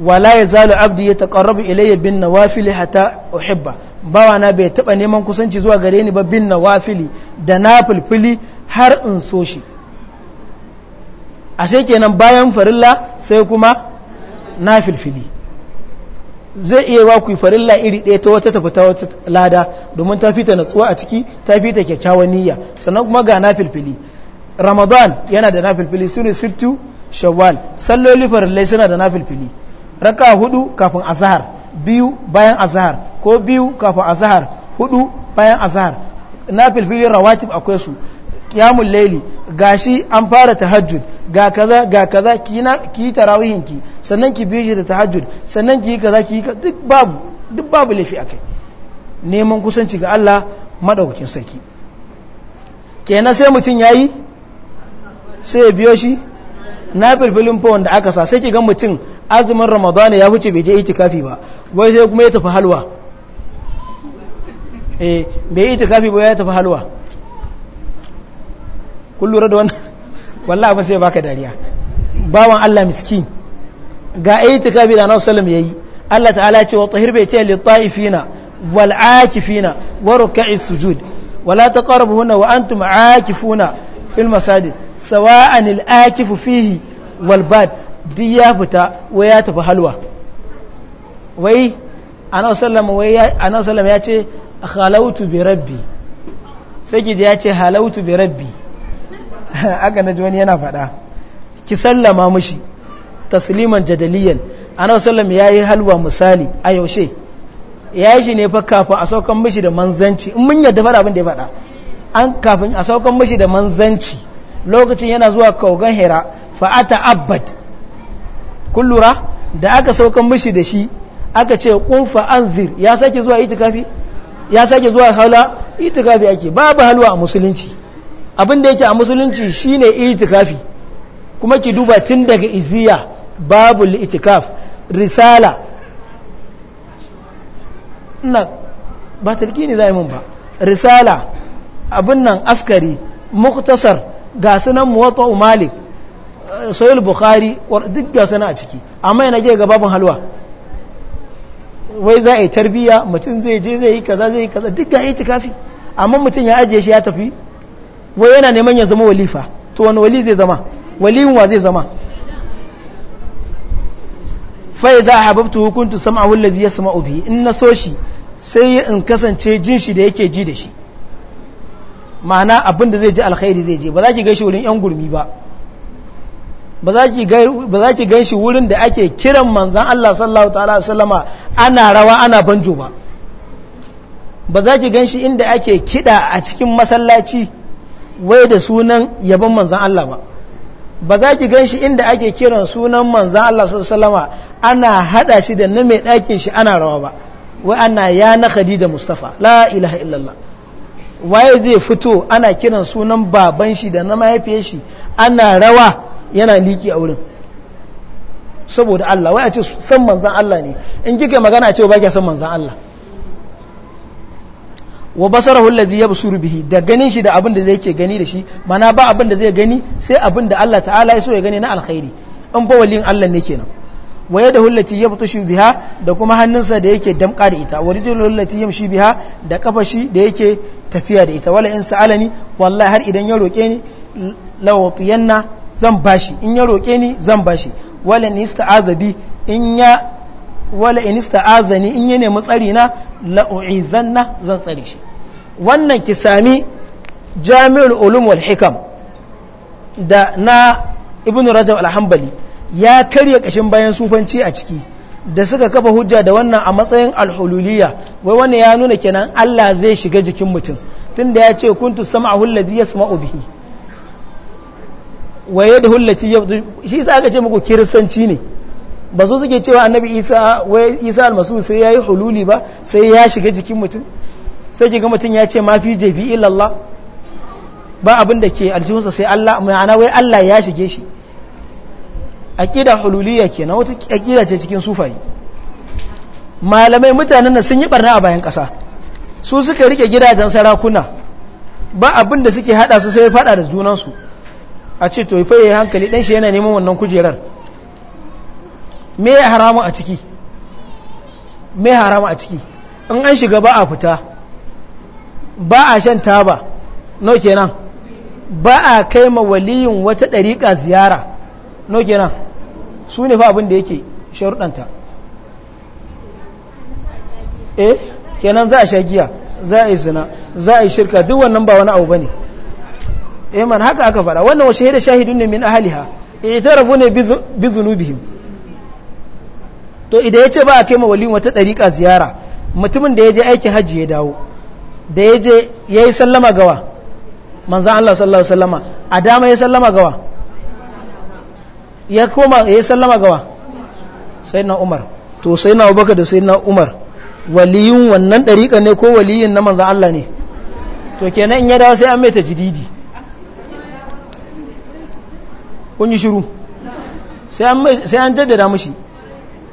wala yazalu abdi yataqarrabu ilayya bin nawafil hatta uhibba bawa na bai taba neman kusanci zuwa gare ni ba bin nawafili da nafilfili har in so shi ashe kenan bayan farilla sai kuma na filfili zai iya ba ku farilla iri ɗaya ta wata tafi ta wata lada domin ta fita natsuwa a ciki ta fita kyakkyawan niyya sannan kuma ga na filfili ramadan yana da na filfili su ne sittu shawwal salloli farillai suna da na filfili raka hudu kafin azahar biyu bayan azahar ko biyu kafin azahar hudu bayan azahar na filfili rawatib akwai su kiyamun laili shi an fara tahajjud ga kaza ga kaza ki yi tarawihin ki sannan ki biye da tahajjud sannan ki yi kaza ki yi duk babu duk babu laifi kai neman kusanci ga Allah madaukakin sarki kenan sai mutum ya yi sai ya biyo shi na filfilin fa wanda aka sa sai ki ga mutum azumin ramadana ya huce bai je itikafi ba wai sai kuma ya tafi eh, itikafi ba ya tafi halwa kun lura da wannan wallahi ba sai baka dariya bawan Allah miskin ga itikafi da Annabi sallallahu alaihi wasallam yayi Allah ta'ala ya ce wa tahir baiti lil ta'ifina wal wa ruk'i sujud wala taqrabuhunna wa antum aakifuna fil masajid sawa'an al aakifu fihi wal bad fita ya tafi halwa wai Annabi sallallahu alaihi wasallam ya ce halautu bi rabbi sai ya ce bi rabbi aka naji wani yana faɗa ki sallama mushi tasliman jadaliyan ana sallam ya yi halwa misali a yaushe ya shi ne fa kafin a saukan mushi da manzanci in mun yadda faɗa abin da ya faɗa an kafin a saukan mushi da manzanci lokacin yana zuwa kogon hira fa'ata abbad kun da aka saukan mushi da shi aka ce kun anzir ya sake zuwa itikafi ya sake zuwa haula itikafi ake babu halwa a musulunci abin da yake a musulunci shine itikafi kuma ki duba tun daga iziya babu itikaf risala na ba talki ne za mun ba risala abin nan askari muktasar ga sunan muwatta malik soyil bukhari duk ga suna a ciki amma yana ke gababin halwa wai za a yi tarbiya mutum zai je zai yi kaza zai yi kaza duk ga itikafi amma mutum ya ajiye shi ya tafi wai yana neman ya zama walifa to wani wali zai zama waliyin wa zai zama fai za a hababtu hukuntu sama wallazi ya sama in na so shi sai in kasance jin shi da yake ji da shi ma'ana abin zai ji alkhairi zai je ba za ki gaishe wurin yan gurmi ba ba za ki gan wurin da ake kiran manzan Allah sallallahu ta'ala sallama ana rawa ana banjo ba ba za ki ganshi inda ake kida a cikin masallaci wai da sunan yabon manzan Allah ba ba za ki gan shi inda ake kiran sunan manzan Allah sallama ana hada shi da na mai ɗakin shi ana rawa ba wai ana ya na khadija mustafa la ilaha illallah waye zai fito ana kiran sunan baban shi da na mahaifiyar shi ana rawa yana liki a wurin saboda Allah wai a ce san manzan Allah ne in kika magana a ce ba kya san manzan Allah wa basarahu alladhi yabsuru bihi da ganin shi da abin da zai ke gani da shi mana ba abin da zai gani sai abin da Allah ta'ala ya so ya gani na alkhairi in fa waliyin Allah ne kenan wa yadahu allati shi biha da kuma hannunsa da yake damka da ita wa rijluhu allati yamshi biha da kafa da yake tafiya da ita wala in sa'alani wallahi har idan ya roke ni lawatiyanna zan bashi in ya roke ni zan bashi wala in ista'azabi in ya wala in ista'azani in ya nemi tsari na la'u'izanna zan tsare shi wannan ki sami jami'ul ulum wal hikam da na ibn rajab al-hanbali ya karya kashin bayan sufanci a ciki da suka kafa hujja da wannan a matsayin alhululiya wai wannan ya nuna kenan Allah zai shiga jikin mutum tunda ya ce kuntu sam'ahu alladhi yasma'u bihi wa yadahu allati yabdu shi sai aka ce muku kiristanci ne ba so suke cewa annabi Isa wai Isa almasu sai yayi hululi ba sai ya shiga jikin mutum sai ki ga mutum ya ce ma fi jefi illallah ba abin da ke aljihunsa sai Allah ma'ana wai Allah ya shige shi aqida hululiyya kenan wata aqida ce cikin sufaye malamai mutanen da sun yi barna a bayan kasa su suka rike gidajen sarakuna ba abin da suke hada su sai fada da junansu su a ce to fa yayi hankali dan shi yana neman wannan kujerar me haramu a ciki me haramu a ciki in an shiga ba a fita ba a shan taba no kenan ba a kai ma waliyin wata ɗariƙa ziyara no kenan su ne fa abin da yake sharuɗanta eh kenan za a sha giya za a yi zina za a yi shirka duk wannan ba wani abu ba ne eh man haka aka faɗa wannan wa shahida shahidun ne min ahaliha itarafu ne bi dhunubihim to idan yace ba a kai ma waliyin wata ɗariƙa ziyara mutumin da ya je aikin hajji ya dawo da ya je ya yi sallama gawa manzan Allah sallallahu sallama a dama ya sallama gawa ya koma ya yi sallama gawa sai na umar to sai na baka da sai na umar waliyun wannan dariƙa ne ko waliyun na manzan Allah ne to kenan in ya dawo sai an meta jididi kun yi shiru sai an jaddada mushi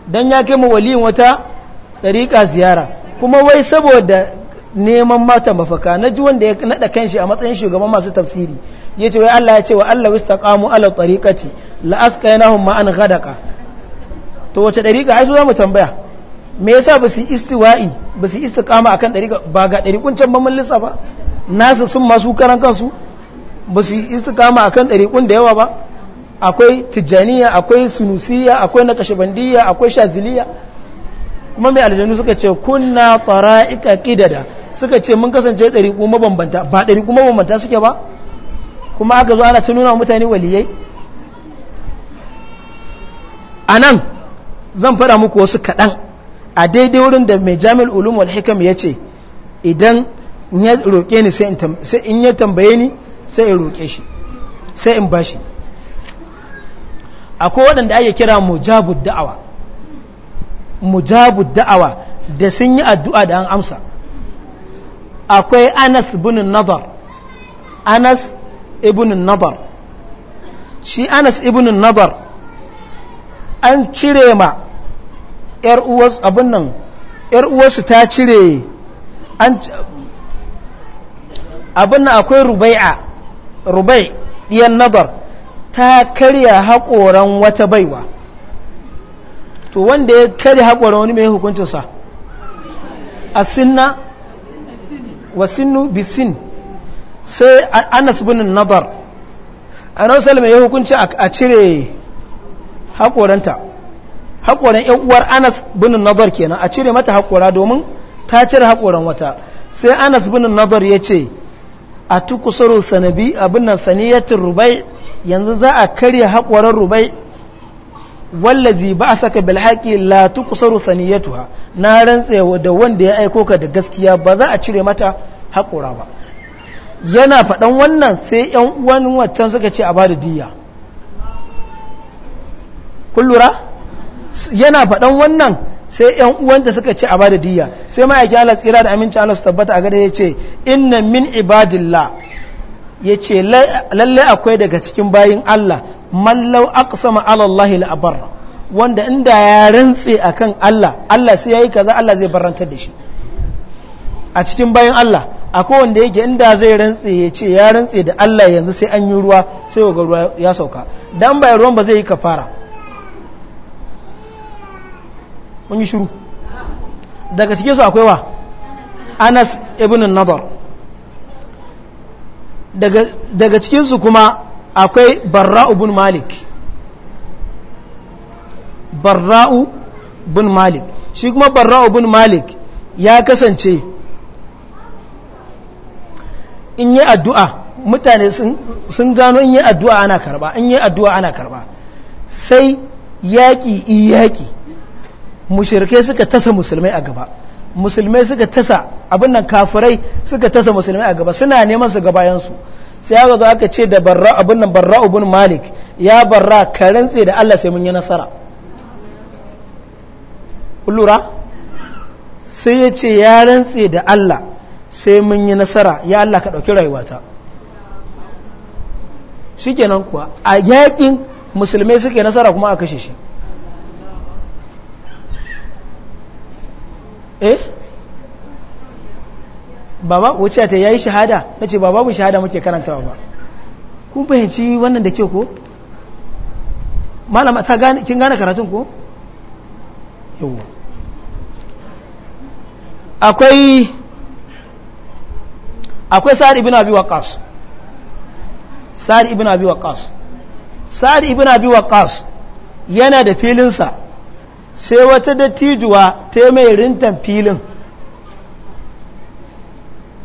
don ya kai ma waliyin wata dariƙa ziyara kuma wai saboda neman mata mafaka na ji wanda ya naɗa kanshi a matsayin shugaban masu tafsiri ya ce wai Allah ya ce wa Allah wista kamu ala tariƙaci la'aska yana hun ma'an hadaka to wace ɗariƙa ai su za mu tambaya me yasa ba su istiwa'i ba su istiƙama akan ɗariƙa ba ga ɗariƙun can ba mun ba nasu sun masu karan kansu ba su istiƙama akan ɗariƙun da yawa ba akwai tijjaniya akwai sunusiya akwai na kashibandiya akwai shaziliya kuma mai aljanu suka ce kunna tsara'ika kidada suka ce mun kasance kuma bambanta ba kuma bambanta suke ba kuma aka zo ana ta nuna mutane waliyai a nan zan faɗa muku wasu kaɗan a daidai wurin da mai jami'ar ulum walhikam hikam ya ce idan ya roƙe ni sai in ya tambaye ni sai in roƙe shi sai in ba shi. akwai waɗanda ake kira mujabud da'awa da sun yi addu'a da an amsa akwai anas ibn nadar anas ibn nadar shi anas ibn nadar an cire ma yar uwarsu abin nan yar ta cire an abin nan akwai rubai'a rubai diyan nadar ta karya haƙoran wata baiwa to wanda ya karya haƙoran wani mai hukuncinsa a sinna wasinnu bisin sai anas bin nadar anas salama ya hukunci a cire haƙoranta haƙoran yan uwar anas bin nadar kenan a cire mata haƙora domin ta cire haƙoran wata sai anas bin nadar ya ce a tukusuru sanabi abin nan saniyatin rubai yanzu za a karya haƙoran rubai wallazi ba saka bil haqi la tuqsaru saniyatuha na rantsa da wanda ya aiko ka da gaskiya ba za a cire mata hakura ba yana faɗan wannan sai ƴan uwan wancan suka ce a bada diyya. kullura yana faɗan wannan sai uwan uwanta suka ce a bada diyya sai ma ya tsira da aminci Allah su tabbata a gare ya ce inna min ibadillah ya ce lalle akwai daga cikin bayin Allah mallau aqsama ala Allah la wanda inda ya rantse akan Allah Allah sai yayi kaza Allah zai barantar da shi a cikin bayin Allah akwai wanda yake inda zai rantse ya ce ya rantse da Allah yanzu sai an yi ruwa sai ga ruwa ya sauka dan bai ruwan ba zai yi kafara mun yi shiru daga cikin su akwai wa Anas ibn Nadar daga cikinsu kuma akwai barra'u bin malik barra'u bin malik shi kuma barra'u bin malik ya kasance in yi addu'a mutane sun gano in yi addu'a ana karba in yi addu'a ana karba sai yaƙi iyaƙi mushirke suka tasa musulmai a gaba musulmai suka tasa abin nan kafirai suka tasa musulmai a gaba suna neman su su sai ya zo aka ce da barra abin nan barra ibn malik ya barra ka rantse da Allah sai mun yi nasara kullura sai ya ce ya rantse da Allah sai mun yi nasara ya Allah ka ɗauki rayuwata shi kenan kuwa a yakin musulmai suka yi nasara kuma a kashe shi eh baba wuce ta yayi shahada nace ba babu shahada muke karantawa ba kun fahimci wannan da ke ko malama ta gane kin gane karatun ko yawa akwai akwai sa'ad ibn abi waqas sa'ad ibn abi waqas sa'ad ibn abi waqas yana da filinsa sai wata dattijuwa ta mai rintan filin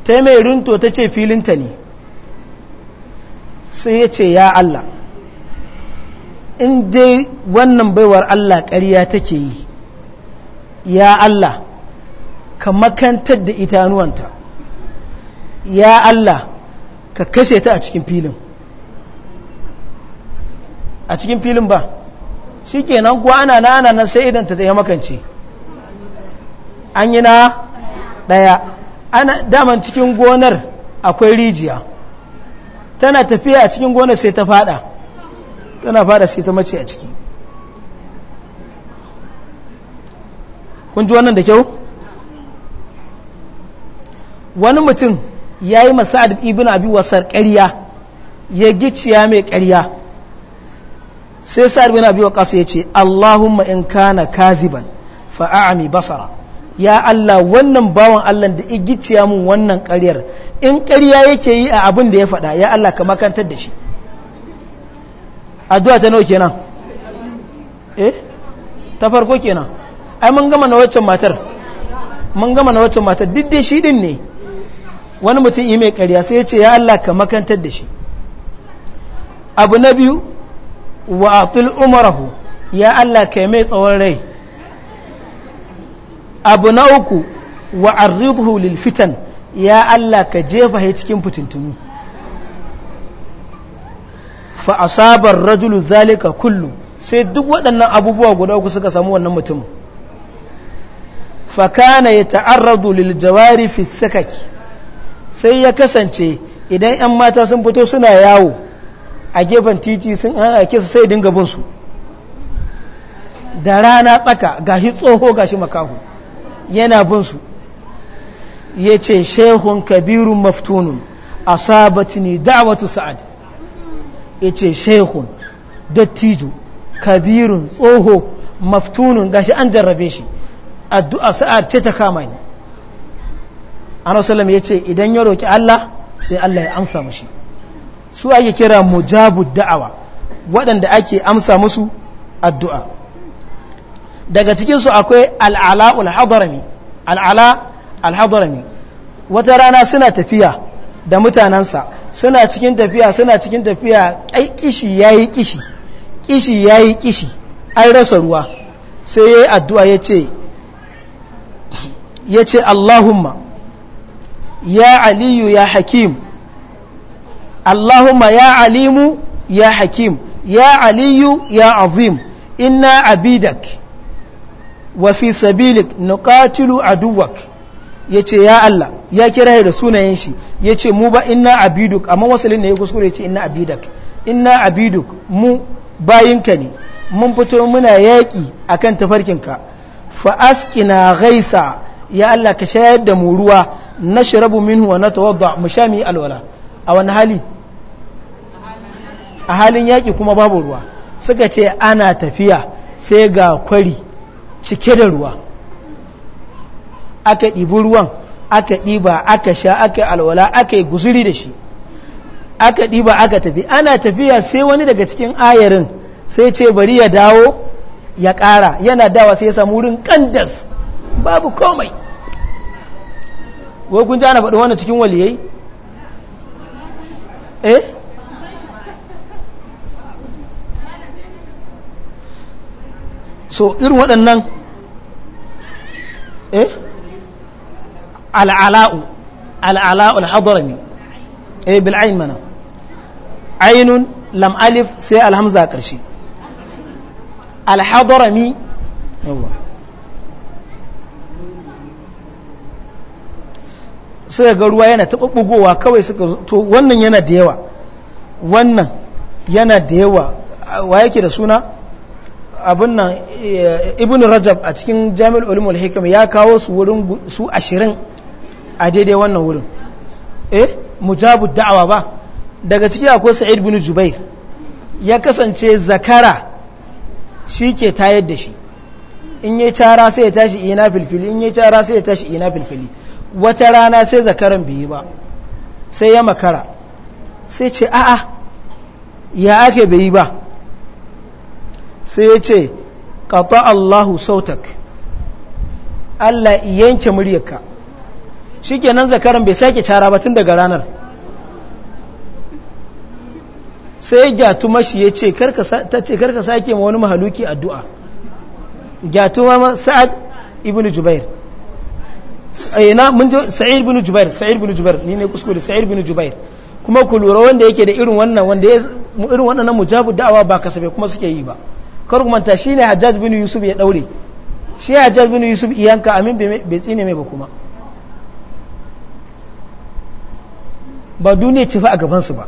ta mai rinto ta ce filinta ne sai ya ce ya Allah in dai wannan baiwar Allah ƙarya take yi ya Allah ka makantar da itanuwanta ya Allah ka kashe ta a cikin filin a cikin filin ba shi kenan kuwa ana nana na sai idan ta zai makance an yi na ɗaya ana daman cikin gonar akwai rijiya tana tafiya a cikin gonar sai ta fada tana fada sai ta mace a ciki kunji ji wannan da kyau wani mutum ya yi masa'ad ibina abi wasar ƙarya ya giciya mai ƙarya sai sa bin abi kasa ya ce Allahumma in kana kaziban fa basara ya Allah wannan bawan Allah da igiciya mun wannan ƙaryar in ƙarya yake yi a abin da ya faɗa ya Allah ka makantar da shi addu'a ta nawa kenan eh ta farko kenan ai mun gama na waccan matar mun gama na waccan matar duk dai shi din ne wani mutum yi mai ƙarya sai ya ce ya Allah ka makantar da shi abu na biyu wa atul umarahu ya Allah ka mai tsawon rai abu na uku wa arzuhu lil fitan ya Allah ka jefa shi cikin fitintunu fa asabar rajulu zalika kullu sai duk waɗannan abubuwa guda uku suka samu wannan mutum fa kana yata'arradu lil jawari fi sakaki sai ya kasance idan 'yan mata sun fito suna yawo a gefen titi sun an ake su sai dinga bin su da rana tsaka ga shi tsoho ga shi makahu yana bin su ya ce shehun Kabiru maftunun a sabati ne da'awatu sa'ad ya ce shehun dattijo kabirun tsoho maftunun ga shi an jarrabe shi addu'a sa'ad ce ta kama ni anasalam ya ce idan ya roƙi Allah sai Allah ya amsa mashi su ake kira mujabu da'awa waɗanda ake amsa musu addu'a daga cikinsu akwai al'ala al’adarami al'ala al’adarami wata rana suna tafiya da mutanensa suna cikin tafiya suna cikin tafiya ƙishi ya yi ƙishi kishi ya yi kishi an rasa ruwa sai ya yi addu'a ya ce ya ce allahumma ya aliyu ya hakim Allahumma ya alimu ya hakim ya aliyu ya azim inna abidak wafi fi sabilik nuqatilu aduwak yace ya Allah ya kira da sunayen shi yace mu ba inna abiduk amma wasalin ne ya kuskure yace inna abidak inna abiduk mu bayinka ne mun fito muna yaki akan tafarkinka fa askina ghaisa ya Allah ka shayar da mu ruwa nashrabu minhu na natawadda mu sha mi alwala a wani hali a halin yaƙi kuma babu ruwa suka ce ana tafiya sai ga kwari cike da ruwa aka ɗibi ruwan aka ɗiba aka sha aka alwala aka yi guzuri da shi aka ɗiba aka tafi ana tafiya sai wani daga cikin ayarin sai ce bari ya dawo ya ƙara yana dawa sai ya samu wurin ƙandas babu komai wai kun ana faɗi wani cikin waliyai eh so irin waɗannan eh al'ala'u al'ala'u al'adarami eh mana ainun lam alif sai alhamza ƙarshe al'adarami sai ga ruwa yana taɓaɓɓugowa kawai suka to wannan yana da yawa wannan yana da yawa wa yake da suna abin nan eh, ibn rajab a cikin jami'ul ulumul hikam ya kawo su wurin su ashirin a daidai wannan wurin eh mujabu da'awa ba daga ciki akwai sa'id bin jubair ya kasance zakara shi ke tayar da shi in yi tara sai ya tashi ina filfili in yi tara sai ya tashi ina filfili wata rana sai zakaran biyu ba sai ya makara sai ce a'a ya ake bai ba sai ya ce ƙata allahu sautak allah yanke muryarka shi kenan zakaran bai sake cara ba tun daga ranar sai gyatuma shi ya ce ta ce karka sake ma wani mahaluki addu'a gyatuma sa'ad ibn jubair saina eh, mun ji sa'ir bin jubair sa'ir bin jubair ni ne kuskure sa'ir bin jubair kuma ku lura wanda yake da irin wannan wanda ya irin wannan mujabu da'awa ba kasabe kuma suke yi ba kar kuma ta shine hajjaj bin yusuf ya daure shi hajjaj bin yusuf iyanka amin bai tsine mai ba kuma ba duniya ce fa a gabansu ba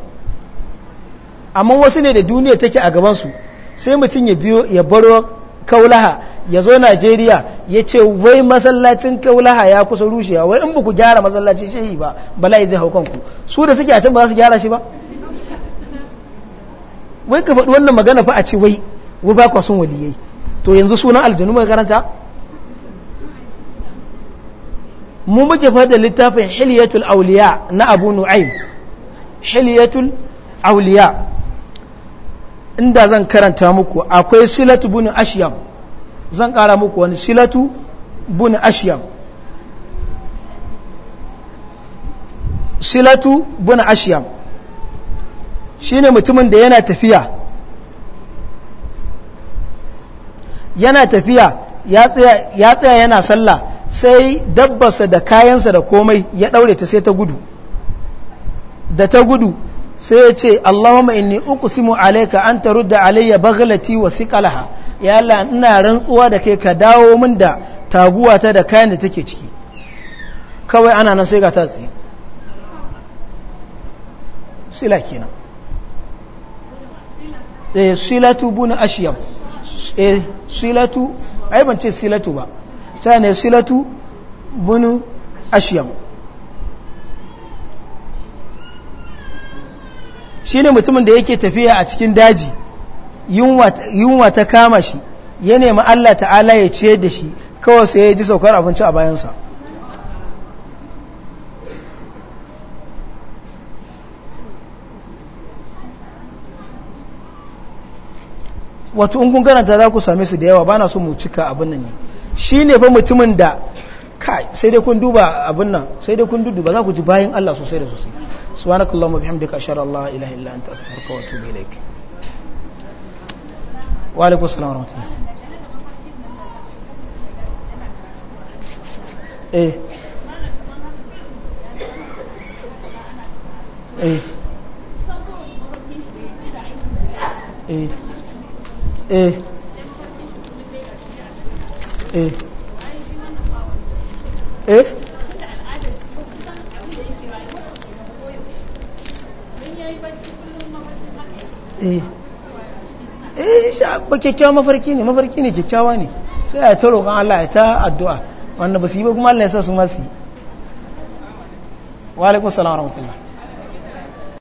amma wasu ne da duniya take a gabansu sai mutum ya biyo ya baro kaulaha ya zo Najeriya ya ce wai masallacin kaulaha ya kusa rushewa wai in buku gyara masallacin shehi ba bala'i zai hau kanku su da suke a can ba za su gyara shi ba wai ka faɗi wannan magana fa a ce wai wai ba sun waliyai to yanzu sunan aljanu mai karanta mu muke fada littafin hiliyatul auliya na abu nu'aim hiliyatul auliya inda zan karanta muku akwai silatu bin ashiyam zan kara muku wani silatu bin ashiyam silatu ashiyam Shi ne mutumin da yana tafiya yana tafiya ya tsaya yana sallah sai dabbarsa da kayansa da komai ya daure ta sai ta gudu da ta gudu sai ya ce Allahumma inni uqsimu alayka an tarudda alayya baghlati wa thiqalaha ya Allah ina rantsuwa da kai ka dawo min da taguwata da kayan da take ciki kawai ana nan sai ga ta tsaye sila kenan eh silatu bun ashyam eh silatu ai ban ce silatu ba sai ne silatu bun ashyam shi ne mutumin da yake tafiya a cikin daji yunwa ta kama shi ya nemi Allah ta'ala ya ciyar da shi kawai sai ya ji saukar abinci a bayansa wato in kun za ku same su da yawa ba na so mu cika abin nan ne shi ne ba mutumin da kai sai dai kun duba abin nan sai dai kun duduba za ku ji bayan Allah sosai da sosai wa bihamdika ashhadu an la ilaha illa anta astaghfiruka wa atubu ilaik wa alaikum assalam wa rahmatullah eh eh eh eh eh eh eh, eh sha ba kyakkyawa mafarki ne mafarki ne kyakkyawa ne sai a ta roƙon Allah ya ta addu'a ana ba su yi ba kuma Allah sa su masu yi wa wa rahmatullah